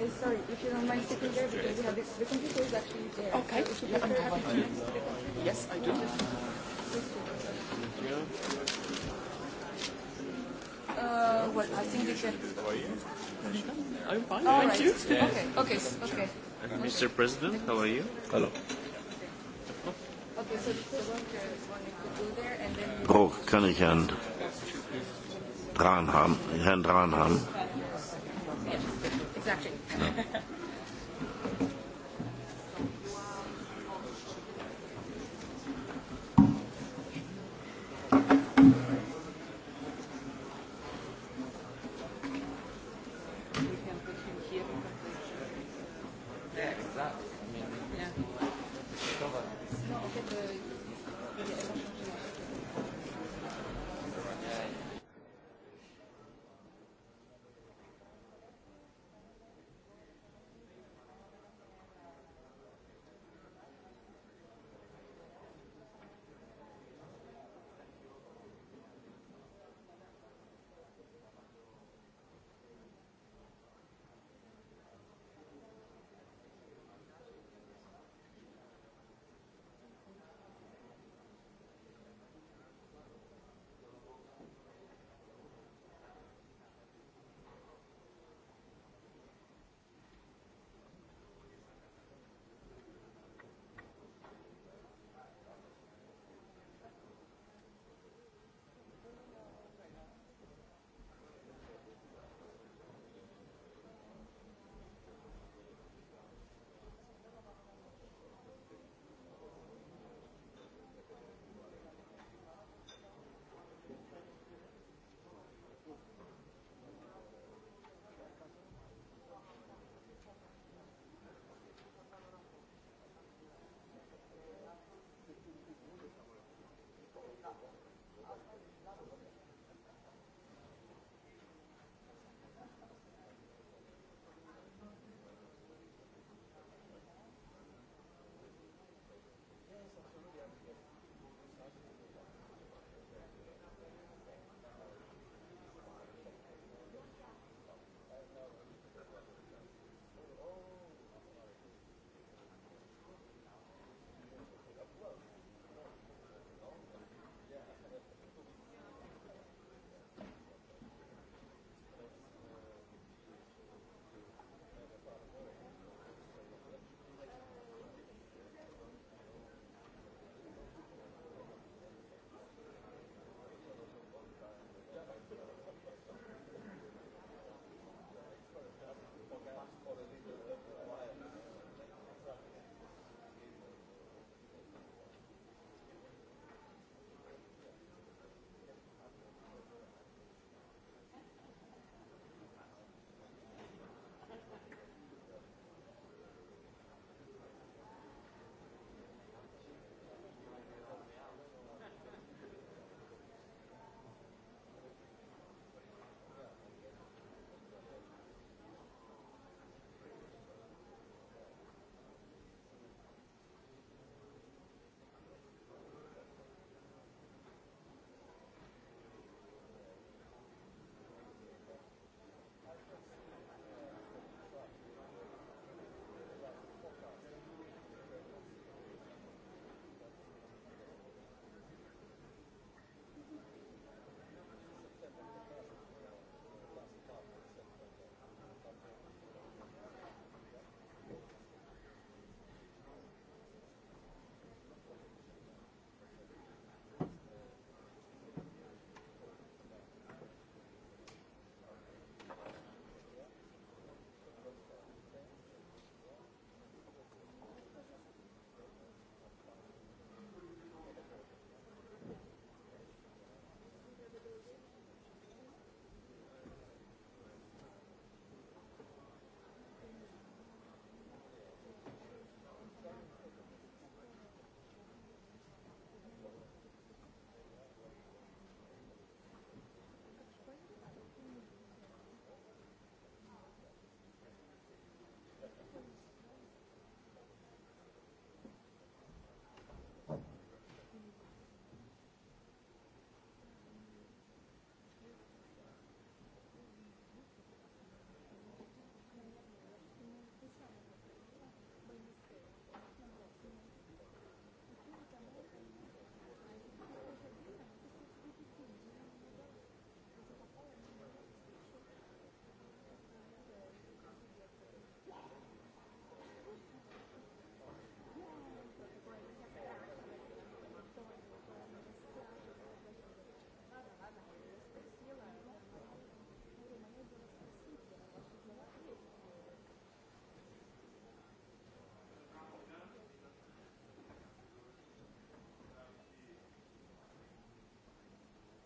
Uh, sorry, if you don't mind sitting there, because we have the, the computer is actually there. Okay. So yeah, I'm happy to. Yes, I do. Uh, well, I think you can. I'm fine. Thank right. you. Yeah. Okay, okay, okay. And Mr. President, how are you? Hello. Okay, so the worker is wanting to go there, and then. Oh, kann ich Herrn Dranham, Herrn Dranham. Yes, exactly. No.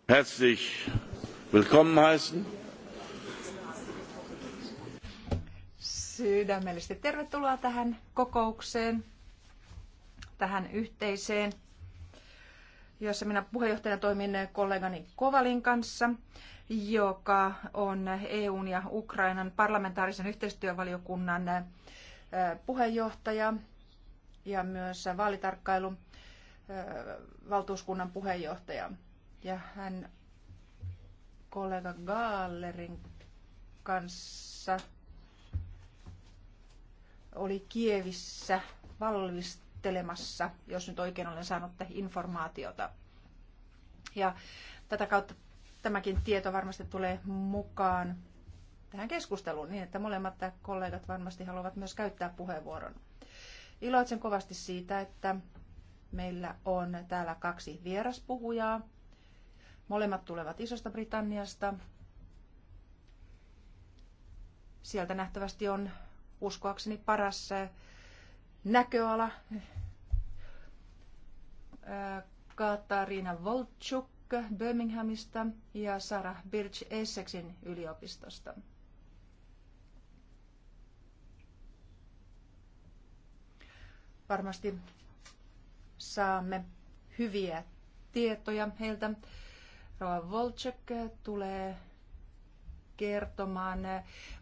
herzlich willkommen heißen. Sydämellisesti tervetuloa tähän kokoukseen, tähän yhteiseen, jossa minä puheenjohtajana toimin kollegani Kovalin kanssa, joka on EUn ja Ukrainan parlamentaarisen yhteistyövaliokunnan äh, puheenjohtaja ja myös vaalitarkkailu äh, valtuuskunnan puheenjohtaja ja hän kollega gallerin kanssa oli Kievissä valmistelemassa, jos nyt oikein olen saanut informaatiota. Ja tätä kautta tämäkin tieto varmasti tulee mukaan tähän keskusteluun niin, että molemmat kollegat varmasti haluavat myös käyttää puheenvuoron. Iloitsen kovasti siitä, että meillä on täällä kaksi vieraspuhujaa. Molemmat tulevat Isosta Britanniasta. Sieltä nähtävästi on uskoakseni paras näköala. Katarina Volchuk Birminghamista ja Sarah Birch Essexin yliopistosta. Varmasti saamme hyviä tietoja heiltä. Rova Volchek tulee kertomaan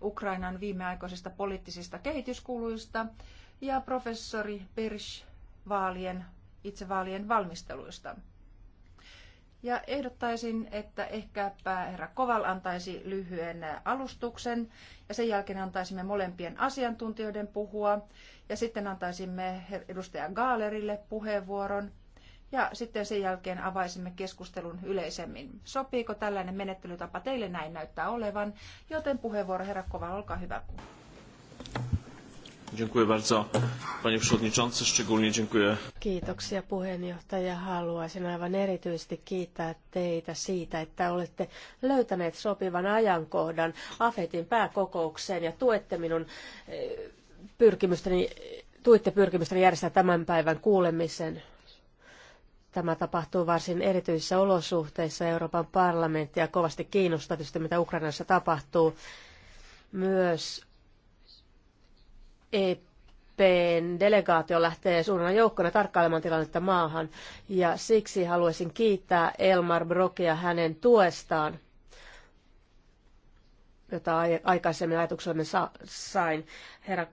Ukrainan viimeaikoisista poliittisista kehityskuluista ja professori Persh vaalien, itse vaalien valmisteluista. Ja ehdottaisin, että ehkäpä herra Koval antaisi lyhyen alustuksen ja sen jälkeen antaisimme molempien asiantuntijoiden puhua ja sitten antaisimme edustaja Gaalerille puheenvuoron ja sitten sen jälkeen avaisimme keskustelun yleisemmin. Sopiiko tällainen menettelytapa teille näin näyttää olevan? Joten puheenvuoro herra Kova, olkaa hyvä. Dziękuję bardzo, panie przewodniczący, szczególnie dziękuję. Kiitoksia puheenjohtaja. Haluaisin aivan erityisesti kiittää teitä siitä, että olette löytäneet sopivan ajankohdan AFETin pääkokoukseen ja tuette minun eh, pyrkimystäni, tuitte pyrkimystäni järjestää tämän päivän kuulemisen Tämä tapahtuu varsin erityisissä olosuhteissa. Euroopan parlamenttia kovasti kiinnostaa tietysti, mitä Ukrainassa tapahtuu. Myös EPn delegaatio lähtee suurena joukkona tarkkailemaan tilannetta maahan. Ja siksi haluaisin kiittää Elmar Brokia hänen tuestaan jota aikaisemmin ajatuksella me sain. Herra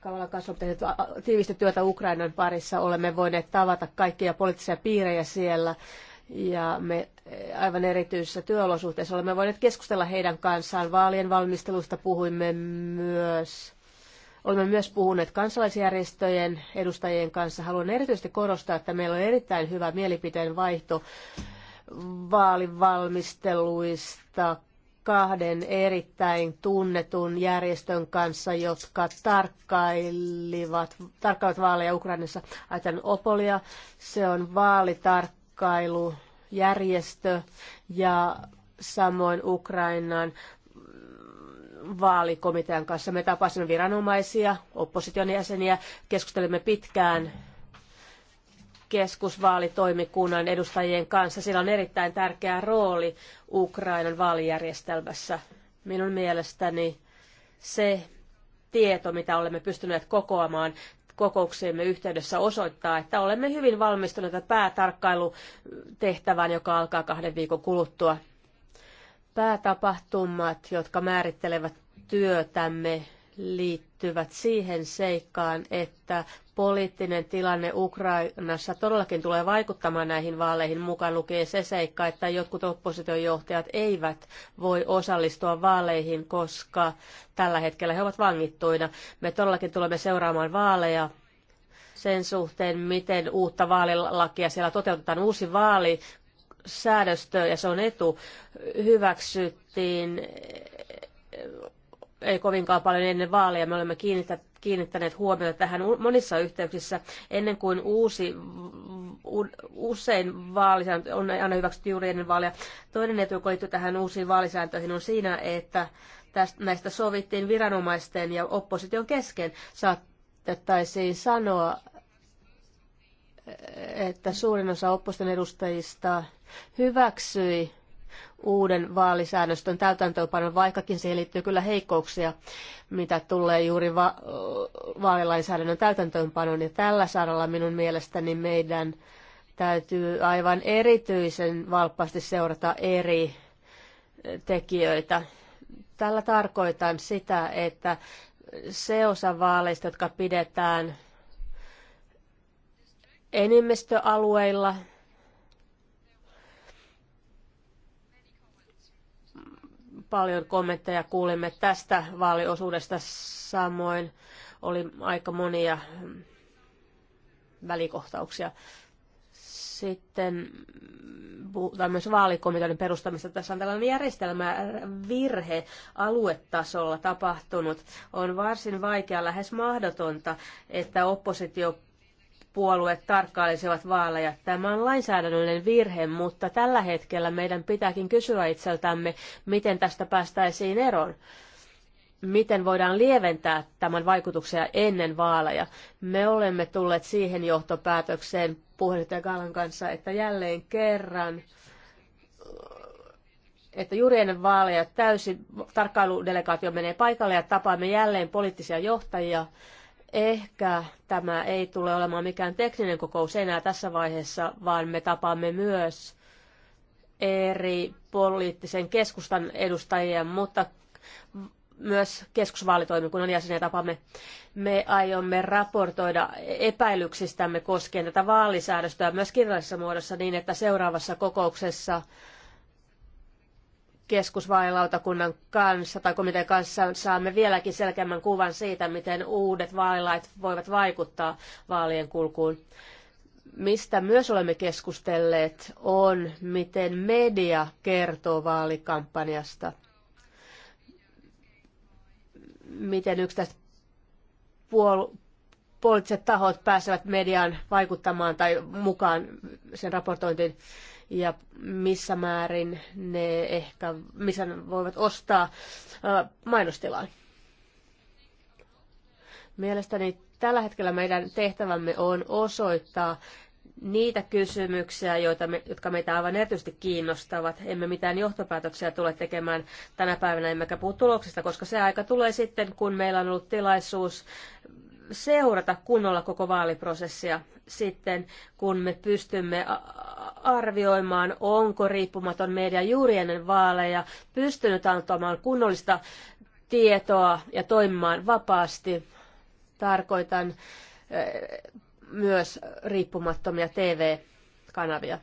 Kavalan kanssa on tehnyt tiivistä työtä Ukrainan parissa. Olemme voineet tavata kaikkia poliittisia piirejä siellä ja me e, aivan erityisissä työolosuhteissa olemme voineet keskustella heidän kanssaan. Vaalien valmistelusta puhuimme myös. Olemme myös puhuneet kansalaisjärjestöjen edustajien kanssa. Haluan erityisesti korostaa, että meillä on erittäin hyvä mielipiteen vaihto vaalivalmisteluista kahden erittäin tunnetun järjestön kanssa, jotka tarkkailivat, tarkkailivat vaaleja Ukrainassa. Ajatellaan Opolia, se on vaalitarkkailujärjestö ja samoin Ukrainan vaalikomitean kanssa. Me tapasimme viranomaisia, opposition jäseniä, keskustelimme pitkään keskusvaalitoimikunnan edustajien kanssa. Sillä on erittäin tärkeä rooli Ukrainan vaalijärjestelmässä. Minun mielestäni se tieto, mitä olemme pystyneet kokoamaan kokouksiemme yhteydessä osoittaa, että olemme hyvin valmistuneita päätarkkailutehtävään, joka alkaa kahden viikon kuluttua. Päätapahtumat, jotka määrittelevät työtämme, liittyvät siihen seikkaan, että poliittinen tilanne Ukrainassa todellakin tulee vaikuttamaan näihin vaaleihin mukaan lukien se seikka, että jotkut oppositiojohtajat eivät voi osallistua vaaleihin, koska tällä hetkellä he ovat vangittuina. Me todellakin tulemme seuraamaan vaaleja sen suhteen, miten uutta vaalilakia siellä toteutetaan. Uusi vaali säädöstö, ja se on etu, hyväksyttiin ei kovinkaan paljon ennen vaaleja. Me olemme kiinnittäneet huomiota tähän monissa yhteyksissä ennen kuin uusi, usein vaalisääntö on aina hyväksytty juuri ennen vaaleja. Toinen etu, joka liittyy tähän uusiin vaalisääntöihin, on siinä, että tästä, näistä sovittiin viranomaisten ja opposition kesken. Saatettaisiin sanoa, että suurin osa opposition edustajista hyväksyi uuden vaalisäädöstön täytäntöönpanon, vaikkakin siihen liittyy kyllä heikkouksia, mitä tulee juuri va- vaalilainsäädännön täytäntöönpanoon. Ja tällä saralla minun mielestäni meidän täytyy aivan erityisen valppaasti seurata eri tekijöitä. Tällä tarkoitan sitä, että se osa vaaleista, jotka pidetään enemmistöalueilla – Paljon kommentteja kuulimme tästä vaaliosuudesta samoin. Oli aika monia mm, välikohtauksia. Sitten puhutaan myös vaalikomiteoiden perustamista. Tässä on tällainen järjestelmä virhe aluetasolla tapahtunut. On varsin vaikea, lähes mahdotonta, että oppositio puolueet tarkkailisivat vaaleja. Tämä on lainsäädännöllinen virhe, mutta tällä hetkellä meidän pitääkin kysyä itseltämme, miten tästä päästäisiin eroon. Miten voidaan lieventää tämän vaikutuksia ennen vaaleja? Me olemme tulleet siihen johtopäätökseen puheenjohtaja Galan kanssa, että jälleen kerran että juuri ennen vaaleja täysin tarkkailudelegaatio menee paikalle ja tapaamme jälleen poliittisia johtajia, Ehkä tämä ei tule olemaan mikään tekninen kokous enää tässä vaiheessa, vaan me tapaamme myös eri poliittisen keskustan edustajia, mutta myös keskusvaalitoimikunnan jäseniä tapamme. Me aiomme raportoida epäilyksistämme koskien tätä vaalisäädöstöä myös kirjallisessa muodossa niin, että seuraavassa kokouksessa keskusvaalilautakunnan kanssa tai komitean kanssa saamme vieläkin selkeämmän kuvan siitä, miten uudet vaalilait voivat vaikuttaa vaalien kulkuun. Mistä myös olemme keskustelleet on, miten media kertoo vaalikampanjasta. Miten yksittäiset puol- poliittiset tahot pääsevät mediaan vaikuttamaan tai mukaan sen raportointiin ja missä määrin ne ehkä, missä ne voivat ostaa mainostilaan. Mielestäni tällä hetkellä meidän tehtävämme on osoittaa niitä kysymyksiä, joita me, jotka meitä aivan erityisesti kiinnostavat. Emme mitään johtopäätöksiä tule tekemään tänä päivänä, emmekä puhu tuloksista, koska se aika tulee sitten, kun meillä on ollut tilaisuus seurata kunnolla koko vaaliprosessia sitten, kun me pystymme arvioimaan, onko riippumaton media juuri ennen vaaleja pystynyt antamaan kunnollista tietoa ja toimimaan vapaasti. Tarkoitan eh, myös riippumattomia TV-kanavia.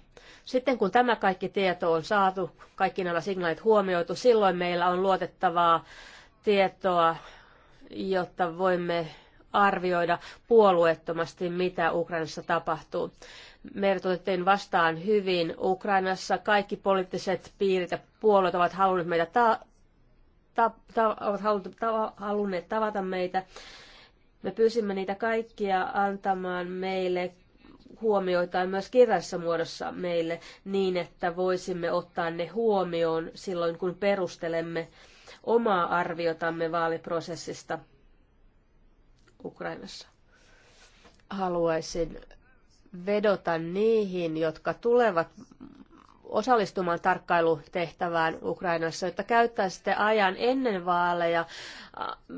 Sitten kun tämä kaikki tieto on saatu, kaikki nämä signaalit huomioitu, silloin meillä on luotettavaa tietoa, jotta voimme arvioida puolueettomasti, mitä Ukrainassa tapahtuu. Meidät otettiin vastaan hyvin Ukrainassa. Kaikki poliittiset piirit ja puolueet ovat halunneet meitä ta- ta- ta- ovat halunneet, ta- halunneet tavata meitä. Me pyysimme niitä kaikkia antamaan meille ja myös kirjassa muodossa meille niin, että voisimme ottaa ne huomioon silloin, kun perustelemme omaa arviotamme vaaliprosessista Ukrainassa. Haluaisin vedota niihin, jotka tulevat osallistumaan tarkkailutehtävään Ukrainassa, että käyttäisitte ajan ennen vaaleja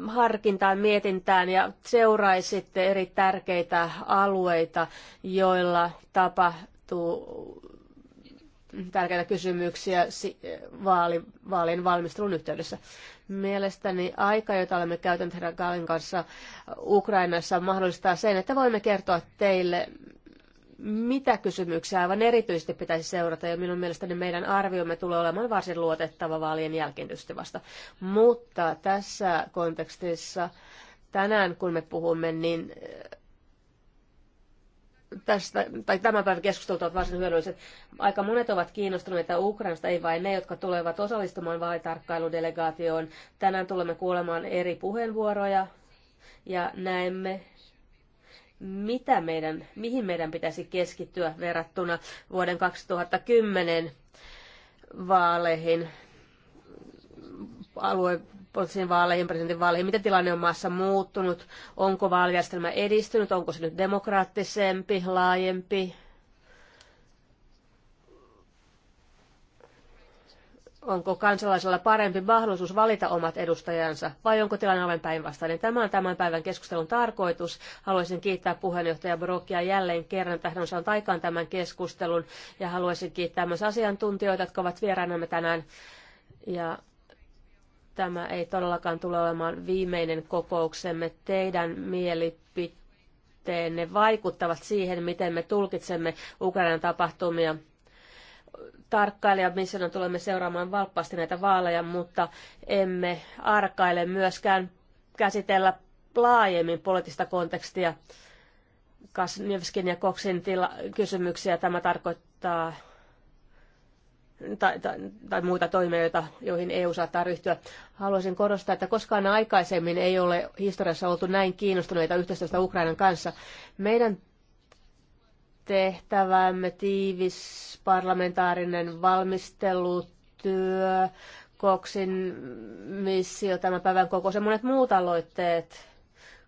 harkintaan, mietintään ja seuraisitte eri tärkeitä alueita, joilla tapahtuu tärkeitä kysymyksiä vaali, vaalien valmistelun yhteydessä. Mielestäni aika, jota olemme käytäneet herran Gaalin kanssa Ukrainassa, mahdollistaa sen, että voimme kertoa teille, mitä kysymyksiä aivan erityisesti pitäisi seurata, ja minun mielestäni meidän arviomme tulee olemaan varsin luotettava vaalien jälkeen tietysti vasta. Mutta tässä kontekstissa tänään, kun me puhumme, niin tästä, tai tämän päivän keskustelut ovat varsin hyödylliset. Aika monet ovat kiinnostuneita Ukrainasta, ei vain ne, jotka tulevat osallistumaan vaalitarkkailudelegaatioon. Tänään tulemme kuulemaan eri puheenvuoroja ja näemme, mitä meidän, mihin meidän pitäisi keskittyä verrattuna vuoden 2010 vaaleihin alue poliittisiin vaaleihin, presidentin vaaleihin, miten tilanne on maassa muuttunut, onko vaalijärjestelmä edistynyt, onko se nyt demokraattisempi, laajempi, onko kansalaisella parempi mahdollisuus valita omat edustajansa vai onko tilanne aivan päinvastainen. Tämä on tämän päivän keskustelun tarkoitus. Haluaisin kiittää puheenjohtaja Brokia jälleen kerran, että hän on saanut aikaan tämän keskustelun ja haluaisin kiittää myös asiantuntijoita, jotka ovat vieraanamme tänään. Ja Tämä ei todellakaan tule olemaan viimeinen kokouksemme. Teidän mielipiteenne vaikuttavat siihen, miten me tulkitsemme Ukrainan tapahtumia tarkkailijamissiona tulemme seuraamaan valppaasti näitä vaaleja, mutta emme arkaile myöskään käsitellä laajemmin poliittista kontekstia. Kasnivskin ja Koksin tila- kysymyksiä tämä tarkoittaa tai, tai, tai muita toimijoita, joihin EU saattaa ryhtyä. Haluaisin korostaa, että koskaan aikaisemmin ei ole historiassa oltu näin kiinnostuneita yhteistyöstä Ukrainan kanssa. Meidän tehtävämme tiivis parlamentaarinen valmistelutyö, Koksin missio, tämän päivän koko, monet muut aloitteet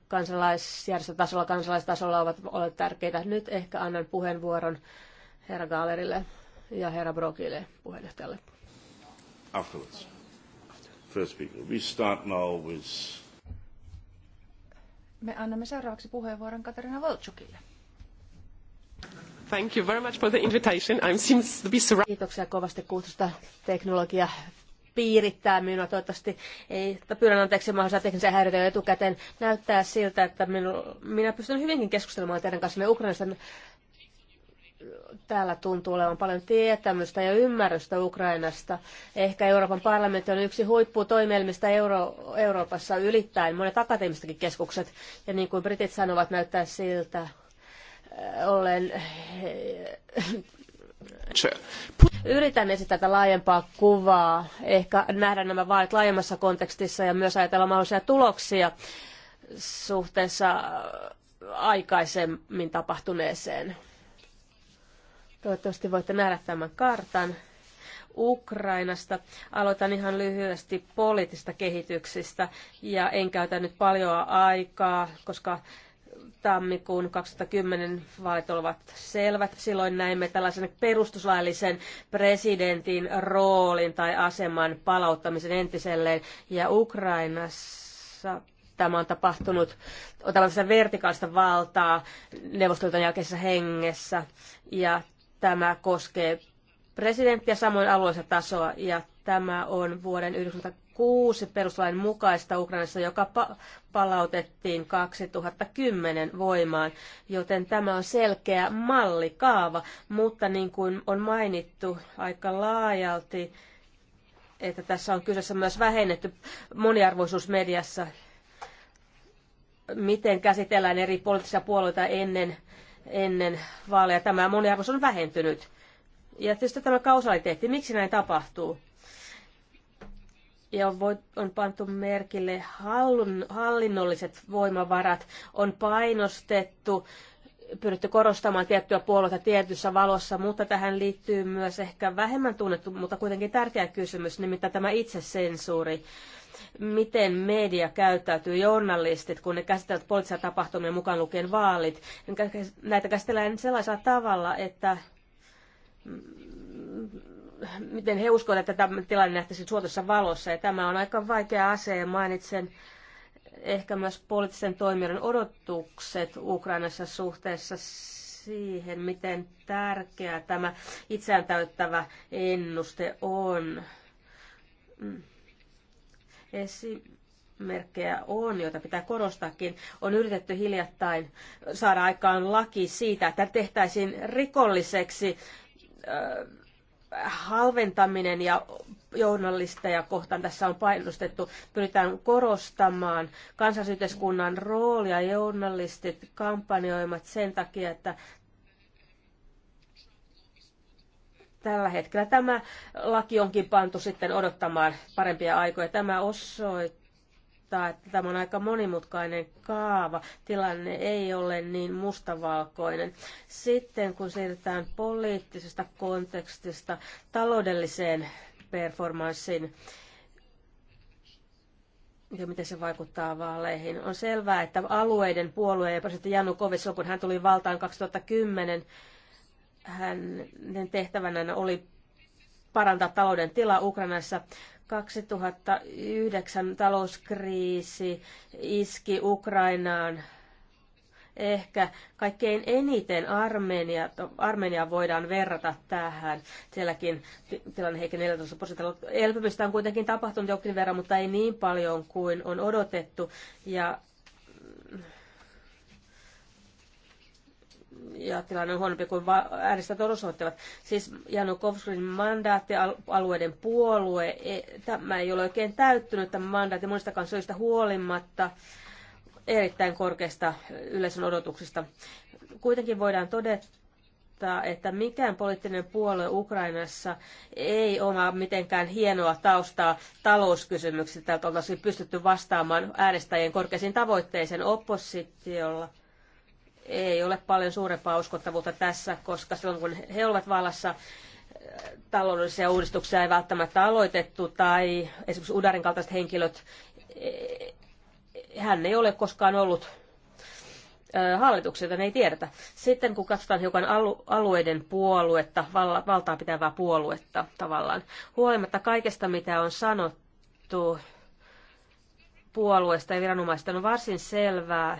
kansalaisjärjestötasolla, kansalaistasolla ovat olleet tärkeitä. Nyt ehkä annan puheenvuoron herra Gallerille ja herra Brokille puheenjohtajalle. Afterwards. First speaker. We start now with... Me annamme seuraavaksi puheenvuoron Katarina Volchukille. Thank you very much for the invitation. I'm seems to be surrounded. Kiitoksia kovasti kutsusta teknologia piirittää minua. Toivottavasti ei, pyydän anteeksi mahdollisia teknisiä häiriöitä jo etukäteen. Näyttää siltä, että minu, minä pystyn hyvinkin keskustelemaan teidän kanssanne Ukrainasta täällä tuntuu olevan paljon tietämystä ja ymmärrystä Ukrainasta. Ehkä Euroopan parlamentti on yksi huipputoimielmistä Euro- Euroopassa ylittäen monet akateemistakin keskukset. Ja niin kuin britit sanovat, näyttää siltä äh, olen... Yritän esittää tätä laajempaa kuvaa, ehkä nähdä nämä vaalit laajemmassa kontekstissa ja myös ajatella mahdollisia tuloksia suhteessa aikaisemmin tapahtuneeseen. Toivottavasti voitte nähdä tämän kartan Ukrainasta. Aloitan ihan lyhyesti poliittista kehityksistä ja en käytä nyt paljon aikaa, koska tammikuun 2010 vaalit olivat selvät. Silloin näimme tällaisen perustuslaillisen presidentin roolin tai aseman palauttamisen entiselleen. Ja Ukrainassa tämä on tapahtunut on tällaista vertikaalista valtaa neuvostoliiton jälkeisessä hengessä. Ja Tämä koskee presidenttiä samoin alueellista tasoa ja tämä on vuoden 1996 peruslain mukaista Ukrainassa, joka pa- palautettiin 2010 voimaan, joten tämä on selkeä mallikaava, mutta niin kuin on mainittu aika laajalti, että tässä on kyseessä myös vähennetty moniarvoisuus mediassa, miten käsitellään eri poliittisia puolueita ennen ennen vaaleja. Tämä moniarvoisuus on vähentynyt. Ja tietysti tämä kausaliteetti, miksi näin tapahtuu? ja on pantu merkille hallin, hallinnolliset voimavarat, on painostettu, pyritty korostamaan tiettyä puoluetta tietyssä valossa, mutta tähän liittyy myös ehkä vähemmän tunnettu, mutta kuitenkin tärkeä kysymys, nimittäin tämä itsesensuuri miten media käyttäytyy, journalistit, kun ne käsittelevät poliittisia tapahtumia mukaan lukien vaalit. Näitä käsitellään sellaisella tavalla, että miten he uskovat, että tämä tilanne nähtäisiin suotossa valossa. Ja tämä on aika vaikea asia ja mainitsen ehkä myös poliittisen toimijoiden odotukset Ukrainassa suhteessa siihen, miten tärkeä tämä itseään täyttävä ennuste on. Mm Esimerkkejä on, joita pitää korostakin. On yritetty hiljattain saada aikaan laki siitä, että tehtäisiin rikolliseksi äh, halventaminen ja journalisteja kohtaan tässä on painostettu. Pyritään korostamaan kansallisyhteiskunnan roolia. Journalistit kampanjoimat sen takia, että tällä hetkellä tämä laki onkin pantu sitten odottamaan parempia aikoja. Tämä osoittaa, että tämä on aika monimutkainen kaava. Tilanne ei ole niin mustavalkoinen. Sitten kun siirrytään poliittisesta kontekstista taloudelliseen performanssiin, ja miten se vaikuttaa vaaleihin. On selvää, että alueiden puolueen ja presidentti Kovis, kun hän tuli valtaan 2010, hänen tehtävänä oli parantaa talouden tilaa Ukrainassa. 2009 talouskriisi iski Ukrainaan ehkä kaikkein eniten Armenia, Armenia voidaan verrata tähän. Sielläkin tilanne heikki 14 prosenttia. Elpymistä on kuitenkin tapahtunut jokin verran, mutta ei niin paljon kuin on odotettu. Ja ja tilanne on huonompi kuin äänestäjät osoittivat. Siis Janukovskin mandaatti, alueiden puolue, e- tämä ei ole oikein täyttynyt tämä mandaatti monistakaan syistä huolimatta erittäin korkeista yleisön odotuksista. Kuitenkin voidaan todeta, että mikään poliittinen puolue Ukrainassa ei omaa mitenkään hienoa taustaa talouskysymyksistä, että oltaisiin pystytty vastaamaan äänestäjien korkeisiin tavoitteisiin oppositiolla – ei ole paljon suurempaa uskottavuutta tässä, koska silloin kun he ovat vallassa, taloudellisia uudistuksia ei välttämättä aloitettu tai esimerkiksi Udarin kaltaiset henkilöt, e, e, hän ei ole koskaan ollut hallituksia, joten ei tiedetä. Sitten kun katsotaan hiukan alueiden puoluetta, valtaa pitävää puoluetta tavallaan, huolimatta kaikesta mitä on sanottu puolueesta ja viranomaista, on varsin selvää,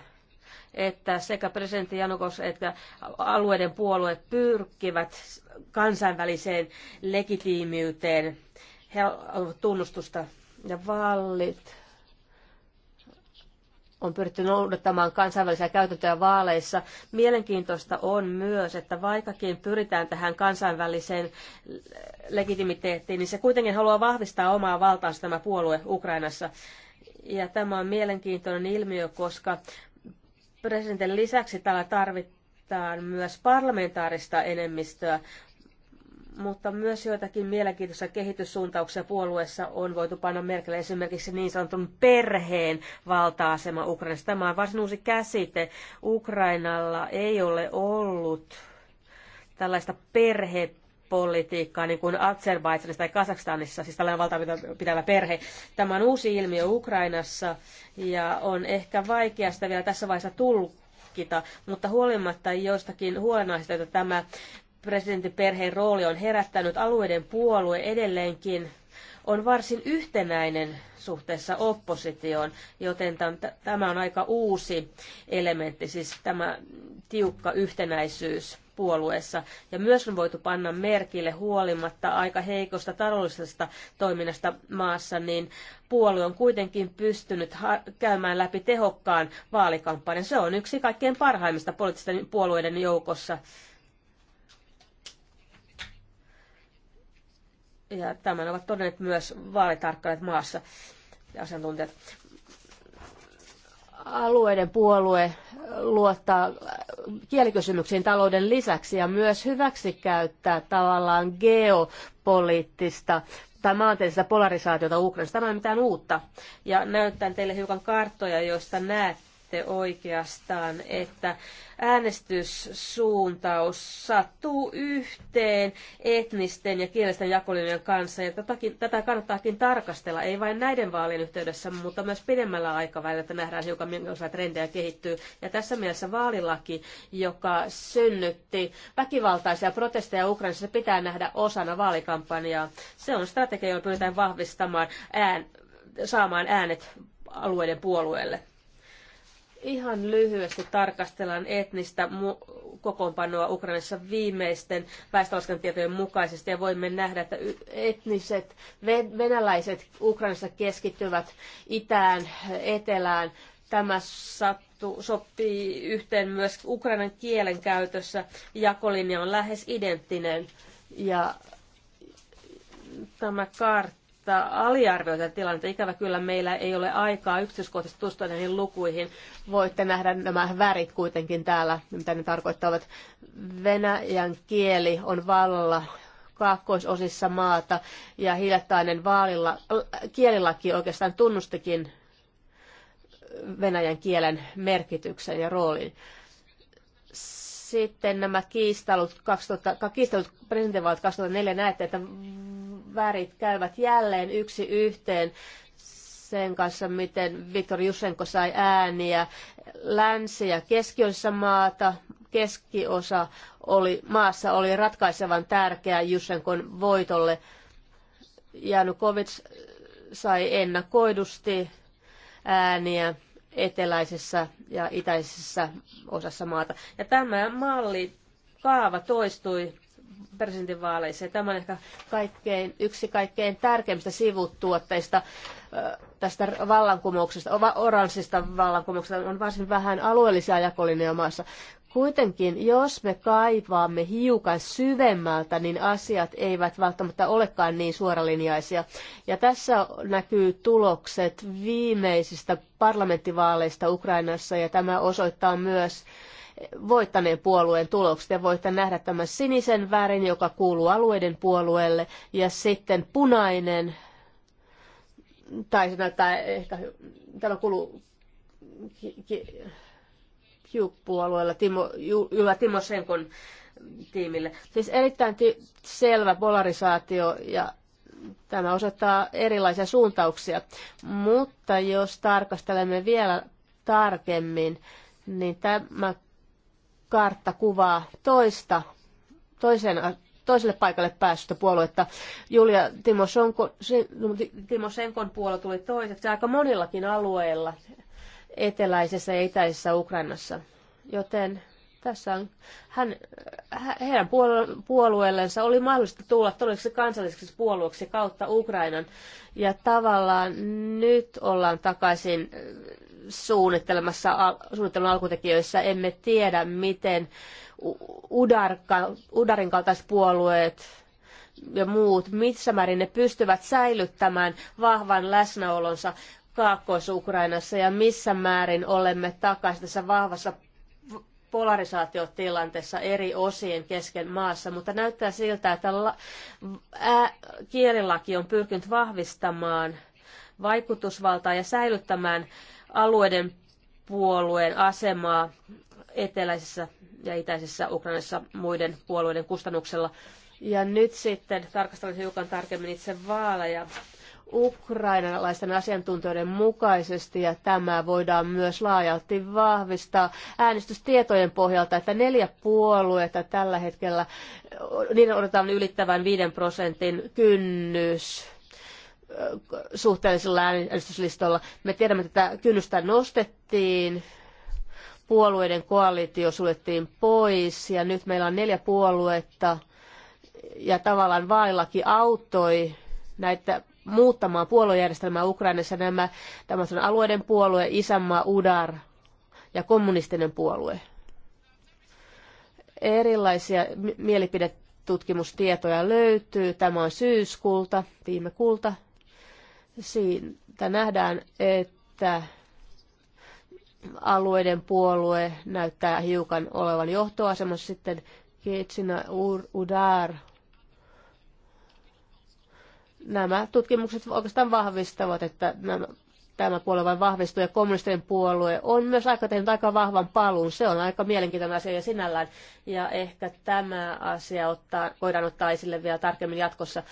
että sekä presidentti Janukos että alueiden puolueet pyrkivät kansainväliseen legitiimiyteen. He tunnustusta ja vallit on pyritty noudattamaan kansainvälisiä käytäntöjä vaaleissa. Mielenkiintoista on myös, että vaikkakin pyritään tähän kansainväliseen legitimiteettiin, niin se kuitenkin haluaa vahvistaa omaa valtaansa tämä puolue Ukrainassa. Ja tämä on mielenkiintoinen ilmiö, koska presidentin lisäksi täällä tarvitaan myös parlamentaarista enemmistöä, mutta myös joitakin mielenkiintoisia kehityssuuntauksia puolueessa on voitu panna merkille esimerkiksi niin sanotun perheen valta-asema Ukrainassa. Tämä on varsin uusi käsite. Ukrainalla ei ole ollut tällaista perhettä perhepolitiikkaa, niin kuin Azerbaidžanissa tai Kazakstanissa, siis tällainen valtaa pitävä perhe. Tämä on uusi ilmiö Ukrainassa ja on ehkä vaikea sitä vielä tässä vaiheessa tulkita, mutta huolimatta joistakin huolenaiheista, että tämä presidentin perheen rooli on herättänyt, alueiden puolue edelleenkin on varsin yhtenäinen suhteessa oppositioon, joten tämä on aika uusi elementti, siis tämä tiukka yhtenäisyys puolueessa. Ja myös on voitu panna merkille huolimatta aika heikosta taloudellisesta toiminnasta maassa, niin puolue on kuitenkin pystynyt käymään läpi tehokkaan vaalikampanjan. Se on yksi kaikkein parhaimmista poliittisten puolueiden joukossa. Ja tämän ovat todenneet myös vaalitarkkailijat maassa ja asiantuntijat alueiden puolue luottaa kielikysymyksiin talouden lisäksi ja myös hyväksi käyttää tavallaan geopoliittista tai maantieteellistä polarisaatiota Ukrainassa. Tämä ei ole mitään uutta. Ja näytän teille hiukan karttoja, joista näette, sitten oikeastaan, että äänestyssuuntaus sattuu yhteen etnisten ja kielisten jakolinjojen kanssa, ja tätäkin, tätä kannattaakin tarkastella, ei vain näiden vaalien yhteydessä, mutta myös pidemmällä aikavälillä, että nähdään hiukan minkälaisia trendejä kehittyy. Ja tässä mielessä vaalilaki, joka synnytti väkivaltaisia protesteja Ukrainassa, pitää nähdä osana vaalikampanjaa. Se on strategia, jolla pyritään vahvistamaan ään, saamaan äänet alueiden puolueelle ihan lyhyesti tarkastellaan etnistä mu- kokoonpanoa Ukrainassa viimeisten väestölaskentatietojen mukaisesti ja voimme nähdä, että etniset venäläiset Ukrainassa keskittyvät itään, etelään. Tämä sattu, sopii yhteen myös Ukrainan kielen käytössä. Jakolinja on lähes identtinen ja tämä kartta minusta aliarvioita tilannetta. Ikävä kyllä meillä ei ole aikaa yksityiskohtaisesti tutustua näihin lukuihin. Voitte nähdä nämä värit kuitenkin täällä, mitä ne tarkoittavat. Venäjän kieli on vallalla kaakkoisosissa maata ja hiljattainen vaalilla, kielilaki oikeastaan tunnustikin venäjän kielen merkityksen ja roolin sitten nämä kiistelut, 2000, kiistelut presidentinvaalit 2004 näette, että värit käyvät jälleen yksi yhteen sen kanssa, miten Viktor Jusenko sai ääniä. Länsi- ja keskiosissa maata, keskiosa oli, maassa oli ratkaisevan tärkeä Jusenkon voitolle. Janukovic sai ennakoidusti ääniä eteläisessä ja itäisessä osassa maata. Ja tämä malli kaava toistui presidentinvaaleissa. Tämä on ehkä kaikkein, yksi kaikkein tärkeimmistä sivutuotteista tästä vallankumouksesta, oranssista vallankumouksesta on varsin vähän alueellisia jakolinjoja maassa. Kuitenkin, jos me kaivaamme hiukan syvemmältä, niin asiat eivät välttämättä olekaan niin suoralinjaisia. Ja tässä näkyy tulokset viimeisistä parlamenttivaaleista Ukrainassa, ja tämä osoittaa myös, voittaneen puolueen tulokset ja voitte nähdä tämän sinisen värin, joka kuuluu alueiden puolueelle ja sitten punainen, tai se näyttää ehkä, täällä kuuluu ki, ki, puolueella Timo, Jyvä Timo Senkon tiimille. Siis erittäin ti- selvä polarisaatio ja tämä osoittaa erilaisia suuntauksia. Mutta jos tarkastelemme vielä tarkemmin, niin tämä kartta kuvaa toista, toisen, toiselle paikalle päästä puoluetta. Julia Timo Senkon puolue tuli toiseksi aika monillakin alueilla eteläisessä ja itäisessä Ukrainassa. Joten tässä on, hän, heidän puolueellensa oli mahdollista tulla todelliseksi kansalliseksi puolueeksi kautta Ukrainan. Ja tavallaan nyt ollaan takaisin suunnittelemassa, suunnittelun alkutekijöissä emme tiedä, miten Udarka, Udarin kaltaiset puolueet ja muut, missä määrin ne pystyvät säilyttämään vahvan läsnäolonsa Kaakkois-Ukrainassa ja missä määrin olemme takaisin tässä vahvassa polarisaatiotilanteessa eri osien kesken maassa, mutta näyttää siltä, että la- ää- kielilaki on pyrkinyt vahvistamaan vaikutusvaltaa ja säilyttämään alueiden puolueen asemaa eteläisessä ja itäisessä Ukrainassa muiden puolueiden kustannuksella. Ja nyt sitten tarkastelen hiukan tarkemmin itse vaaleja ukrainalaisten asiantuntijoiden mukaisesti, ja tämä voidaan myös laajalti vahvistaa äänestystietojen pohjalta, että neljä puoluetta tällä hetkellä, niiden odotetaan ylittävän 5 prosentin kynnys suhteellisella äänestyslistalla. Me tiedämme, että tätä kynnystä nostettiin, puolueiden koalitio suljettiin pois ja nyt meillä on neljä puoluetta ja tavallaan vaillakin auttoi näitä muuttamaan puoluejärjestelmää Ukrainassa nämä tämä on alueiden puolue, isänmaa Udar ja kommunistinen puolue. Erilaisia mielipidetutkimustietoja löytyy. Tämä on syyskulta viime kulta siitä nähdään, että alueiden puolue näyttää hiukan olevan johtoasemassa. Sitten Kitsina Udar. Nämä tutkimukset oikeastaan vahvistavat, että nämä, tämä puolue vain vahvistuu ja kommunistinen puolue on myös aika tehnyt aika vahvan paluun. Se on aika mielenkiintoinen asia ja sinällään. Ja ehkä tämä asia ottaa, voidaan ottaa esille vielä tarkemmin jatkossa.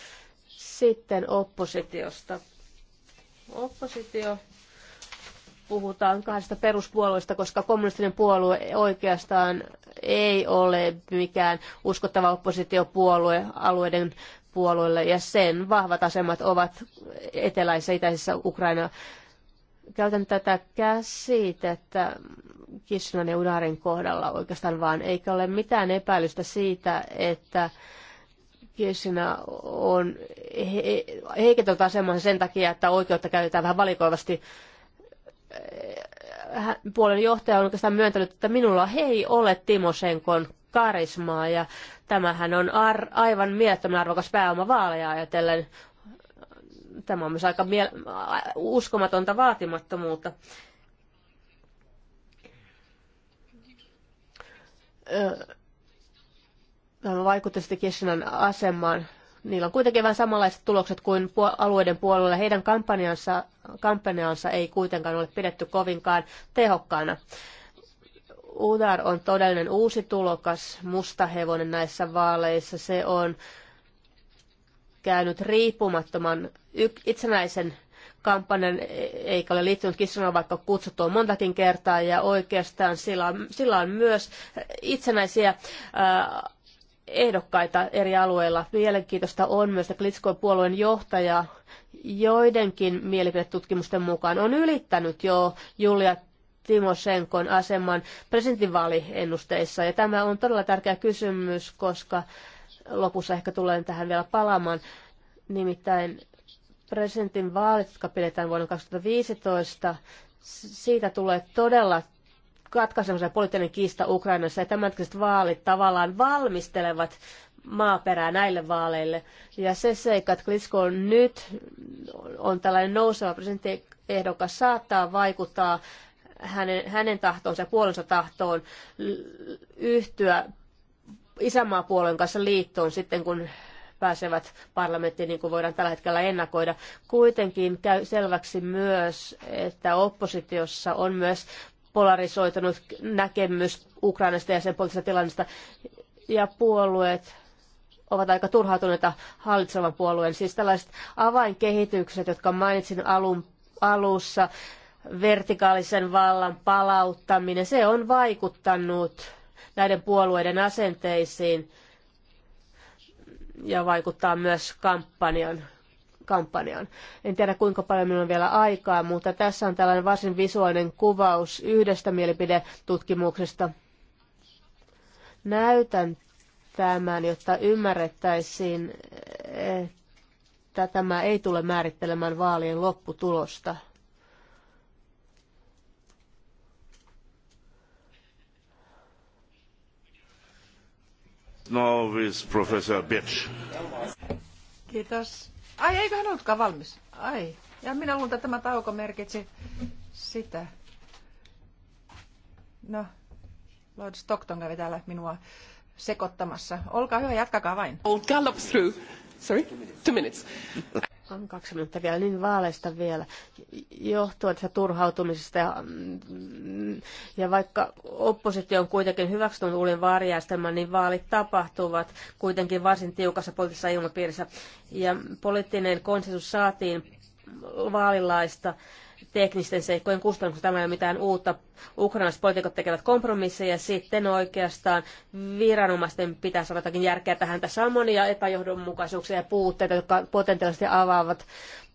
Sitten oppositiosta oppositio puhutaan kahdesta peruspuolueesta, koska kommunistinen puolue oikeastaan ei ole mikään uskottava oppositiopuolue alueiden puolueelle, ja sen vahvat asemat ovat eteläisessä itäisessä Ukraina. Käytän tätä käsitettä Kishinan ja Udarin kohdalla oikeastaan vaan, eikä ole mitään epäilystä siitä, että Jessina on heikentänyt asemansa sen takia, että oikeutta käytetään vähän valikoivasti. Äh, hän, puolen johtaja on oikeastaan myöntänyt, että minulla ei ole Timosenkon karismaa ja tämähän on ar- aivan mielettömän arvokas pääoma vaaleja ajatellen. Tämä on myös aika miel- äh, uskomatonta vaatimattomuutta. Öö tämä vaikutti sitten Kishinan asemaan. Niillä on kuitenkin vähän samanlaiset tulokset kuin alueiden puolella. Heidän kampanjansa, kampanjansa ei kuitenkaan ole pidetty kovinkaan tehokkaana. Udar on todellinen uusi tulokas, mustahevonen näissä vaaleissa. Se on käynyt riippumattoman itsenäisen kampanjan, e- eikä ole liittynyt Kissanaan, vaikka kutsuttu on montakin kertaa, ja oikeastaan sillä on, sillä on myös itsenäisiä ää, ehdokkaita eri alueilla. Mielenkiintoista on myös, että Klitskoin puolueen johtaja joidenkin mielipidetutkimusten mukaan on ylittänyt jo Julia Timoshenkon aseman presidentinvaaliennusteissa. Ja tämä on todella tärkeä kysymys, koska lopussa ehkä tulen tähän vielä palaamaan. Nimittäin presidentin vaalit, jotka pidetään vuonna 2015, siitä tulee todella Katkaisemassa poliittinen kiista Ukrainassa ja tämänhetkiset vaalit tavallaan valmistelevat maaperää näille vaaleille. Ja se seikka, että Klitsko on nyt on tällainen nouseva presidenttiehdokas, saattaa vaikuttaa hänen, hänen tahtoonsa ja puolensa tahtoon yhtyä isänmaapuolen kanssa liittoon sitten, kun pääsevät parlamenttiin, niin kuin voidaan tällä hetkellä ennakoida. Kuitenkin käy selväksi myös, että oppositiossa on myös polarisoitunut näkemys Ukrainasta ja sen poliittisesta tilannesta. Ja puolueet ovat aika turhautuneita hallitsevan puolueen. Siis tällaiset avainkehitykset, jotka mainitsin alun, alussa, vertikaalisen vallan palauttaminen, se on vaikuttanut näiden puolueiden asenteisiin ja vaikuttaa myös kampanjan kampanjaan. En tiedä kuinka paljon minulla on vielä aikaa, mutta tässä on tällainen varsin visuaalinen kuvaus yhdestä mielipidetutkimuksesta. Näytän tämän, jotta ymmärrettäisiin, että tämä ei tule määrittelemään vaalien lopputulosta. now with Professor Bitch. Kiitos. Ai, eikö hän ollutkaan valmis? Ai, ja minä luulen, että tämä tauko merkitsi sitä. No, Lord Stockton kävi täällä minua sekoittamassa. Olkaa hyvä, jatkakaa vain. I'll gallop through. Sorry? Two minutes on kaksi minuuttia vielä, niin vaaleista vielä, johtuen tästä turhautumisesta. Ja, mm, ja vaikka oppositio on kuitenkin hyväksynyt uuden vaarijärjestelmän, niin vaalit tapahtuvat kuitenkin varsin tiukassa poliittisessa ilmapiirissä. Ja poliittinen konsensus saatiin vaalilaista teknisten seikkojen kustannuksista. Tämä ei ole mitään uutta. Ukrainalaiset poliitikot tekevät kompromisseja ja sitten oikeastaan viranomaisten pitää saada jotakin järkeä tähän. Tässä on monia epäjohdonmukaisuuksia ja puutteita, jotka potentiaalisesti avaavat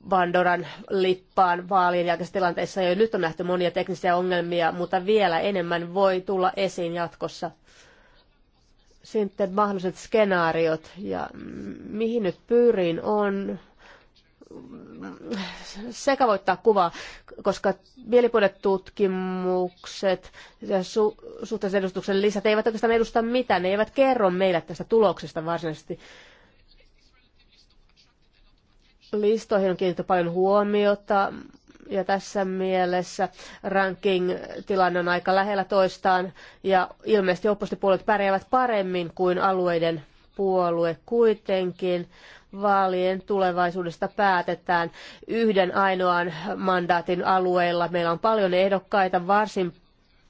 Pandoran lippaan vaalien jälkeisessä tilanteessa. Jo nyt on nähty monia teknisiä ongelmia, mutta vielä enemmän voi tulla esiin jatkossa. Sitten mahdolliset skenaariot ja mihin nyt pyrin on sekavoittaa kuvaa, koska mielipuoletutkimukset ja su- suhteellisen edustuksen lisät eivät oikeastaan edusta mitään. Ne eivät kerro meille tästä tuloksesta varsinaisesti. Listoihin on kiinnitetty paljon huomiota, ja tässä mielessä ranking-tilanne on aika lähellä toistaan ja ilmeisesti oppositiopuolueet pärjäävät paremmin kuin alueiden puolue kuitenkin vaalien tulevaisuudesta päätetään yhden ainoan mandaatin alueella. Meillä on paljon ehdokkaita, varsin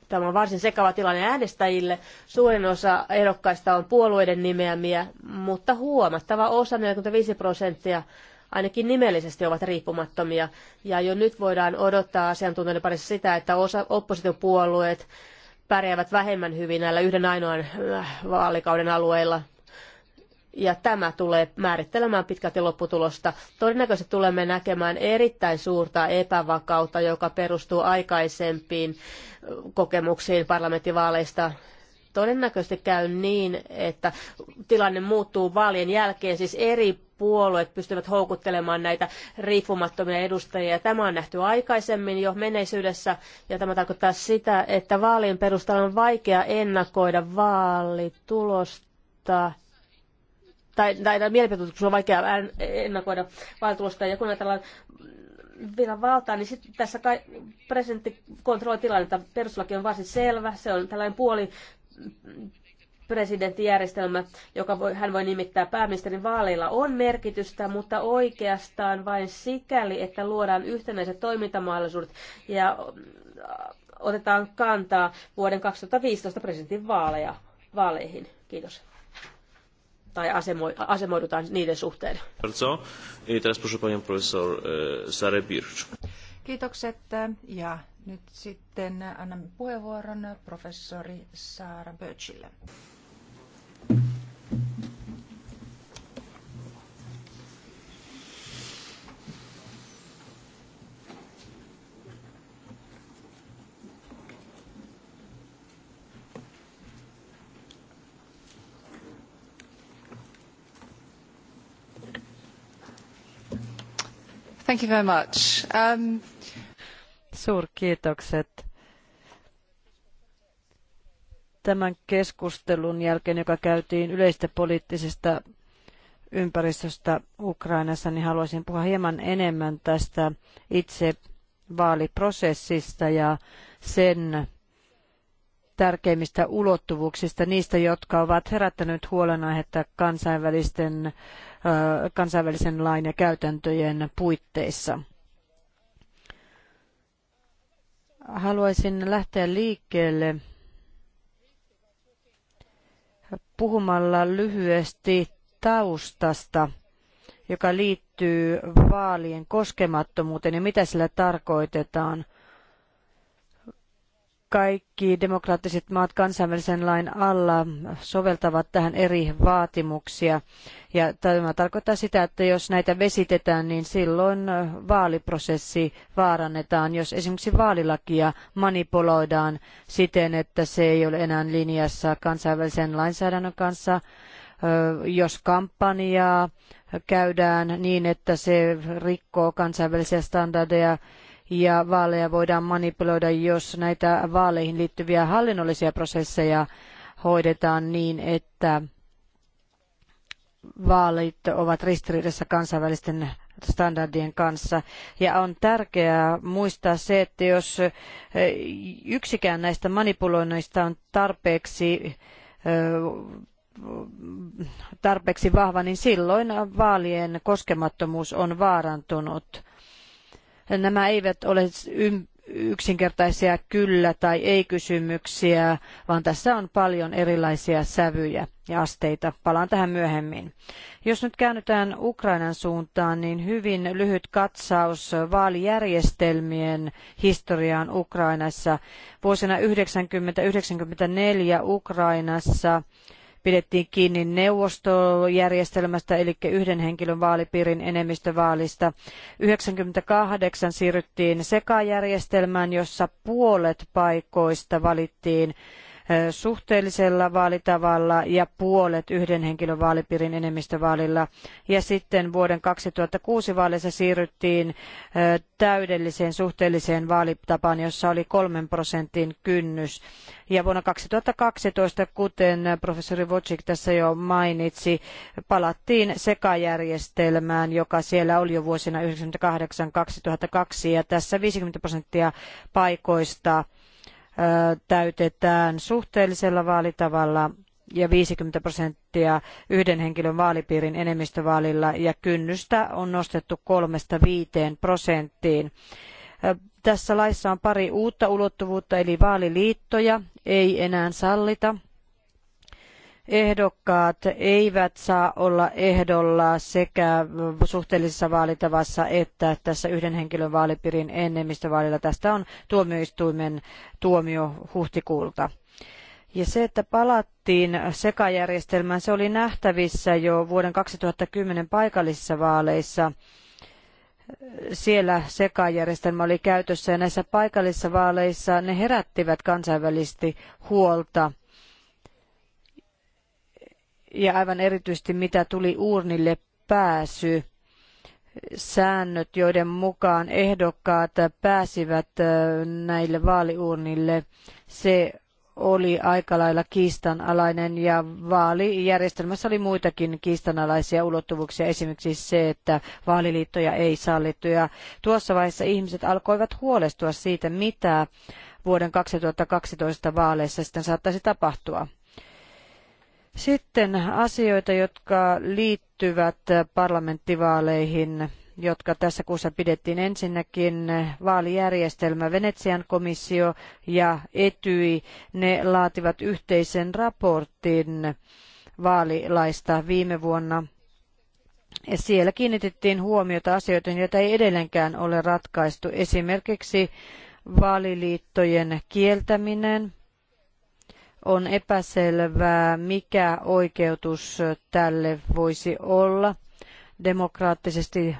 Tämä on varsin sekava tilanne äänestäjille. Suurin osa ehdokkaista on puolueiden nimeämiä, mutta huomattava osa, 45 prosenttia, ainakin nimellisesti ovat riippumattomia. Ja jo nyt voidaan odottaa asiantuntijoiden parissa sitä, että osa oppositiopuolueet pärjäävät vähemmän hyvin näillä yhden ainoan äh, vaalikauden alueilla ja tämä tulee määrittelemään pitkälti lopputulosta. Todennäköisesti tulemme näkemään erittäin suurta epävakautta, joka perustuu aikaisempiin kokemuksiin parlamenttivaaleista. Todennäköisesti käy niin, että tilanne muuttuu vaalien jälkeen, siis eri puolueet pystyvät houkuttelemaan näitä riippumattomia edustajia. Tämä on nähty aikaisemmin jo menneisyydessä, ja tämä tarkoittaa sitä, että vaalien perusteella on vaikea ennakoida vaalitulosta tai tai mielipitutkimuksilla on vaikea ennakoida valtuusta. Ja kun ajatellaan vielä valtaa, niin sitten tässä kai presidentti kontrolloi tilannetta. Perustuslaki on varsin selvä, se on tällainen puoli presidenttijärjestelmä, joka voi, hän voi nimittää pääministerin vaaleilla, on merkitystä, mutta oikeastaan vain sikäli, että luodaan yhtenäiset toimintamahdollisuudet ja äh, otetaan kantaa vuoden 2015 presidentin vaaleja, vaaleihin. Kiitos tai asemo, asemoidutaan niiden suhteen. E, Kiitokset e, ja nyt sitten annan puheenvuoron professori Saara Birchille. Thank you very much. Um... Suurkiitokset. Tämän keskustelun jälkeen, joka käytiin yleistä poliittisesta ympäristöstä Ukrainassa, niin haluaisin puhua hieman enemmän tästä itse vaaliprosessista ja sen tärkeimmistä ulottuvuuksista, niistä, jotka ovat herättäneet huolenaihetta kansainvälisten, kansainvälisen lain ja käytäntöjen puitteissa. Haluaisin lähteä liikkeelle puhumalla lyhyesti taustasta, joka liittyy vaalien koskemattomuuteen ja mitä sillä tarkoitetaan – kaikki demokraattiset maat kansainvälisen lain alla soveltavat tähän eri vaatimuksia. Ja tämä tarkoittaa sitä, että jos näitä vesitetään, niin silloin vaaliprosessi vaarannetaan. Jos esimerkiksi vaalilakia manipuloidaan siten, että se ei ole enää linjassa kansainvälisen lainsäädännön kanssa, jos kampanjaa käydään niin, että se rikkoo kansainvälisiä standardeja, ja vaaleja voidaan manipuloida, jos näitä vaaleihin liittyviä hallinnollisia prosesseja hoidetaan niin, että vaalit ovat ristiriidassa kansainvälisten standardien kanssa. Ja on tärkeää muistaa se, että jos eh, yksikään näistä manipuloinneista on tarpeeksi eh, tarpeeksi vahva, niin silloin vaalien koskemattomuus on vaarantunut. Nämä eivät ole yksinkertaisia kyllä tai ei kysymyksiä, vaan tässä on paljon erilaisia sävyjä ja asteita. Palaan tähän myöhemmin. Jos nyt käännytään Ukrainan suuntaan, niin hyvin lyhyt katsaus vaalijärjestelmien historiaan Ukrainassa. Vuosina 1994 Ukrainassa pidettiin kiinni neuvostojärjestelmästä, eli yhden henkilön vaalipiirin enemmistövaalista. 98 siirryttiin sekajärjestelmään, jossa puolet paikoista valittiin suhteellisella vaalitavalla ja puolet yhden henkilön vaalipiirin enemmistövaalilla. Ja sitten vuoden 2006 vaaleissa siirryttiin täydelliseen suhteelliseen vaalitapaan, jossa oli kolmen prosentin kynnys. Ja vuonna 2012, kuten professori Wojcik tässä jo mainitsi, palattiin sekajärjestelmään, joka siellä oli jo vuosina 1998-2002, ja tässä 50 prosenttia paikoista täytetään suhteellisella vaalitavalla ja 50 prosenttia yhden henkilön vaalipiirin enemmistövaalilla ja kynnystä on nostettu kolmesta viiteen prosenttiin. Tässä laissa on pari uutta ulottuvuutta eli vaaliliittoja ei enää sallita ehdokkaat eivät saa olla ehdolla sekä suhteellisessa vaalitavassa että tässä yhden henkilön vaalipiirin enemmistövaalilla. Tästä on tuomioistuimen tuomio huhtikuulta. Ja se, että palattiin sekajärjestelmään, se oli nähtävissä jo vuoden 2010 paikallisissa vaaleissa siellä sekajärjestelmä oli käytössä ja näissä paikallisissa vaaleissa ne herättivät kansainvälisesti huolta ja aivan erityisesti mitä tuli uurnille pääsy säännöt, joiden mukaan ehdokkaat pääsivät näille vaaliurnille, se oli aika lailla kiistanalainen ja vaalijärjestelmässä oli muitakin kiistanalaisia ulottuvuuksia, esimerkiksi se, että vaaliliittoja ei sallittu. Ja tuossa vaiheessa ihmiset alkoivat huolestua siitä, mitä vuoden 2012 vaaleissa sitten saattaisi tapahtua. Sitten asioita, jotka liittyvät parlamenttivaaleihin, jotka tässä kuussa pidettiin ensinnäkin vaalijärjestelmä Venetsian komissio ja Etyi. Ne laativat yhteisen raportin vaalilaista viime vuonna. Ja siellä kiinnitettiin huomiota asioihin, joita ei edelleenkään ole ratkaistu. Esimerkiksi vaaliliittojen kieltäminen – on epäselvää, mikä oikeutus tälle voisi olla demokraattisesti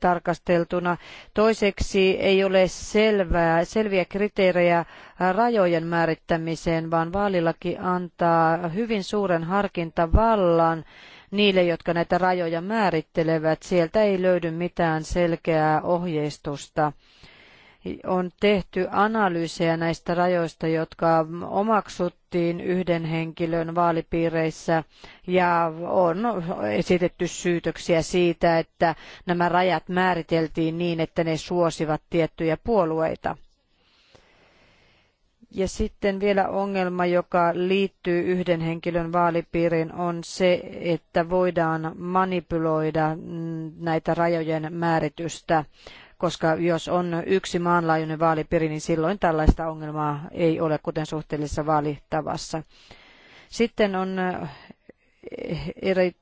tarkasteltuna. Toiseksi ei ole selvää, selviä kriteerejä rajojen määrittämiseen, vaan vaalilaki antaa hyvin suuren harkintavallan niille, jotka näitä rajoja määrittelevät. Sieltä ei löydy mitään selkeää ohjeistusta on tehty analyysejä näistä rajoista, jotka omaksuttiin yhden henkilön vaalipiireissä ja on esitetty syytöksiä siitä, että nämä rajat määriteltiin niin, että ne suosivat tiettyjä puolueita. Ja sitten vielä ongelma, joka liittyy yhden henkilön vaalipiiriin, on se, että voidaan manipuloida näitä rajojen määritystä koska jos on yksi maanlaajuinen vaalipiiri, niin silloin tällaista ongelmaa ei ole, kuten suhteellisessa vaalitavassa. Sitten on eh,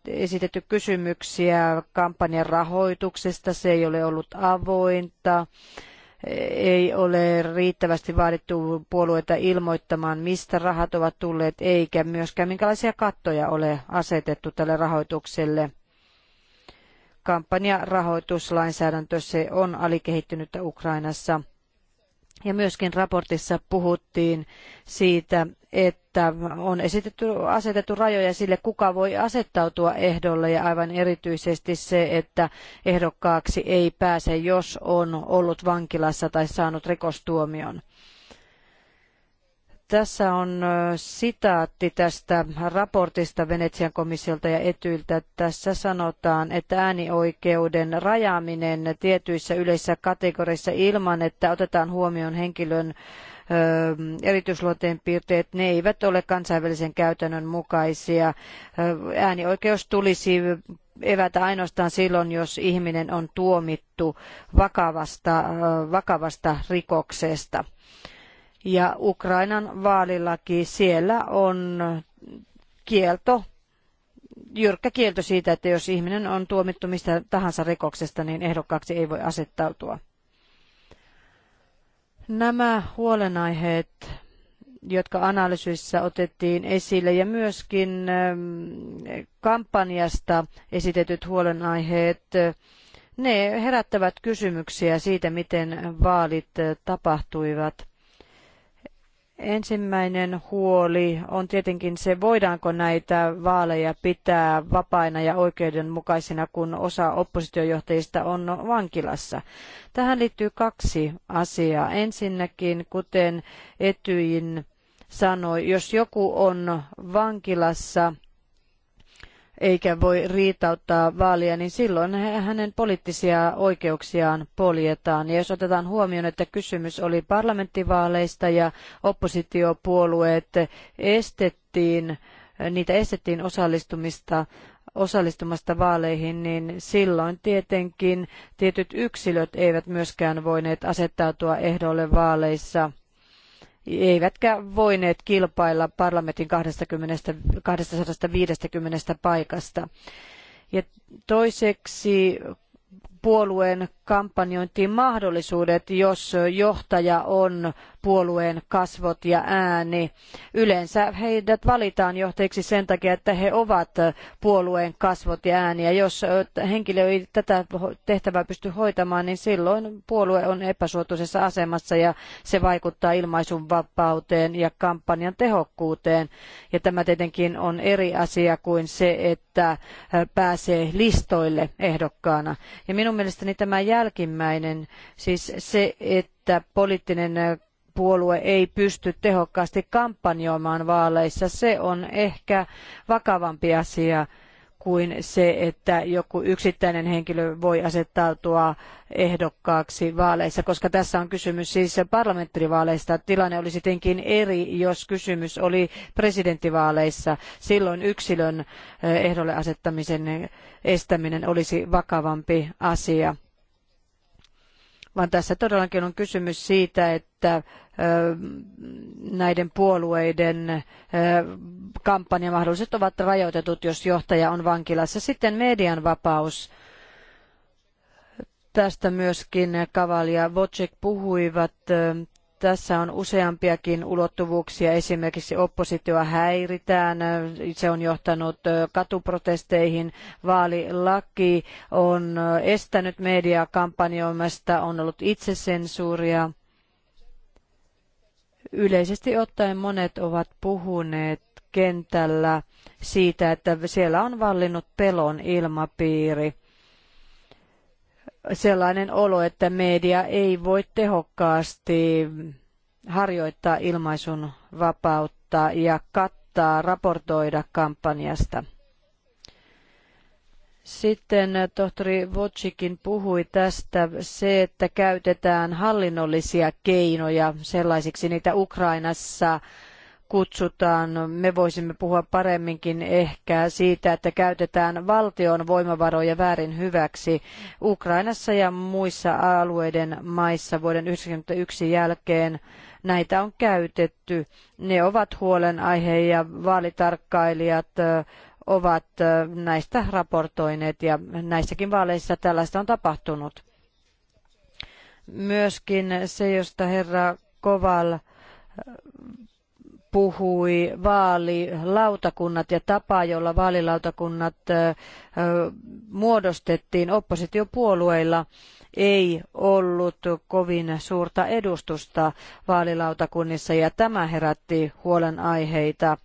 esitetty kysymyksiä kampanjan rahoituksesta, se ei ole ollut avointa ei ole riittävästi vaadittu puolueita ilmoittamaan, mistä rahat ovat tulleet, eikä myöskään minkälaisia kattoja ole asetettu tälle rahoitukselle kampanjarahoituslainsäädäntö, se on alikehittynyttä Ukrainassa. Ja myöskin raportissa puhuttiin siitä, että on esitetty, asetettu rajoja sille, kuka voi asettautua ehdolle ja aivan erityisesti se, että ehdokkaaksi ei pääse, jos on ollut vankilassa tai saanut rikostuomion. Tässä on sitaatti tästä raportista Venetsian komissiolta ja Etyiltä. Tässä sanotaan, että äänioikeuden rajaaminen tietyissä yleisissä kategorioissa ilman, että otetaan huomioon henkilön erityisluonteen piirteet, ne eivät ole kansainvälisen käytännön mukaisia. Äänioikeus tulisi evätä ainoastaan silloin, jos ihminen on tuomittu vakavasta, vakavasta rikoksesta ja Ukrainan vaalilaki siellä on kielto, jyrkkä kielto siitä, että jos ihminen on tuomittu mistä tahansa rikoksesta, niin ehdokkaaksi ei voi asettautua. Nämä huolenaiheet jotka analyysissä otettiin esille ja myöskin ähm, kampanjasta esitetyt huolenaiheet, ne herättävät kysymyksiä siitä, miten vaalit äh, tapahtuivat. Ensimmäinen huoli on tietenkin se, voidaanko näitä vaaleja pitää vapaina ja oikeudenmukaisina, kun osa oppositiojohtajista on vankilassa. Tähän liittyy kaksi asiaa. Ensinnäkin, kuten Etyin sanoi, jos joku on vankilassa, eikä voi riitauttaa vaaleja, niin silloin hänen poliittisia oikeuksiaan poljetaan. Ja jos otetaan huomioon, että kysymys oli parlamenttivaaleista ja oppositiopuolueet estettiin, niitä estettiin osallistumista osallistumasta vaaleihin, niin silloin tietenkin tietyt yksilöt eivät myöskään voineet asettautua ehdolle vaaleissa – eivätkä voineet kilpailla parlamentin 20, 250 paikasta. Ja toiseksi puolueen kampanjointiin mahdollisuudet, jos johtaja on puolueen kasvot ja ääni. Yleensä heidät valitaan johtajiksi sen takia, että he ovat puolueen kasvot ja ääni. Ja jos henkilö ei tätä tehtävää pysty hoitamaan, niin silloin puolue on epäsuotuisessa asemassa ja se vaikuttaa ilmaisun vapauteen ja kampanjan tehokkuuteen. Ja tämä tietenkin on eri asia kuin se, että pääsee listoille ehdokkaana. Ja minun Minun mielestäni tämä jälkimmäinen, siis se, että poliittinen puolue ei pysty tehokkaasti kampanjoimaan vaaleissa, se on ehkä vakavampi asia kuin se, että joku yksittäinen henkilö voi asettautua ehdokkaaksi vaaleissa, koska tässä on kysymys siis parlamenttivaaleista. Tilanne oli sittenkin eri, jos kysymys oli presidenttivaaleissa. Silloin yksilön eh, ehdolle asettamisen estäminen olisi vakavampi asia vaan tässä todellakin on kysymys siitä, että näiden puolueiden kampanjamahdollisuudet ovat rajoitetut, jos johtaja on vankilassa. Sitten median vapaus. Tästä myöskin Kaval ja Vocek puhuivat. Tässä on useampiakin ulottuvuuksia. Esimerkiksi oppositioa häiritään. Se on johtanut katuprotesteihin. Vaalilaki on estänyt mediaa kampanjoimasta. On ollut itsesensuuria. Yleisesti ottaen monet ovat puhuneet kentällä siitä, että siellä on vallinnut pelon ilmapiiri sellainen olo, että media ei voi tehokkaasti harjoittaa ilmaisun vapautta ja kattaa, raportoida kampanjasta. Sitten eh, tohtori Votsikin puhui tästä se, että käytetään hallinnollisia keinoja sellaisiksi niitä Ukrainassa kutsutaan. Me voisimme puhua paremminkin ehkä siitä, että käytetään valtion voimavaroja väärin hyväksi. Ukrainassa ja muissa alueiden maissa vuoden 1991 jälkeen näitä on käytetty. Ne ovat huolenaihe ja vaalitarkkailijat ovat näistä raportoineet ja näissäkin vaaleissa tällaista on tapahtunut. Myöskin se, josta herra Koval puhui vaalilautakunnat ja tapa, jolla vaalilautakunnat muodostettiin oppositiopuolueilla, ei ollut kovin suurta edustusta vaalilautakunnissa ja tämä herätti huolenaiheita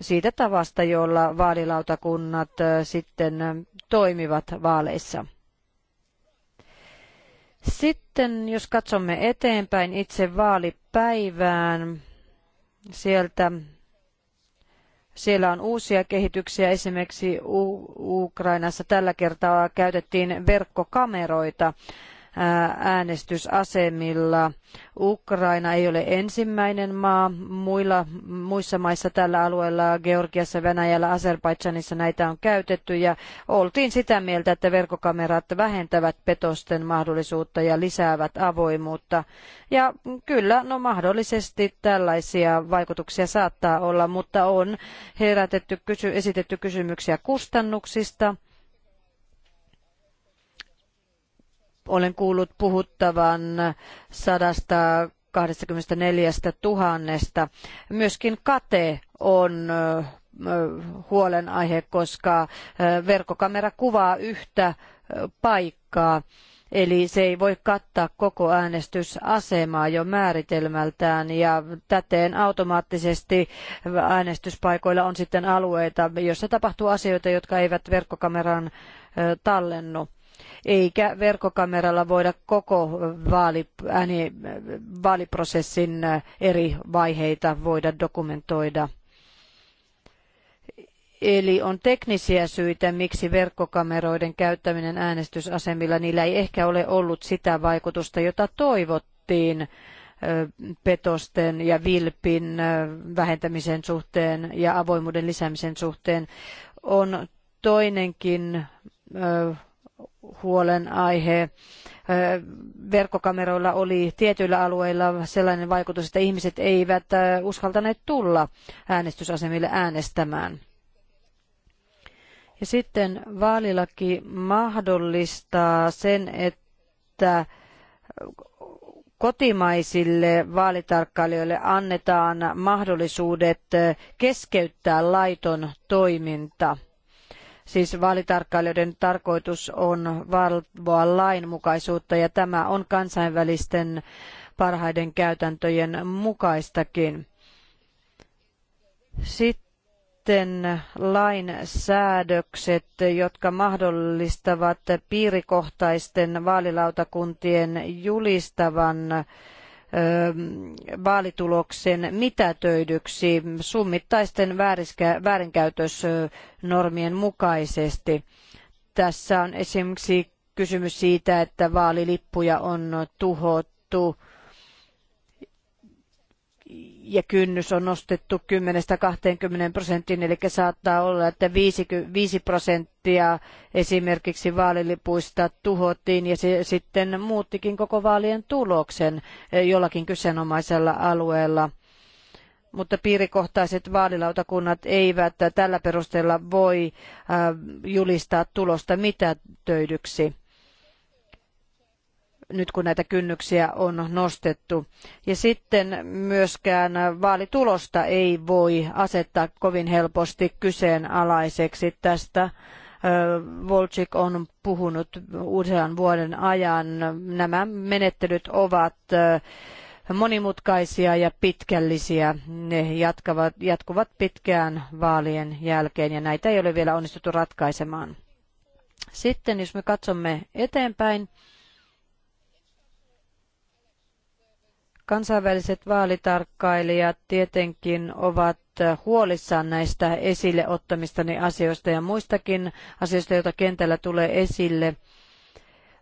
siitä tavasta, jolla vaalilautakunnat sitten toimivat vaaleissa. Sitten jos katsomme eteenpäin itse vaalipäivään, Sieltä siellä on uusia kehityksiä. Esimerkiksi Ukrainassa tällä kertaa käytettiin verkkokameroita äänestysasemilla. Ukraina ei ole ensimmäinen maa. Muilla, muissa maissa tällä alueella, Georgiassa, Venäjällä, Azerbaidžanissa näitä on käytetty ja oltiin sitä mieltä, että verkkokamerat vähentävät petosten mahdollisuutta ja lisäävät avoimuutta. Ja kyllä, no mahdollisesti tällaisia vaikutuksia saattaa olla, mutta on herätetty, kysy, esitetty kysymyksiä kustannuksista Olen kuullut puhuttavan 100 24 000. Myöskin kate on huolenaihe, koska verkkokamera kuvaa yhtä paikkaa. Eli se ei voi kattaa koko äänestysasemaa jo määritelmältään ja täten automaattisesti äänestyspaikoilla on sitten alueita, joissa tapahtuu asioita, jotka eivät verkkokameraan tallennu eikä verkkokameralla voida koko vaali, ääni, vaaliprosessin eri vaiheita voida dokumentoida. Eli on teknisiä syitä, miksi verkkokameroiden käyttäminen äänestysasemilla, niillä ei ehkä ole ollut sitä vaikutusta, jota toivottiin petosten ja vilpin vähentämisen suhteen ja avoimuuden lisäämisen suhteen. On toinenkin huolenaihe. Verkkokameroilla oli tietyillä alueilla sellainen vaikutus, että ihmiset eivät uskaltaneet tulla äänestysasemille äänestämään. Ja sitten vaalilaki mahdollistaa sen, että kotimaisille vaalitarkkailijoille annetaan mahdollisuudet keskeyttää laiton toiminta – Siis vaalitarkkailijoiden tarkoitus on valvoa lainmukaisuutta ja tämä on kansainvälisten parhaiden käytäntöjen mukaistakin. Sitten lainsäädökset, jotka mahdollistavat piirikohtaisten vaalilautakuntien julistavan vaalituloksen mitätöidyksi summittaisten väärinkäytösnormien mukaisesti. Tässä on esimerkiksi kysymys siitä, että vaalilippuja on tuhottu ja kynnys on nostettu 10-20 prosenttiin, eli saattaa olla, että 5 prosenttia esimerkiksi vaalilipuista tuhottiin ja se sitten muuttikin koko vaalien tuloksen e, jollakin kyseenomaisella alueella mutta piirikohtaiset vaalilautakunnat eivät tällä perusteella voi julistaa tulosta mitätöidyksi nyt kun näitä kynnyksiä on nostettu. Ja sitten myöskään vaalitulosta ei voi asettaa kovin helposti kyseenalaiseksi tästä. Volchik on puhunut usean vuoden ajan. Nämä menettelyt ovat monimutkaisia ja pitkällisiä. Ne jatkavat, jatkuvat pitkään vaalien jälkeen ja näitä ei ole vielä onnistuttu ratkaisemaan. Sitten jos me katsomme eteenpäin, Kansainväliset vaalitarkkailijat tietenkin ovat huolissaan näistä esille ottamistani asioista ja muistakin asioista, joita kentällä tulee esille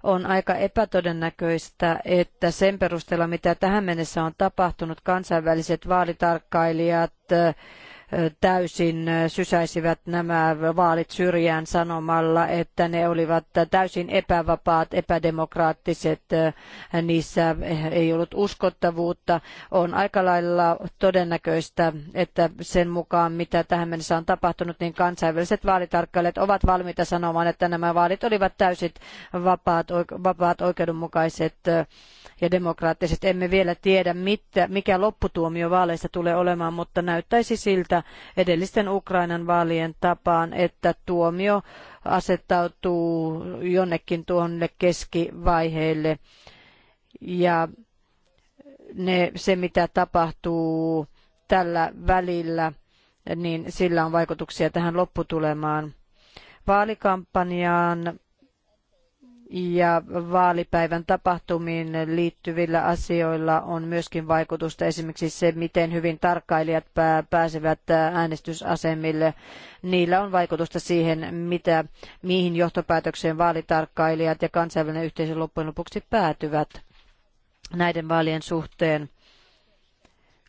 on aika epätodennäköistä, että sen perusteella, mitä tähän mennessä on tapahtunut, kansainväliset vaalitarkkailijat täysin sysäisivät nämä vaalit syrjään sanomalla, että ne olivat täysin epävapaat, epädemokraattiset, niissä ei ollut uskottavuutta. On aika lailla todennäköistä, että sen mukaan mitä tähän mennessä on tapahtunut, niin kansainväliset vaalitarkkailijat ovat valmiita sanomaan, että nämä vaalit olivat täysin vapaat, vapaat oikeudenmukaiset ja demokraattiset. Emme vielä tiedä, mikä lopputuomio vaaleista tulee olemaan, mutta näyttäisi siltä, edellisten Ukrainan vaalien tapaan, että tuomio asettautuu jonnekin tuonne keskivaiheelle ja ne, se mitä tapahtuu tällä välillä, niin sillä on vaikutuksia tähän lopputulemaan. Vaalikampanjaan ja vaalipäivän tapahtumiin liittyvillä asioilla on myöskin vaikutusta. Esimerkiksi se, miten hyvin tarkkailijat pääsevät äänestysasemille, niillä on vaikutusta siihen, mitä, mihin johtopäätökseen vaalitarkkailijat ja kansainvälinen yhteisö loppujen lopuksi päätyvät näiden vaalien suhteen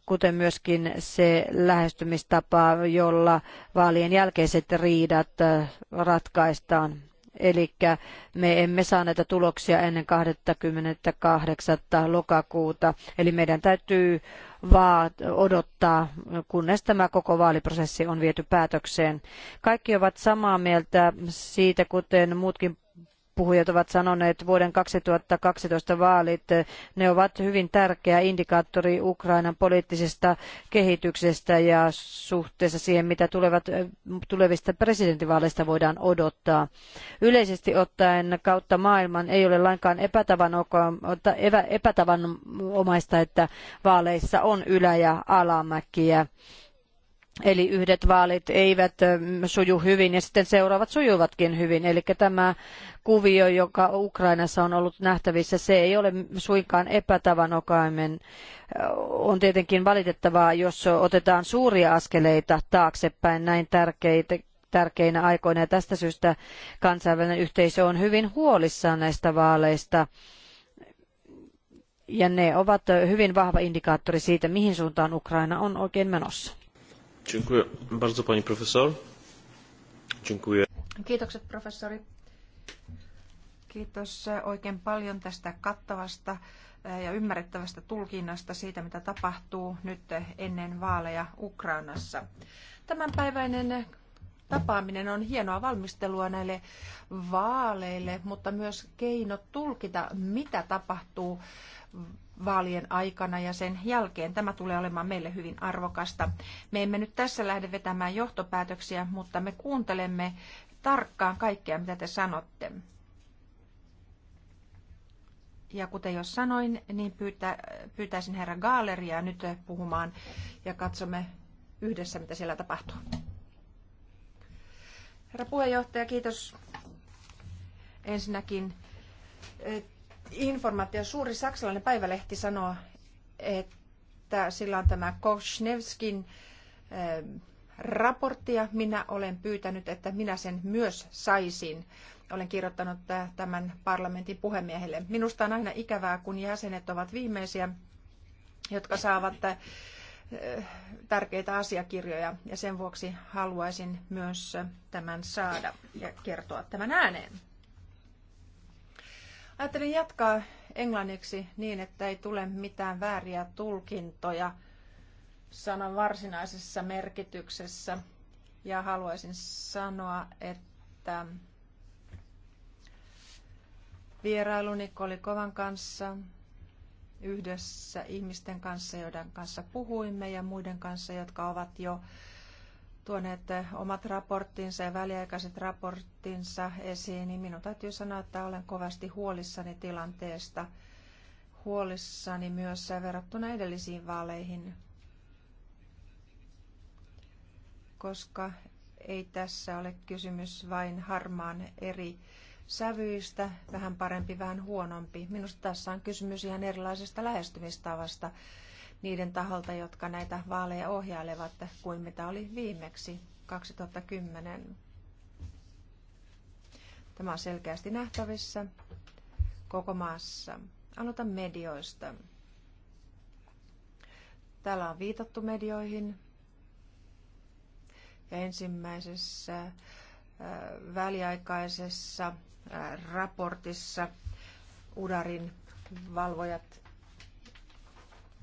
kuten myöskin se lähestymistapa, jolla vaalien jälkeiset riidat ratkaistaan Eli me emme saa näitä tuloksia ennen 28. lokakuuta. Eli meidän täytyy vaan odottaa, kunnes tämä koko vaaliprosessi on viety päätökseen. Kaikki ovat samaa mieltä siitä, kuten muutkin puhujat ovat sanoneet, vuoden 2012 vaalit, eh, ne ovat hyvin tärkeä indikaattori Ukrainan poliittisesta kehityksestä ja suhteessa siihen, mitä tulevat, eh, tulevista presidentinvaaleista voidaan odottaa. Yleisesti ottaen kautta maailman ei ole lainkaan epätavanomaista, että vaaleissa on ylä- ja alamäkiä Eli yhdet vaalit eivät suju hyvin ja sitten seuraavat sujuvatkin hyvin. Eli tämä kuvio, joka Ukrainassa on ollut nähtävissä, se ei ole suinkaan epätavanokainen. On tietenkin valitettavaa, jos otetaan suuria askeleita taaksepäin näin tärkeitä, tärkeinä aikoina. Ja tästä syystä kansainvälinen yhteisö on hyvin huolissaan näistä vaaleista. Ja ne ovat hyvin vahva indikaattori siitä, mihin suuntaan Ukraina on oikein menossa. Dziękuję bardzo pani profesor. Dziękuję. Kiitokset professori. Kiitos eh, oikein paljon tästä kattavasta eh, ja ymmärrettävästä tulkinnasta siitä, mitä tapahtuu nyt eh, ennen vaaleja Ukrainassa. Tämänpäiväinen tapaaminen on hienoa valmistelua näille vaaleille, mutta myös keino tulkita, mitä tapahtuu vaalien aikana ja sen jälkeen. Tämä tulee olemaan meille hyvin arvokasta. Me emme nyt tässä lähde vetämään johtopäätöksiä, mutta me kuuntelemme tarkkaan kaikkea, mitä te sanotte. Ja kuten jo sanoin, niin pyytä, pyytäisin herra Gaaleria nyt puhumaan ja katsomme yhdessä, mitä siellä tapahtuu. Herra puheenjohtaja, kiitos ensinnäkin informaatio. Suuri saksalainen päivälehti sanoo, että sillä on tämä Koshnevskin eh, raportti ja minä olen pyytänyt, että minä sen myös saisin. Olen kirjoittanut eh, tämän parlamentin puhemiehelle. Minusta on aina ikävää, kun jäsenet ovat viimeisiä, jotka saavat eh, tärkeitä asiakirjoja ja sen vuoksi haluaisin myös tämän saada ja kertoa tämän ääneen. Ajattelin jatkaa englanniksi niin, että ei tule mitään vääriä tulkintoja sanan varsinaisessa merkityksessä. Ja haluaisin sanoa, että vierailuni Kolikovan kanssa yhdessä ihmisten kanssa, joiden kanssa puhuimme ja muiden kanssa, jotka ovat jo tuoneet omat raporttinsa ja väliaikaiset raporttinsa esiin, niin minun täytyy sanoa, että olen kovasti huolissani tilanteesta, huolissani myös verrattuna edellisiin vaaleihin, koska ei tässä ole kysymys vain harmaan eri sävyistä, vähän parempi, vähän huonompi. Minusta tässä on kysymys ihan erilaisesta lähestymistavasta niiden taholta, jotka näitä vaaleja ohjailevat, kuin mitä oli viimeksi 2010. Tämä on selkeästi nähtävissä koko maassa. Aloitan medioista. Täällä on viitattu medioihin. Ja ensimmäisessä äh, väliaikaisessa äh, raportissa Udarin valvojat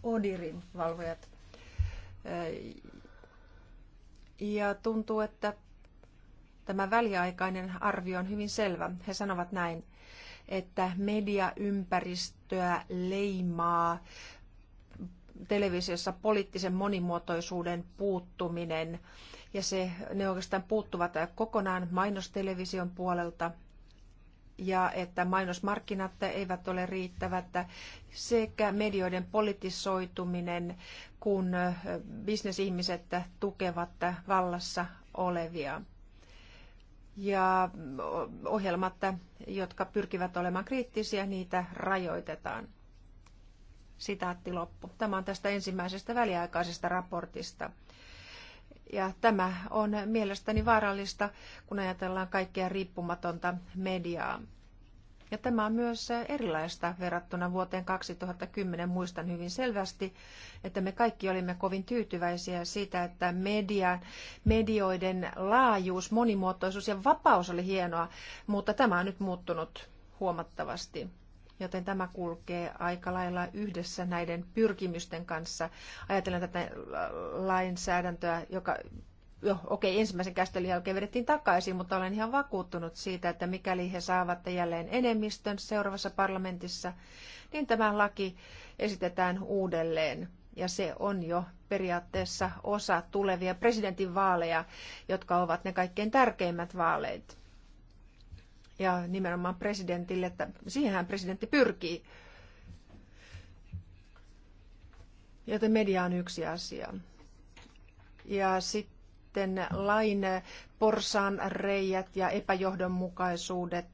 Odirin valvojat. Ja tuntuu, että tämä väliaikainen arvio on hyvin selvä. He sanovat näin, että mediaympäristöä leimaa televisiossa poliittisen monimuotoisuuden puuttuminen ja se, ne oikeastaan puuttuvat kokonaan mainostelevision puolelta – ja että mainosmarkkinat eivät ole riittävät sekä medioiden politisoituminen, kun bisnesihmiset tukevat vallassa olevia. Ja ohjelmat, jotka pyrkivät olemaan kriittisiä, niitä rajoitetaan. Sitaatti loppu. Tämä on tästä ensimmäisestä väliaikaisesta raportista. Ja tämä on mielestäni vaarallista, kun ajatellaan kaikkea riippumatonta mediaa. Ja tämä on myös erilaista verrattuna vuoteen 2010. Muistan hyvin selvästi, että me kaikki olimme kovin tyytyväisiä siitä, että media, medioiden laajuus, monimuotoisuus ja vapaus oli hienoa, mutta tämä on nyt muuttunut huomattavasti joten tämä kulkee aika lailla yhdessä näiden pyrkimysten kanssa. Ajatellen tätä lainsäädäntöä, joka jo, okei, okay, ensimmäisen käsittelyn jälkeen vedettiin takaisin, mutta olen ihan vakuuttunut siitä, että mikäli he saavat jälleen enemmistön seuraavassa parlamentissa, niin tämä laki esitetään uudelleen. Ja se on jo periaatteessa osa tulevia presidentinvaaleja, jotka ovat ne kaikkein tärkeimmät vaaleit ja nimenomaan presidentille, että siihenhän presidentti pyrkii. Joten media on yksi asia. Ja sitten lain porsaan reijät ja epäjohdonmukaisuudet.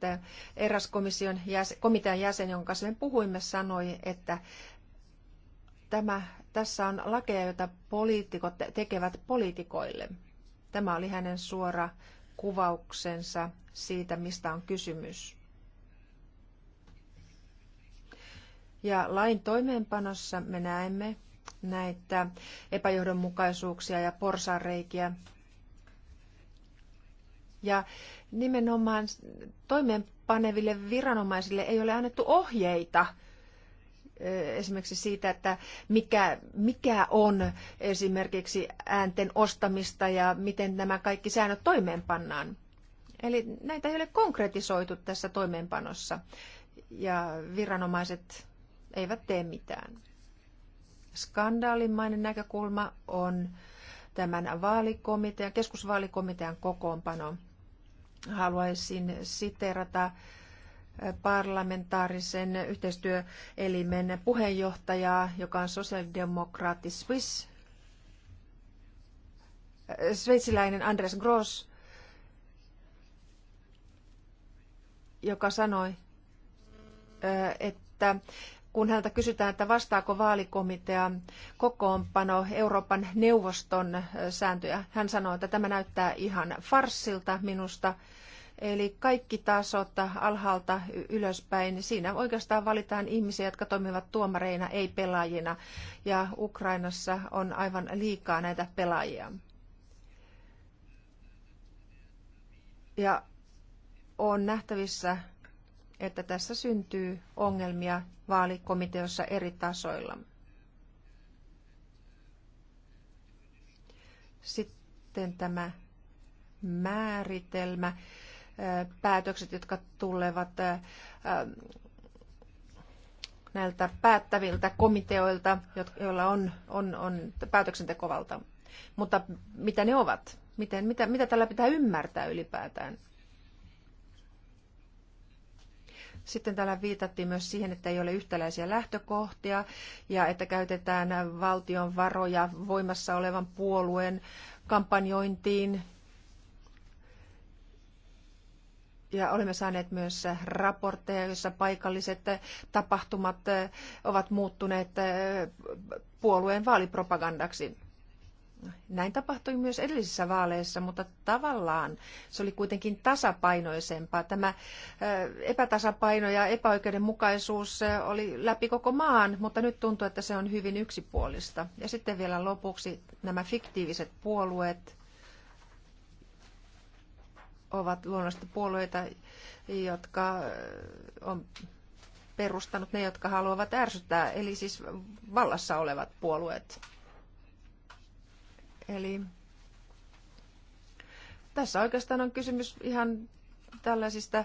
Eräs komission jäsen, komitean jäsen, jonka kanssa me puhuimme, sanoi, että tämä, tässä on lakeja, joita poliitikot tekevät poliitikoille. Tämä oli hänen suora kuvauksensa siitä, mistä on kysymys. Ja lain toimeenpanossa me näemme näitä epäjohdonmukaisuuksia ja porsareikiä. Ja nimenomaan toimeenpaneville viranomaisille ei ole annettu ohjeita – esimerkiksi siitä, että mikä, mikä on esimerkiksi äänten ostamista ja miten nämä kaikki säännöt toimeenpannaan. Eli näitä ei ole konkretisoitu tässä toimeenpanossa ja viranomaiset eivät tee mitään. Skandaalimainen näkökulma on tämän vaalikomitean, keskusvaalikomitean kokoonpano. Haluaisin siterata parlamentaarisen yhteistyöelimen puheenjohtajaa, joka on sosiaalidemokraatti Swiss, äh, sveitsiläinen Andres Gross, joka sanoi, äh, että kun häneltä kysytään, että vastaako vaalikomitea kokoonpano Euroopan neuvoston äh, sääntöjä, hän sanoi, että tämä näyttää ihan farssilta minusta Eli kaikki tasot alhaalta ylöspäin, siinä oikeastaan valitaan ihmisiä, jotka toimivat tuomareina, ei pelaajina. Ja Ukrainassa on aivan liikaa näitä pelaajia. Ja on nähtävissä, että tässä syntyy ongelmia vaalikomiteossa eri tasoilla. Sitten tämä määritelmä päätökset, jotka tulevat näiltä päättäviltä komiteoilta, joilla on, on, on päätöksentekovalta. Mutta mitä ne ovat? Miten, mitä, mitä tällä pitää ymmärtää ylipäätään? Sitten täällä viitattiin myös siihen, että ei ole yhtäläisiä lähtökohtia ja että käytetään valtion varoja voimassa olevan puolueen kampanjointiin ja olemme saaneet myös raportteja, joissa paikalliset tapahtumat ovat muuttuneet puolueen vaalipropagandaksi. Näin tapahtui myös edellisissä vaaleissa, mutta tavallaan se oli kuitenkin tasapainoisempaa. Tämä epätasapaino ja epäoikeudenmukaisuus oli läpi koko maan, mutta nyt tuntuu, että se on hyvin yksipuolista. Ja sitten vielä lopuksi nämä fiktiiviset puolueet ovat luonnollisesti puolueita, jotka on perustanut ne, jotka haluavat ärsyttää, eli siis vallassa olevat puolueet. Eli tässä oikeastaan on kysymys ihan tällaisista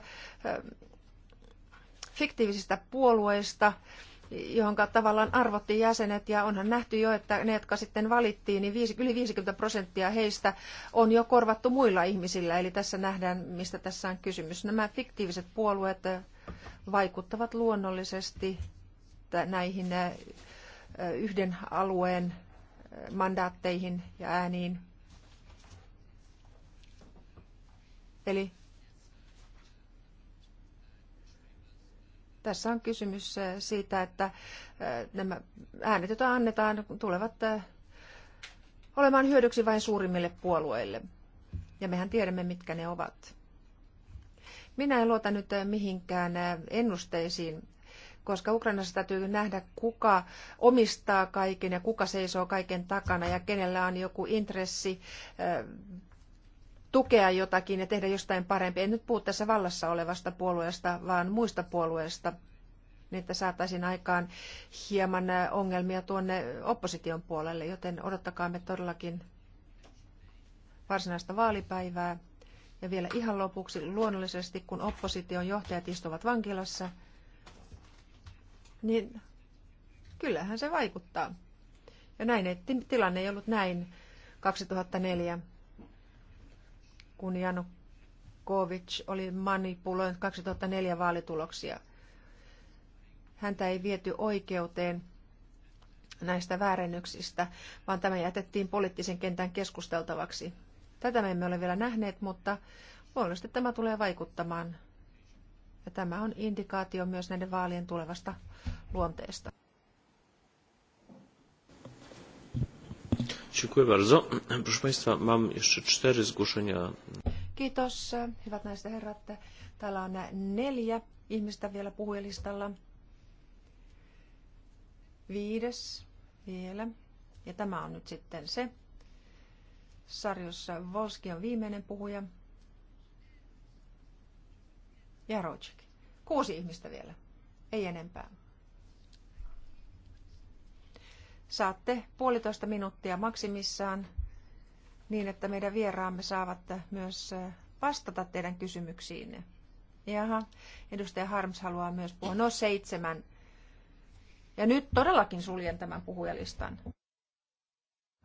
fiktiivisistä puolueista, johon tavallaan arvotti jäsenet ja onhan nähty jo, että ne, jotka sitten valittiin, niin yli 50 prosenttia heistä on jo korvattu muilla ihmisillä. Eli tässä nähdään, mistä tässä on kysymys. Nämä fiktiiviset puolueet äh, vaikuttavat luonnollisesti näihin äh, yhden alueen äh, mandaatteihin ja ääniin. Eli Tässä on kysymys äh, siitä, että äh, nämä äänet, joita annetaan, tulevat äh, olemaan hyödyksi vain suurimmille puolueille. Ja mehän tiedämme, mitkä ne ovat. Minä en luota nyt mihinkään ennusteisiin, koska Ukrainassa täytyy nähdä, kuka omistaa kaiken ja kuka seisoo kaiken takana ja kenellä on joku intressi tukea jotakin ja tehdä jostain parempi. En nyt puhu tässä vallassa olevasta puolueesta, vaan muista puolueista, niin että saataisiin aikaan hieman ongelmia tuonne opposition puolelle, joten odottakaamme todellakin varsinaista vaalipäivää. Ja vielä ihan lopuksi, luonnollisesti kun opposition johtajat istuvat vankilassa, niin kyllähän se vaikuttaa. Ja näin, että tilanne ei ollut näin 2004 kun Janukovic oli manipuloinut 2004 vaalituloksia. Häntä ei viety oikeuteen näistä väärennyksistä, vaan tämä jätettiin poliittisen kentän keskusteltavaksi. Tätä me emme ole vielä nähneet, mutta luonnollisesti tämä tulee vaikuttamaan. Ja tämä on indikaatio myös näiden vaalien tulevasta luonteesta. Dziękuję bardzo. Proszę Państwa, mam jeszcze cztery zgłoszenia. Kiitos, hyvät naiset ja herrat. Täällä on neljä ihmistä vielä puhujalistalla. Viides vielä. Ja tämä on nyt sitten se. Sarjossa Volski on viimeinen puhuja. Ja Rojcik. Kuusi ihmistä vielä. Ei enempää saatte puolitoista minuuttia maksimissaan niin, että meidän vieraamme saavat myös vastata teidän kysymyksiinne. Jaha, edustaja Harms haluaa myös puhua. No seitsemän. Ja nyt todellakin suljen tämän puhujalistan,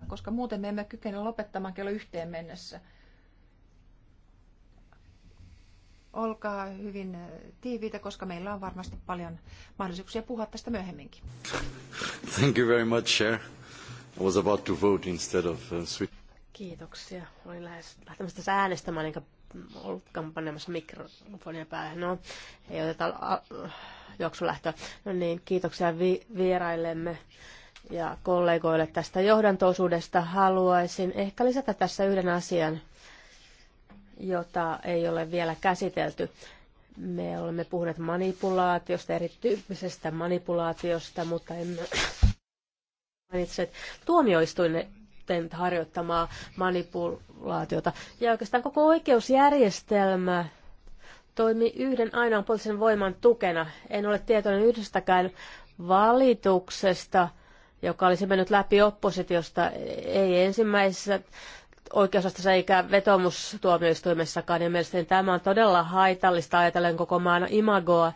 koska muuten me emme kykene lopettamaan kello yhteen mennessä. olkaa hyvin äh, tiiviitä, koska meillä on varmasti paljon mahdollisuuksia puhua tästä myöhemminkin. Thank you very much, Chair. I was about to vote instead of uh, switch. Kiitoksia. Olin lähes lähtemässä tässä äänestämään, enkä ollut kampanjamassa mikrofonia päälle. No, ei oteta juoksulähtöä. No niin, kiitoksia vi- vieraillemme ja kollegoille tästä johdantoisuudesta Haluaisin ehkä lisätä tässä yhden asian jota ei ole vielä käsitelty. Me olemme puhuneet manipulaatiosta, erityyppisestä manipulaatiosta, mutta emme mainitse tuomioistuinten harjoittamaa manipulaatiota. Ja oikeastaan koko oikeusjärjestelmä toimi yhden ainoan poliittisen voiman tukena. En ole tietoinen yhdestäkään valituksesta, joka olisi mennyt läpi oppositiosta, ei ensimmäisessä oikeusasteessa eikä vetomustuomioistuimessakaan. Ja mielestäni tämä on todella haitallista ajatellen koko maan imagoa.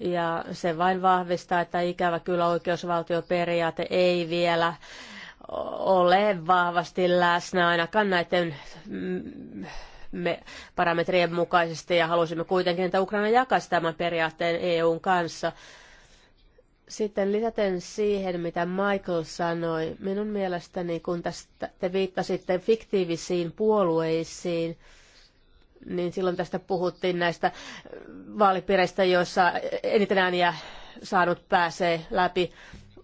Ja se vain vahvistaa, että ikävä kyllä oikeusvaltioperiaate ei vielä ole vahvasti läsnä ainakaan näiden mm, me parametrien mukaisesti ja halusimme kuitenkin, että Ukraina jakaisi tämän periaatteen EUn kanssa. Sitten lisäten siihen, mitä Michael sanoi, minun mielestäni kun tästä te viittasitte fiktiivisiin puolueisiin, niin silloin tästä puhuttiin näistä vaalipiireistä, joissa eniten ääniä saanut pääsee läpi.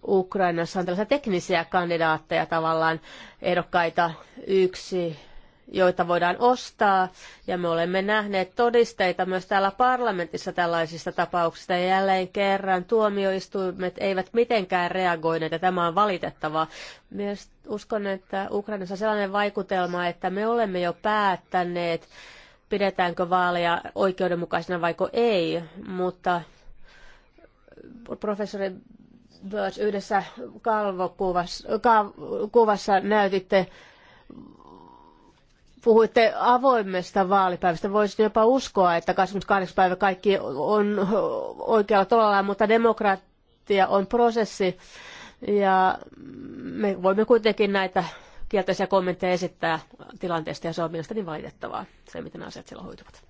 Ukrainassa on tällaisia teknisiä kandidaatteja tavallaan ehdokkaita yksi joita voidaan ostaa, ja me olemme nähneet todisteita myös täällä parlamentissa tällaisista tapauksista, ja jälleen kerran tuomioistuimet eivät mitenkään reagoineet, ja tämä on valitettavaa. Myös uskon, että Ukrainassa on sellainen vaikutelma, että me olemme jo päättäneet, pidetäänkö vaaleja oikeudenmukaisena vaiko ei, mutta professori Birch yhdessä kalvokuvassa kuvassa näytitte Puhuitte avoimesta vaalipäivästä. Voisin jopa uskoa, että 28. päivä kaikki on oikealla tolalla, mutta demokratia on prosessi. Ja me voimme kuitenkin näitä kielteisiä kommentteja esittää tilanteesta ja se on mielestäni valitettavaa, se miten asiat siellä hoituvat.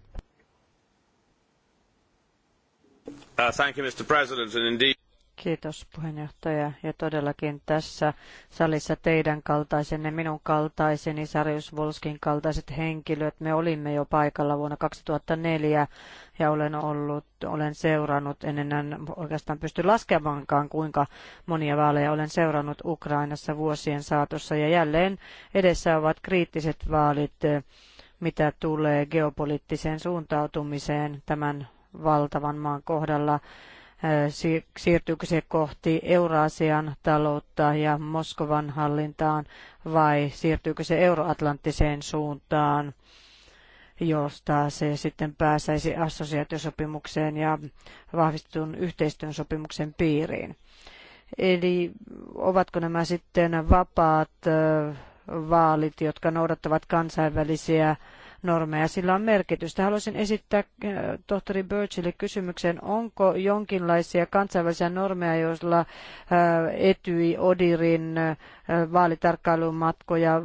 Uh, thank you, Mr. President, and indeed... Kiitos puheenjohtaja. Ja todellakin tässä salissa teidän kaltaisenne, minun kaltaiseni, Sarjus Volskin kaltaiset henkilöt, me olimme jo paikalla vuonna 2004 ja olen, ollut, olen seurannut, en enää oikeastaan pysty laskemaankaan kuinka monia vaaleja olen seurannut Ukrainassa vuosien saatossa ja jälleen edessä ovat kriittiset vaalit mitä tulee geopoliittiseen suuntautumiseen tämän valtavan maan kohdalla siirtyykö se kohti Euraasian taloutta ja Moskovan hallintaan vai siirtyykö se euroatlanttiseen suuntaan, josta se sitten pääsäisi assosiaatiosopimukseen ja vahvistetun yhteistyön sopimuksen piiriin. Eli ovatko nämä sitten vapaat vaalit, jotka noudattavat kansainvälisiä normeja. Sillä on merkitystä. Haluaisin esittää äh, tohtori Birchille kysymyksen, onko jonkinlaisia kansainvälisiä normeja, joilla äh, Etyi, Odirin äh, vaalitarkkailumatkoja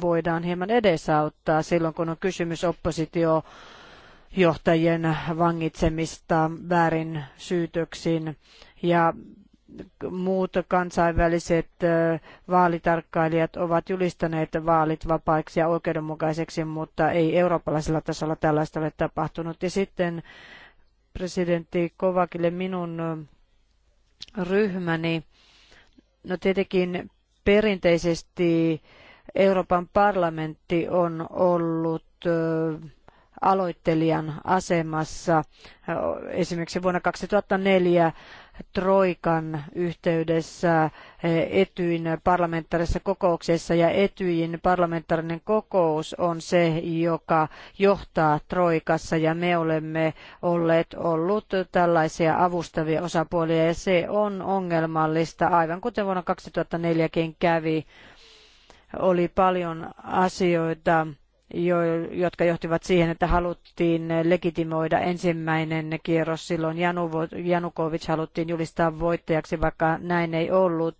voidaan hieman edesauttaa silloin, kun on kysymys oppositio johtajien vangitsemista väärin syytöksiin. Ja muut kansainväliset vaalitarkkailijat ovat julistaneet vaalit vapaiksi ja oikeudenmukaiseksi, mutta ei eurooppalaisella tasolla tällaista ole tapahtunut. Ja sitten presidentti Kovakille minun ryhmäni, no tietenkin perinteisesti Euroopan parlamentti on ollut aloittelijan asemassa. Esimerkiksi vuonna 2004 Troikan yhteydessä eh, Etyin parlamentaarisessa kokouksessa ja Etyin parlamentaarinen kokous on se, joka johtaa Troikassa ja me olemme olleet ollut tällaisia avustavia osapuolia ja se on ongelmallista aivan kuten vuonna 2004kin kävi. Oli paljon asioita, jo, jotka johtivat siihen, että haluttiin legitimoida ensimmäinen kierros silloin. Janu, Janukovic haluttiin julistaa voittajaksi, vaikka näin ei ollut.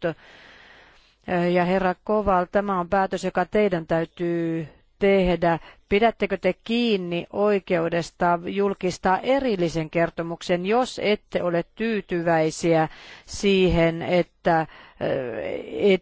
Ja herra Koval, tämä on päätös, joka teidän täytyy tehdä. Pidättekö te kiinni oikeudesta julkistaa erillisen kertomuksen, jos ette ole tyytyväisiä siihen, että eh,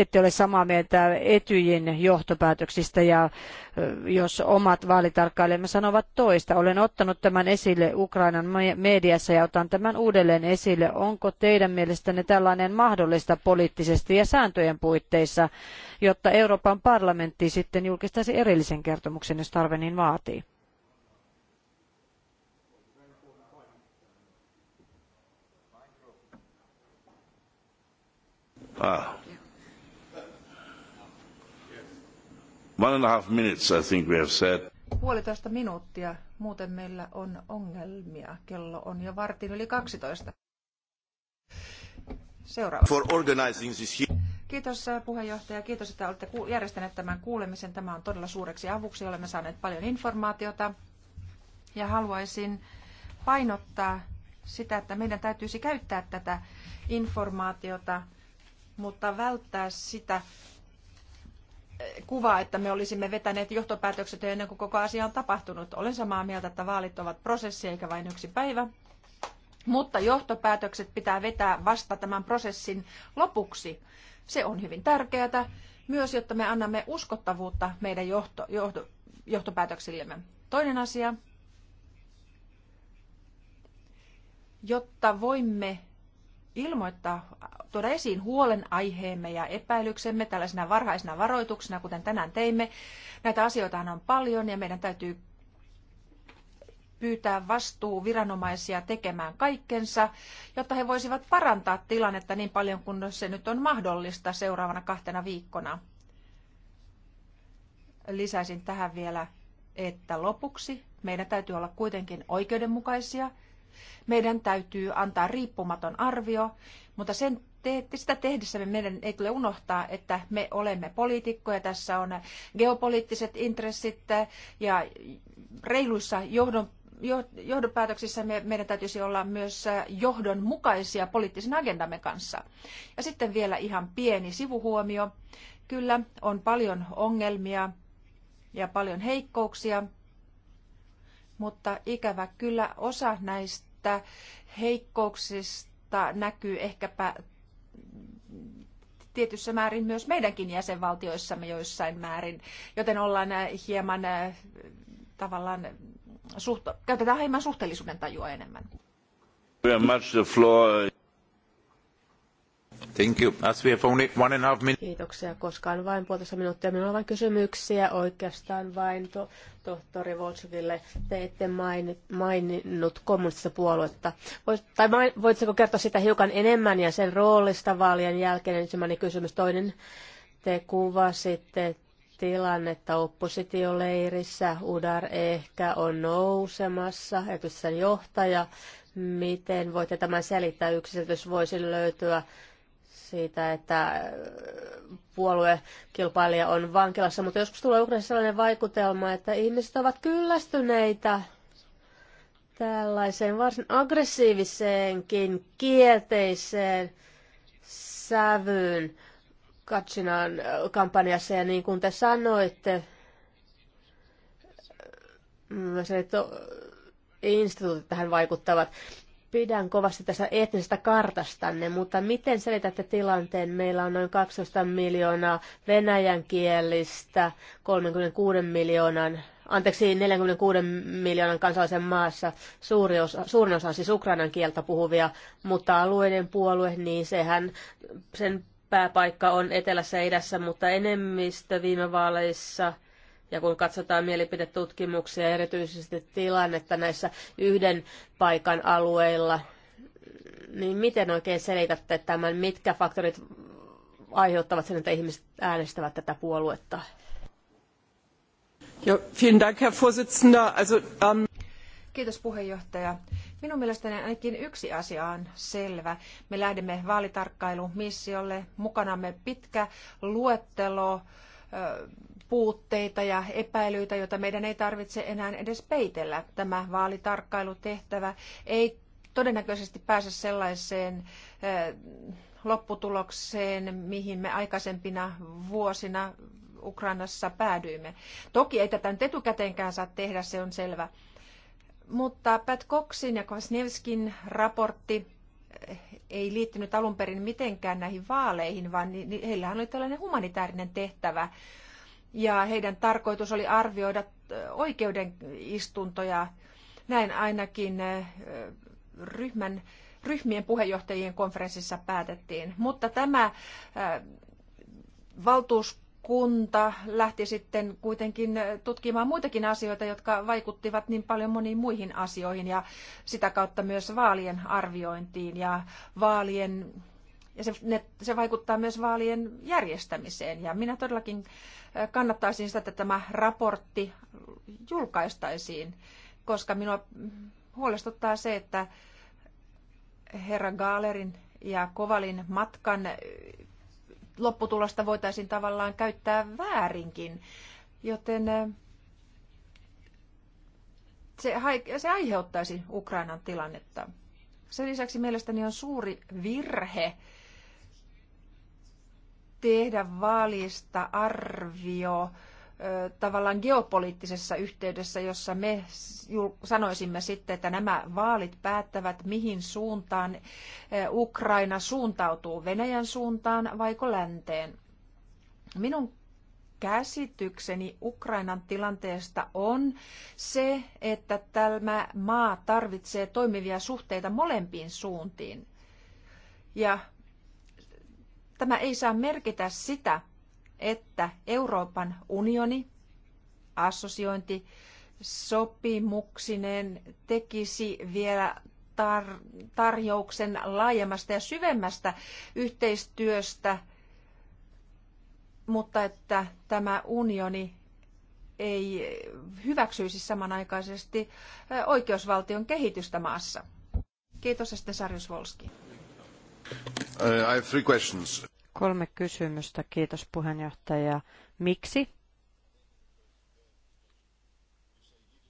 ette ole samaa mieltä etyjin johtopäätöksistä ja eh, jos omat vaalitarkkailijamme sanovat toista. Olen ottanut tämän esille Ukrainan mediassa ja otan tämän uudelleen esille. Onko teidän mielestänne tällainen mahdollista poliittisesti ja sääntöjen puitteissa, jotta Euroopan parlamentti sitten julkistaisi erillisen kertomuksen? kysymyksen, jos tarve niin vaatii. Ah. One and a half minutes, I think we have said. Puolitoista minuuttia, muuten meillä on ongelmia. Kello on jo vartin yli 12. Seuraava. For organizing this... Kiitos äh, puheenjohtaja, kiitos, että olette järjestäneet tämän kuulemisen. Tämä on todella suureksi avuksi. Olemme saaneet paljon informaatiota ja haluaisin painottaa sitä, että meidän täytyisi käyttää tätä informaatiota, mutta välttää sitä äh, kuvaa, että me olisimme vetäneet johtopäätökset ennen kuin koko asia on tapahtunut. Olen samaa mieltä, että vaalit ovat prosessi eikä vain yksi päivä. Mutta johtopäätökset pitää vetää vasta tämän prosessin lopuksi. Se on hyvin tärkeää myös, jotta me annamme uskottavuutta meidän johto, johto, johtopäätöksillemme. Toinen asia, jotta voimme ilmoittaa, tuoda esiin huolenaiheemme ja epäilyksemme tällaisena varhaisena varoituksena, kuten tänään teimme. Näitä asioita on paljon ja meidän täytyy pyytää vastuuviranomaisia tekemään kaikkensa, jotta he voisivat parantaa tilannetta niin paljon kuin se nyt on mahdollista seuraavana kahtena viikkona. Lisäisin tähän vielä, että lopuksi meidän täytyy olla kuitenkin oikeudenmukaisia. Meidän täytyy antaa riippumaton arvio, mutta sen te, sitä tehdessä meidän ei tule unohtaa, että me olemme poliitikkoja. Tässä on geopoliittiset intressit ja reiluissa johdon johdopäätöksissä meidän täytyisi olla myös äh, johdonmukaisia poliittisen agendamme kanssa. Ja sitten vielä ihan pieni sivuhuomio. Kyllä on paljon ongelmia ja paljon heikkouksia, mutta ikävä kyllä osa näistä heikkouksista näkyy ehkäpä tietyssä määrin myös meidänkin jäsenvaltioissamme joissain määrin, joten ollaan äh, hieman äh, tavallaan käytetään hieman suhteellisuuden tajua enemmän. Thank you. As we have only one and a half minute. Kiitoksia, koska on vain puolitoista minuuttia. Minulla on vain kysymyksiä oikeastaan vain to, tohtori Voltsukille. Te ette mainit, maininnut kommunistista puoluetta. Voit, tai main, voitko kertoa sitä hiukan enemmän ja sen roolista vaalien jälkeen? Ensimmäinen kysymys. Toinen, te kuvasitte tilannetta oppositioleirissä. Udar ehkä on nousemassa, eikö sen johtaja. Miten voitte tämän selittää? Yksiselitys voisi löytyä siitä, että äh, puoluekilpailija on vankilassa, mutta joskus tulee Ukrainassa sellainen vaikutelma, että ihmiset ovat kyllästyneitä tällaiseen varsin aggressiiviseenkin kielteiseen sävyyn Katsinaan kampanjassa ja niin kuin te sanoitte, se, että instituutit tähän vaikuttavat. Pidän kovasti tästä etnisestä kartastanne, mutta miten selitätte tilanteen? Meillä on noin 12 miljoonaa venäjänkielistä 36 miljoonan anteeksi, 46 miljoonan kansalaisen maassa suuri osa, suurin osa on siis ukrainan kieltä puhuvia, mutta alueiden puolue, niin sehän sen pääpaikka on etelässä ja idässä, mutta enemmistö viime vaaleissa – ja kun katsotaan mielipidetutkimuksia, erityisesti tilannetta näissä yhden paikan alueilla, niin miten oikein selitätte tämän, mitkä faktorit aiheuttavat sen, että ihmiset äänestävät tätä puoluetta? Ja, vielen Dank, Herr Vorsitzender. Also, um... Kiitos puheenjohtaja. Minun mielestäni ainakin yksi asia on selvä. Me lähdemme vaalitarkkailumissiolle. Mukanamme pitkä luettelo puutteita ja epäilyitä, joita meidän ei tarvitse enää edes peitellä. Tämä vaalitarkkailutehtävä ei todennäköisesti pääse sellaiseen lopputulokseen, mihin me aikaisempina vuosina Ukrainassa päädyimme. Toki ei tätä nyt etukäteenkään saa tehdä, se on selvä. Mutta Pat Coxin ja Kwasniewskin raportti eh, ei liittynyt alun perin mitenkään näihin vaaleihin, vaan heillähän oli tällainen humanitaarinen tehtävä. Ja heidän tarkoitus oli arvioida eh, oikeudenistuntoja, näin ainakin eh, ryhmän, ryhmien puheenjohtajien konferenssissa päätettiin. Mutta tämä valtuus kunta lähti sitten kuitenkin tutkimaan muitakin asioita, jotka vaikuttivat niin paljon moniin muihin asioihin ja sitä kautta myös vaalien arviointiin ja vaalien ja se, ne, se vaikuttaa myös vaalien järjestämiseen. Ja minä todellakin kannattaisin sitä, että tämä raportti julkaistaisiin, koska minua huolestuttaa se, että herra Gaalerin ja Kovalin matkan lopputulosta voitaisiin tavallaan käyttää väärinkin. Joten se, se aiheuttaisi Ukrainan tilannetta. Sen lisäksi mielestäni on suuri virhe tehdä vaalista arvio tavallaan geopoliittisessa yhteydessä, jossa me sanoisimme sitten, että nämä vaalit päättävät, mihin suuntaan Ukraina suuntautuu, Venäjän suuntaan vaiko länteen. Minun käsitykseni Ukrainan tilanteesta on se, että tämä maa tarvitsee toimivia suhteita molempiin suuntiin. Ja tämä ei saa merkitä sitä, että Euroopan unioni assosiointi sopimuksinen tekisi vielä tar- tarjouksen laajemmasta ja syvemmästä yhteistyöstä, mutta että tämä unioni ei hyväksyisi samanaikaisesti oikeusvaltion kehitystä maassa. Kiitos, Este Sarjus Volski. Uh, I have three questions. Kolme kysymystä, kiitos puheenjohtaja. Miksi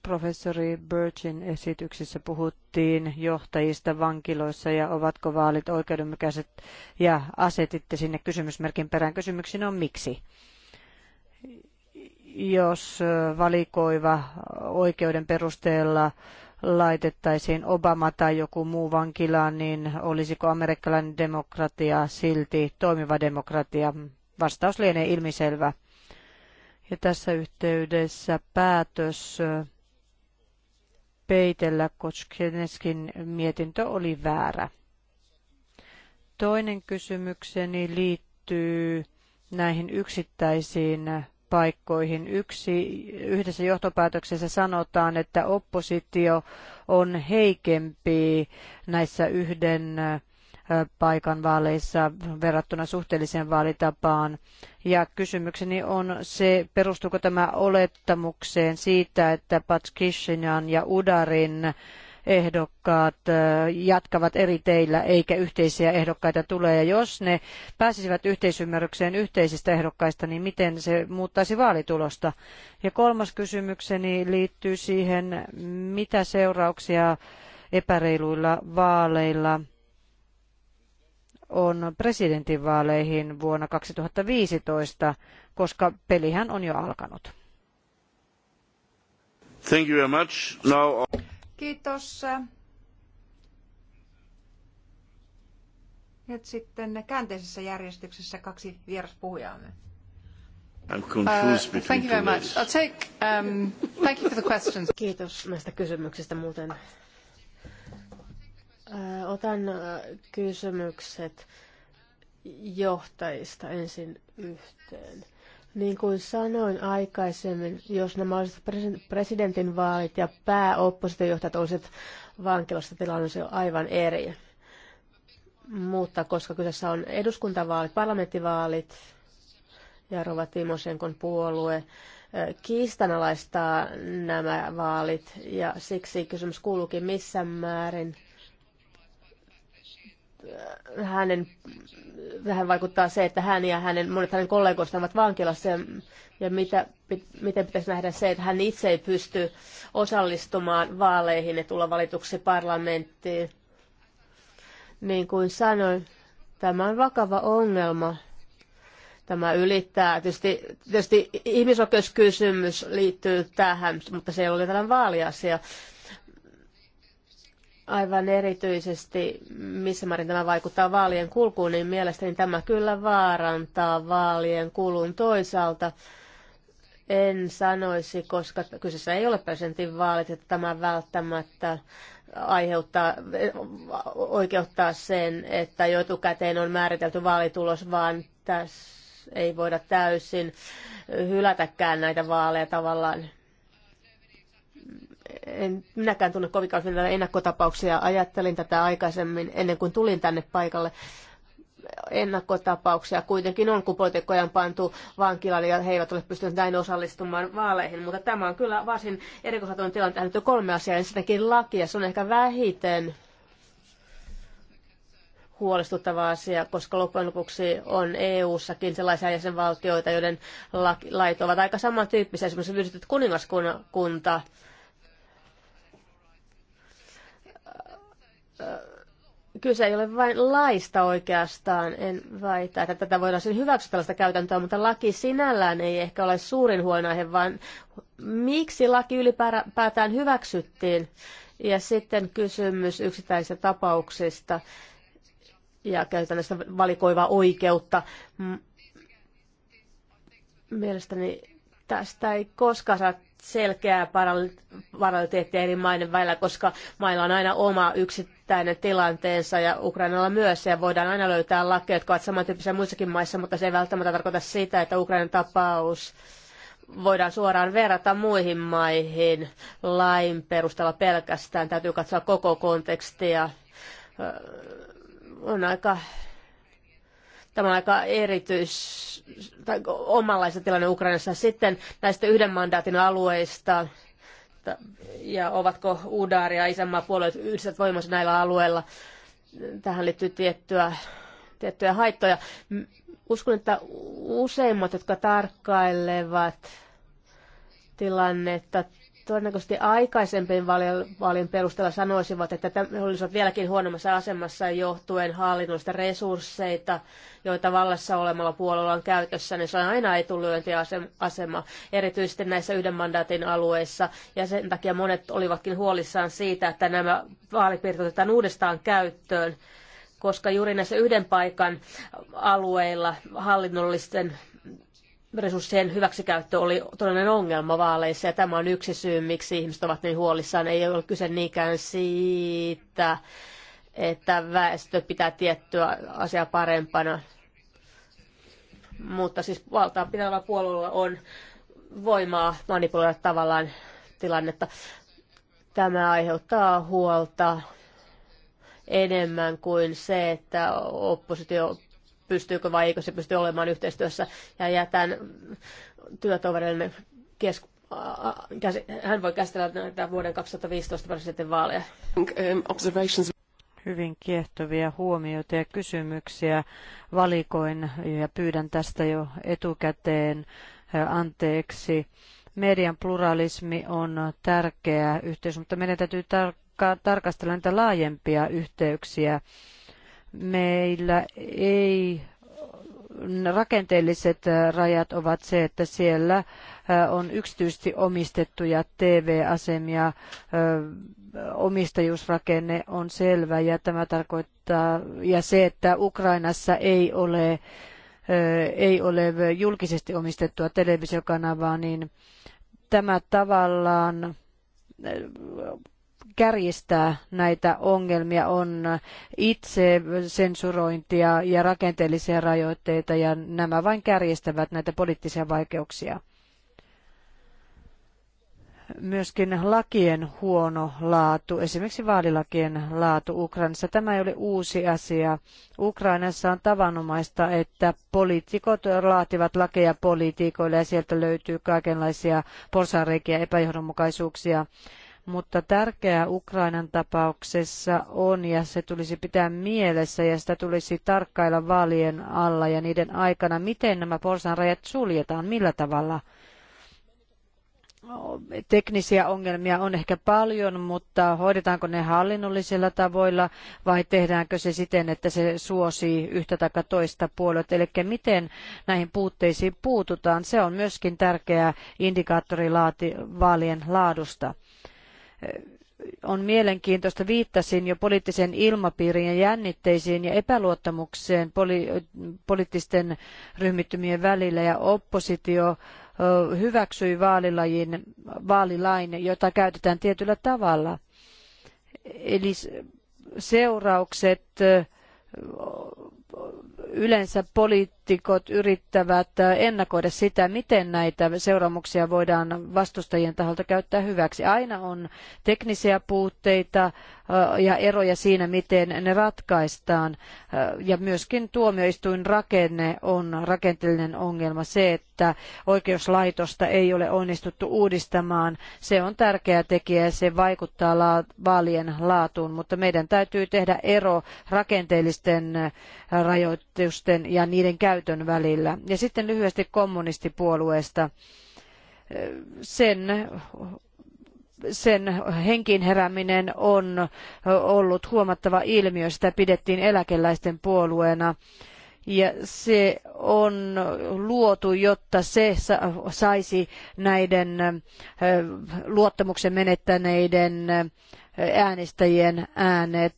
professori Birchin esityksissä puhuttiin johtajista vankiloissa ja ovatko vaalit oikeudenmukaiset ja asetitte sinne kysymysmerkin perään. Kysymyksen on miksi? Jos valikoiva oikeuden perusteella laitettaisiin Obama tai joku muu vankilaan, niin olisiko amerikkalainen demokratia silti toimiva demokratia? Vastaus lienee ilmiselvä. Ja tässä yhteydessä päätös peitellä kotskeneskin mietintö oli väärä. Toinen kysymykseni liittyy näihin yksittäisiin paikkoihin. Yksi, yhdessä johtopäätöksessä sanotaan, että oppositio on heikempi näissä yhden paikan vaaleissa verrattuna suhteelliseen vaalitapaan. Ja kysymykseni on se, perustuuko tämä olettamukseen siitä, että Patskishinan ja Udarin ehdokkaat jatkavat eri teillä eikä yhteisiä ehdokkaita tule. Ja jos ne pääsisivät yhteisymmärrykseen yhteisistä ehdokkaista, niin miten se muuttaisi vaalitulosta? Ja kolmas kysymykseni liittyy siihen, mitä seurauksia epäreiluilla vaaleilla on presidentinvaaleihin vuonna 2015, koska pelihän on jo alkanut. Thank you very much. Now... Kiitos. Nyt sitten käänteisessä järjestyksessä kaksi vieraspuhujaamme. I'm confused uh, thank you very much. I'll take, um, thank you for the questions. Kiitos näistä kysymyksistä muuten. Uh, otan uh, kysymykset johtajista ensin yhteen. Niin kuin sanoin aikaisemmin, jos nämä olisivat presidentinvaalit ja pääoppositiojohtajat olisivat vankilassa, tilanne olisi aivan eri. Mutta koska kyseessä on eduskuntavaalit, parlamenttivaalit ja Rova Timosenkon puolue, eh, kiistanalaistaa nämä vaalit ja siksi kysymys kuuluukin missä määrin – hänen, hän vaikuttaa se, että hän ja hänen, monet hänen kollegoista ovat vankilassa ja, ja mitä, pit, miten pitäisi nähdä se, että hän itse ei pysty osallistumaan vaaleihin ja tulla valituksi parlamenttiin. Niin kuin sanoin, tämä on vakava ongelma. Tämä ylittää. Tietysti, tietysti ihmisoikeuskysymys liittyy tähän, mutta se ei ole tällainen vaaliasia aivan erityisesti, missä määrin tämä vaikuttaa vaalien kulkuun, niin mielestäni tämä kyllä vaarantaa vaalien kulun toisaalta. En sanoisi, koska kyseessä ei ole vaalit, että tämä välttämättä aiheuttaa, oikeuttaa sen, että etukäteen on määritelty vaalitulos, vaan tässä ei voida täysin hylätäkään näitä vaaleja tavallaan en minäkään tunne kovinkaan vielä ennakkotapauksia. Ajattelin tätä aikaisemmin ennen kuin tulin tänne paikalle. Ennakkotapauksia kuitenkin on, kun poliitikkoja on pantu vankilalle ja he eivät ole pystyneet näin osallistumaan vaaleihin. Mutta tämä on kyllä varsin erikoisatoinen tilanne. Tähän on kolme asiaa. Ensinnäkin laki ja se on ehkä vähiten huolestuttava asia, koska loppujen lopuksi on EU-sakin sellaisia jäsenvaltioita, joiden lait ovat aika samantyyppisiä. Esimerkiksi yhdistetty kuningaskunta kyse ei ole vain laista oikeastaan, en väitä, että tätä voidaan siis hyväksyä tällaista käytäntöä, mutta laki sinällään ei ehkä ole suurin huonoaihe, vaan miksi laki ylipäätään hyväksyttiin. Ja sitten kysymys yksittäisistä tapauksista ja käytännössä valikoivaa oikeutta. Mielestäni tästä ei koskaan saa selkeää paralleliteettia eri maiden välillä, koska mailla on aina oma yksittäinen tilanteensa ja Ukrainalla myös, ja voidaan aina löytää lakeja, jotka ovat samantyyppisiä muissakin maissa, mutta se ei välttämättä tarkoita sitä, että Ukrainan tapaus voidaan suoraan verrata muihin maihin lain perusteella pelkästään. Täytyy katsoa koko kontekstia. On aika Tämä on aika erityis, tai omanlaista tilanne Ukrainassa. Sitten näistä yhden mandaatin alueista, ja ovatko Udaari ja isänmaapuolueet yhdessä voimassa näillä alueilla. Tähän liittyy tiettyä, tiettyjä haittoja. Uskon, että useimmat, jotka tarkkailevat tilannetta todennäköisesti aikaisempien vaalien perusteella sanoisivat, että he olisivat vieläkin huonommassa asemassa johtuen hallinnollista resursseita, joita vallassa olemalla puolella on käytössä, niin se on aina etulyöntiasema, erityisesti näissä yhden mandaatin alueissa. Ja sen takia monet olivatkin huolissaan siitä, että nämä vaalipiirit otetaan uudestaan käyttöön, koska juuri näissä yhden paikan alueilla hallinnollisten resurssien hyväksikäyttö oli todellinen ongelma vaaleissa ja tämä on yksi syy, miksi ihmiset ovat niin huolissaan. Ei ole kyse niinkään siitä, että väestö pitää tiettyä asiaa parempana, mutta siis valtaa pitävällä puolueella on voimaa manipuloida tavallaan tilannetta. Tämä aiheuttaa huolta enemmän kuin se, että oppositio pystyykö vai eikö se pysty olemaan yhteistyössä. Ja jätän työtoverille kesku, hän voi käsitellä näitä vuoden 2015 presidentin vaaleja. Hyvin kiehtovia huomioita ja kysymyksiä valikoin ja pyydän tästä jo etukäteen eh, anteeksi. Median pluralismi on tärkeä yhteys, mutta meidän täytyy tarkastella niitä laajempia yhteyksiä meillä ei rakenteelliset rajat ovat se, että siellä äh, on yksityisesti omistettuja TV-asemia, äh, omistajuusrakenne on selvä ja tämä tarkoittaa, ja se, että Ukrainassa ei ole, äh, ei ole julkisesti omistettua televisiokanavaa, niin tämä tavallaan kärjistää näitä ongelmia, on itse sensurointia ja rakenteellisia rajoitteita ja nämä vain kärjistävät näitä poliittisia vaikeuksia myöskin lakien huono laatu, esimerkiksi vaalilakien laatu Ukrainassa. Tämä ei ole uusi asia. Ukrainassa on tavanomaista, että poliitikot laativat lakeja poliitikoille ja sieltä löytyy kaikenlaisia porsareikiä, epäjohdonmukaisuuksia mutta tärkeää Ukrainan tapauksessa on, ja se tulisi pitää mielessä, ja sitä tulisi tarkkailla vaalien alla ja niiden aikana, miten nämä porsanrajat suljetaan, millä tavalla teknisiä ongelmia on ehkä paljon, mutta hoidetaanko ne hallinnollisilla tavoilla vai tehdäänkö se siten, että se suosii yhtä tai toista puolet? Eli miten näihin puutteisiin puututaan? Se on myöskin tärkeä indikaattori vaalien laadusta on mielenkiintoista. Viittasin jo poliittisen ilmapiirin ja jännitteisiin ja epäluottamukseen poli- poliittisten ryhmittymien välillä ja oppositio hyväksyi vaalilajin, vaalilain, jota käytetään tietyllä tavalla. Eli seuraukset yleensä poli- poliitikot yrittävät äh, ennakoida sitä, miten näitä seuraamuksia voidaan vastustajien taholta käyttää hyväksi. Aina on teknisiä puutteita äh, ja eroja siinä, miten ne ratkaistaan. Äh, ja myöskin tuomioistuin rakenne on rakenteellinen ongelma. Se, että oikeuslaitosta ei ole onnistuttu uudistamaan, se on tärkeä tekijä ja se vaikuttaa vaalien laatuun, mutta meidän täytyy tehdä ero rakenteellisten rajoitusten ja niiden käyttöön käytön välillä. Ja sitten lyhyesti kommunistipuolueesta. Sen sen henkiin herääminen on ollut huomattava ilmiö. Sitä pidettiin eläkeläisten puolueena. Ja se on luotu, jotta se saisi näiden luottamuksen menettäneiden äänestäjien äänet,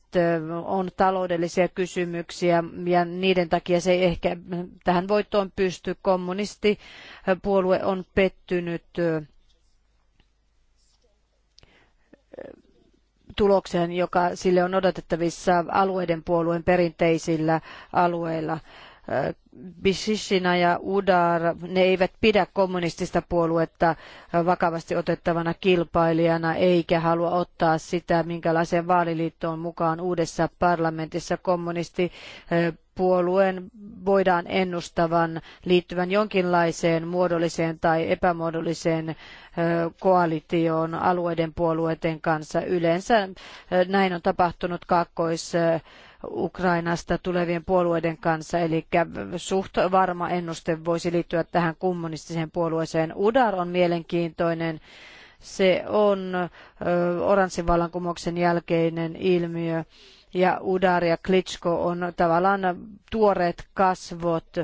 on taloudellisia kysymyksiä ja niiden takia se ei ehkä tähän voittoon pysty. Kommunistipuolue on pettynyt tulokseen, joka sille on odotettavissa alueiden puolueen perinteisillä alueilla. Bishishina ja Udar, ne eivät pidä kommunistista puoluetta vakavasti otettavana kilpailijana, eikä halua ottaa sitä, minkälaiseen vaaliliittoon mukaan uudessa parlamentissa kommunisti puolueen voidaan ennustavan liittyvän jonkinlaiseen muodolliseen tai epämuodolliseen koalitioon alueiden puolueiden kanssa. Yleensä näin on tapahtunut kaakkois Ukrainasta tulevien puolueiden kanssa, eli suht varma ennuste voisi liittyä tähän kommunistiseen puolueeseen. Udar on mielenkiintoinen. Se on oranssivallankumouksen jälkeinen ilmiö ja Udar ja Klitschko on tavallaan tuoreet kasvot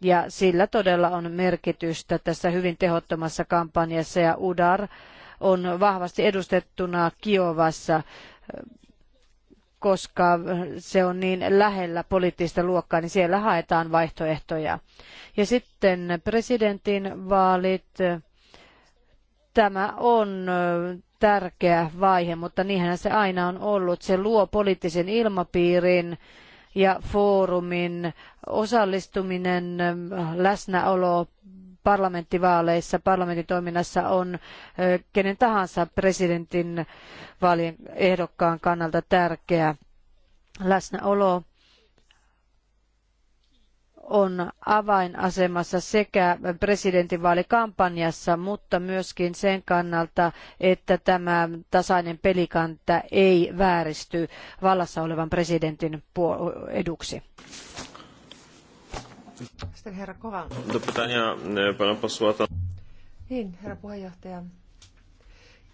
ja sillä todella on merkitystä tässä hyvin tehottomassa kampanjassa ja Udar on vahvasti edustettuna Kiovassa koska se on niin lähellä poliittista luokkaa, niin siellä haetaan vaihtoehtoja. Ja sitten presidentin vaalit. Tämä on tärkeä vaihe, mutta niinhän se aina on ollut. Se luo poliittisen ilmapiirin ja foorumin osallistuminen, läsnäolo parlamenttivaaleissa, parlamentin toiminnassa on kenen tahansa presidentin vaalien ehdokkaan kannalta tärkeä läsnäolo on avainasemassa sekä presidentinvaalikampanjassa, mutta myöskin sen kannalta, että tämä tasainen pelikanta ei vääristy vallassa olevan presidentin eduksi. Sitten herra Koval. Do pytania e, pana posła. Niin, herra puheenjohtaja.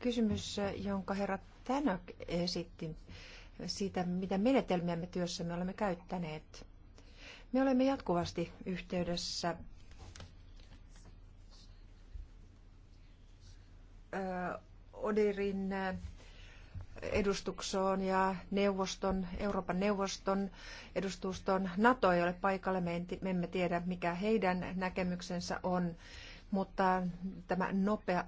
Kysymys, jonka herra Tänök esitti siitä, mitä menetelmiä me työssämme olemme käyttäneet. Me olemme jatkuvasti yhteydessä Odirin edustuksoon ja neuvoston, Euroopan neuvoston edustuston. NATO ei ole paikalla, me, me emme tiedä mikä heidän näkemyksensä on, mutta tämä nopea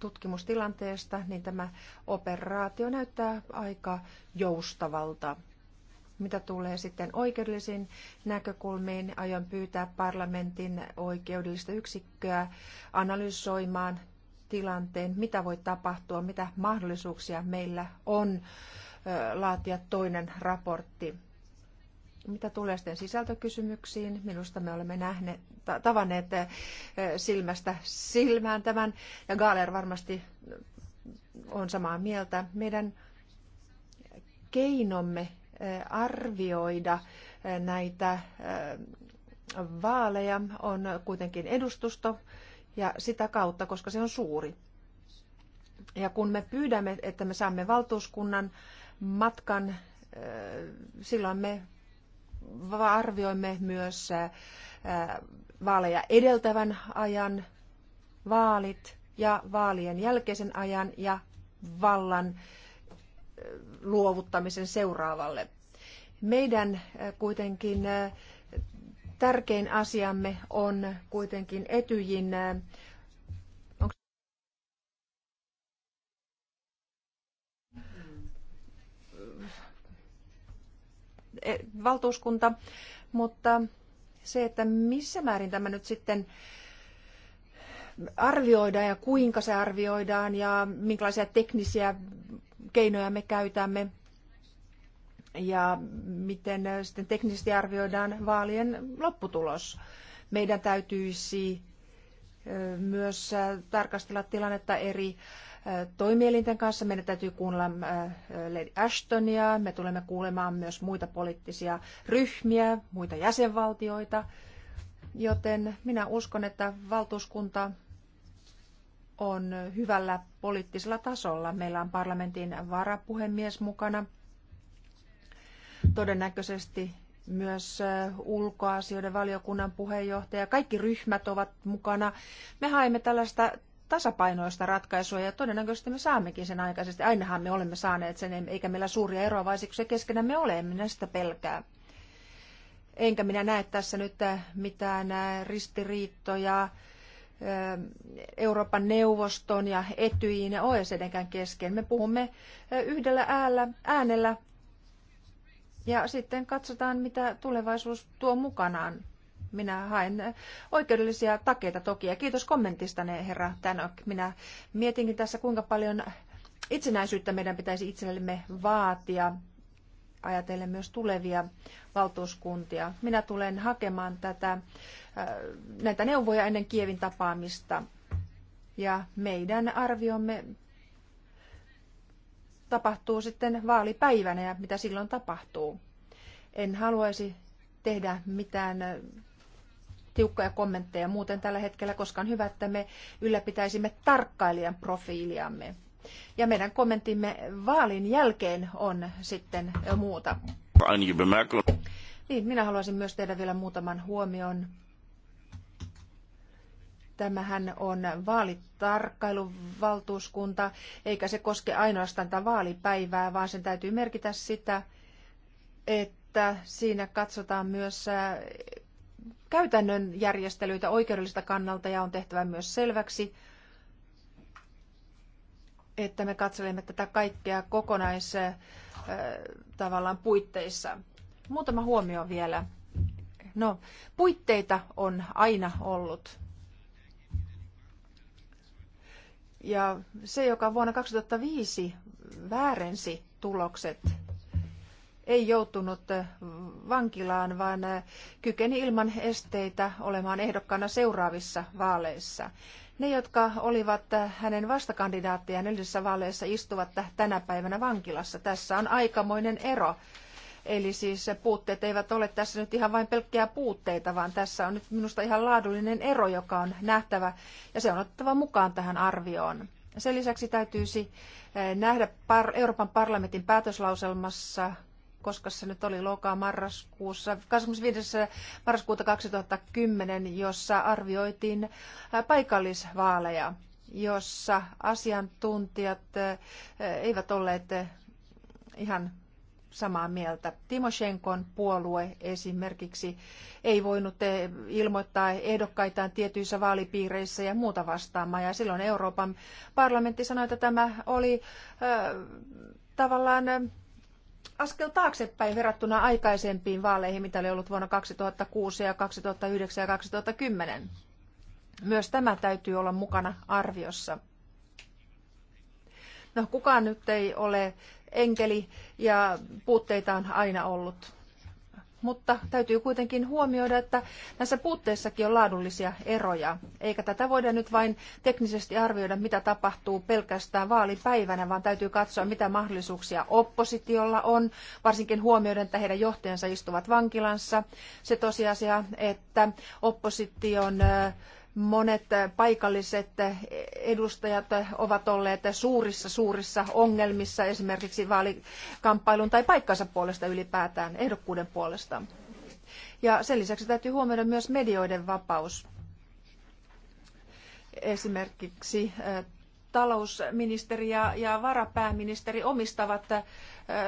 tutkimustilanteesta, niin tämä operaatio näyttää aika joustavalta. Mitä tulee sitten oikeudellisiin näkökulmiin, aion pyytää parlamentin oikeudellista yksikköä analysoimaan tilanteen, mitä voi tapahtua, mitä mahdollisuuksia meillä on laatia toinen raportti. Mitä tulee sitten sisältökysymyksiin, minusta me olemme nähneet, tavanneet silmästä silmään tämän, ja Gaaler varmasti on samaa mieltä. Meidän keinomme arvioida näitä vaaleja on kuitenkin edustusto ja sitä kautta, koska se on suuri. Ja kun me pyydämme, että me saamme valtuuskunnan matkan, silloin me arvioimme myös vaaleja edeltävän ajan, vaalit ja vaalien jälkeisen ajan ja vallan luovuttamisen seuraavalle. Meidän kuitenkin tärkein asiamme on kuitenkin etyjin äh, e, valtuuskunta, mutta se, että missä määrin tämä nyt sitten arvioidaan ja kuinka se arvioidaan ja minkälaisia teknisiä keinoja me käytämme, ja miten äh, sitten teknisesti arvioidaan vaalien lopputulos. Meidän täytyisi äh, myös äh, tarkastella tilannetta eri toimielinten kanssa. Meidän täytyy kuunnella Lady Ashtonia, me tulemme kuulemaan myös muita poliittisia ryhmiä, muita jäsenvaltioita, joten minä uskon, että valtuuskunta on hyvällä poliittisella tasolla. Meillä on parlamentin varapuhemies mukana todennäköisesti myös ulkoasioiden valiokunnan puheenjohtaja. Kaikki ryhmät ovat mukana. Me haemme tällaista tasapainoista ratkaisua ja todennäköisesti me saammekin sen aikaisesti. Ainahan me olemme saaneet sen, eikä meillä suuria eroavaisuuksia keskenämme ole, en minä sitä pelkää. Enkä minä näe tässä nyt mitään ristiriittoja Euroopan neuvoston ja Etyjin ja OECDnkään kesken. Me puhumme yhdellä äänellä ja sitten katsotaan, mitä tulevaisuus tuo mukanaan. Minä haen oikeudellisia takeita toki. Ja kiitos kommentistanne, herra Tänok. Minä mietinkin tässä, kuinka paljon itsenäisyyttä meidän pitäisi itsellemme vaatia ajatellen myös tulevia valtuuskuntia. Minä tulen hakemaan tätä, äh, näitä neuvoja ennen Kievin tapaamista. Ja meidän arviomme tapahtuu sitten vaalipäivänä ja mitä silloin tapahtuu. En haluaisi tehdä mitään tiukkoja kommentteja muuten tällä hetkellä, koska on hyvä, että me ylläpitäisimme tarkkailijan profiiliamme. Ja meidän kommenttimme vaalin jälkeen on sitten muuta. Niin, minä haluaisin myös tehdä vielä muutaman huomion Tämähän on vaalitarkkailuvaltuuskunta, eikä se koske ainoastaan tätä vaalipäivää, vaan sen täytyy merkitä sitä, että siinä katsotaan myös äh, käytännön järjestelyitä oikeudellista kannalta ja on tehtävä myös selväksi, että me katselemme tätä kaikkea kokonais äh, tavallaan puitteissa. Muutama huomio vielä. No, puitteita on aina ollut. Ja se, joka vuonna 2005 väärensi tulokset, ei joutunut vankilaan, vaan kykeni ilman esteitä olemaan ehdokkaana seuraavissa vaaleissa. Ne, jotka olivat hänen vastakandidaattiaan yhdessä vaaleissa, istuvat tänä päivänä vankilassa. Tässä on aikamoinen ero Eli siis puutteet eivät ole tässä nyt ihan vain pelkkiä puutteita, vaan tässä on nyt minusta ihan laadullinen ero, joka on nähtävä ja se on otettava mukaan tähän arvioon. Sen lisäksi täytyisi eh, nähdä Euroopan parlamentin päätöslauselmassa koska se nyt oli lokaa marraskuussa, 25. marraskuuta 2010, jossa arvioitiin eh, paikallisvaaleja, jossa asiantuntijat eh, eivät olleet ihan samaa mieltä. Timoshenkon puolue esimerkiksi ei voinut eh, ilmoittaa ehdokkaitaan tietyissä vaalipiireissä ja muuta vastaamaan. Ja silloin Euroopan parlamentti sanoi, että tämä oli äh, tavallaan eh, askel taaksepäin verrattuna aikaisempiin vaaleihin, mitä oli ollut vuonna 2006 ja 2009 ja 2010. Myös tämä täytyy olla mukana arviossa. No, kukaan nyt ei ole enkeli ja puutteita on aina ollut. Mutta täytyy kuitenkin huomioida, että näissä puutteissakin on laadullisia eroja, eikä tätä voida nyt vain teknisesti arvioida, mitä tapahtuu pelkästään vaalipäivänä, vaan täytyy katsoa, mitä mahdollisuuksia oppositiolla on, varsinkin huomioiden, että heidän johtajansa istuvat vankilassa. Se tosiasia, että opposition äh, monet paikalliset edustajat ovat olleet suurissa suurissa ongelmissa esimerkiksi vaalikamppailun tai paikkansa puolesta ylipäätään, ehdokkuuden puolesta. Ja sen lisäksi täytyy huomioida myös medioiden vapaus. Esimerkiksi äh, talousministeri ja, varapääministeri omistavat äh,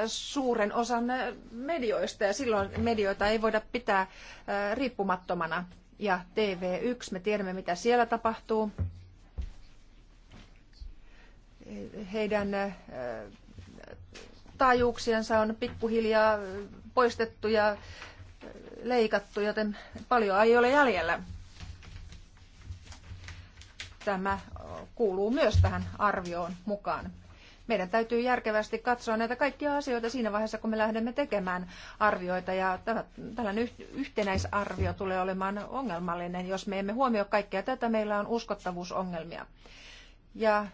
suuren osan äh, medioista ja silloin medioita ei voida pitää riippumattomana ja TV1. Me tiedämme, mitä siellä tapahtuu. Heidän äh, taajuuksiansa on pikkuhiljaa poistettu ja äh, leikattu, joten paljon ei ole jäljellä. Tämä kuuluu myös tähän arvioon mukaan meidän täytyy järkevästi katsoa näitä kaikkia asioita siinä vaiheessa, kun me lähdemme tekemään arvioita. Ja tällainen yhtenäisarvio tulee olemaan ongelmallinen. Jos me emme huomioi kaikkea tätä, meillä on uskottavuusongelmia. Ja äh,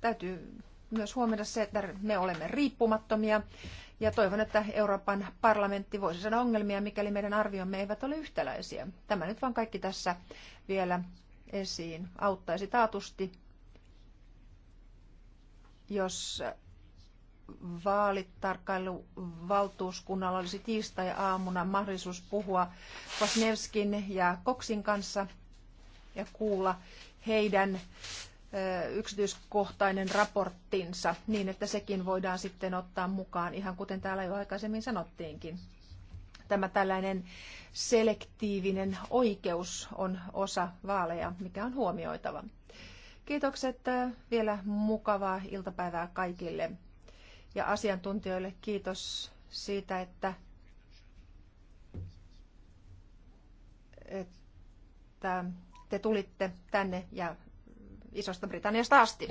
täytyy myös huomioida se, että me olemme riippumattomia ja toivon, että Euroopan parlamentti voisi saada ongelmia, mikäli meidän arviomme eivät ole yhtäläisiä. Tämä nyt vaan kaikki tässä vielä esiin auttaisi taatusti jos vaalitarkkailuvaltuuskunnalla olisi tiistai-aamuna mahdollisuus puhua Kwasniewskin ja Koksin kanssa ja kuulla heidän yksityiskohtainen raporttinsa niin, että sekin voidaan sitten ottaa mukaan, ihan kuten täällä jo aikaisemmin sanottiinkin. Tämä tällainen selektiivinen oikeus on osa vaaleja, mikä on huomioitava. Kiitokset äh, vielä mukavaa iltapäivää kaikille ja asiantuntijoille kiitos siitä, että, että te tulitte tänne ja Isosta Britanniasta asti.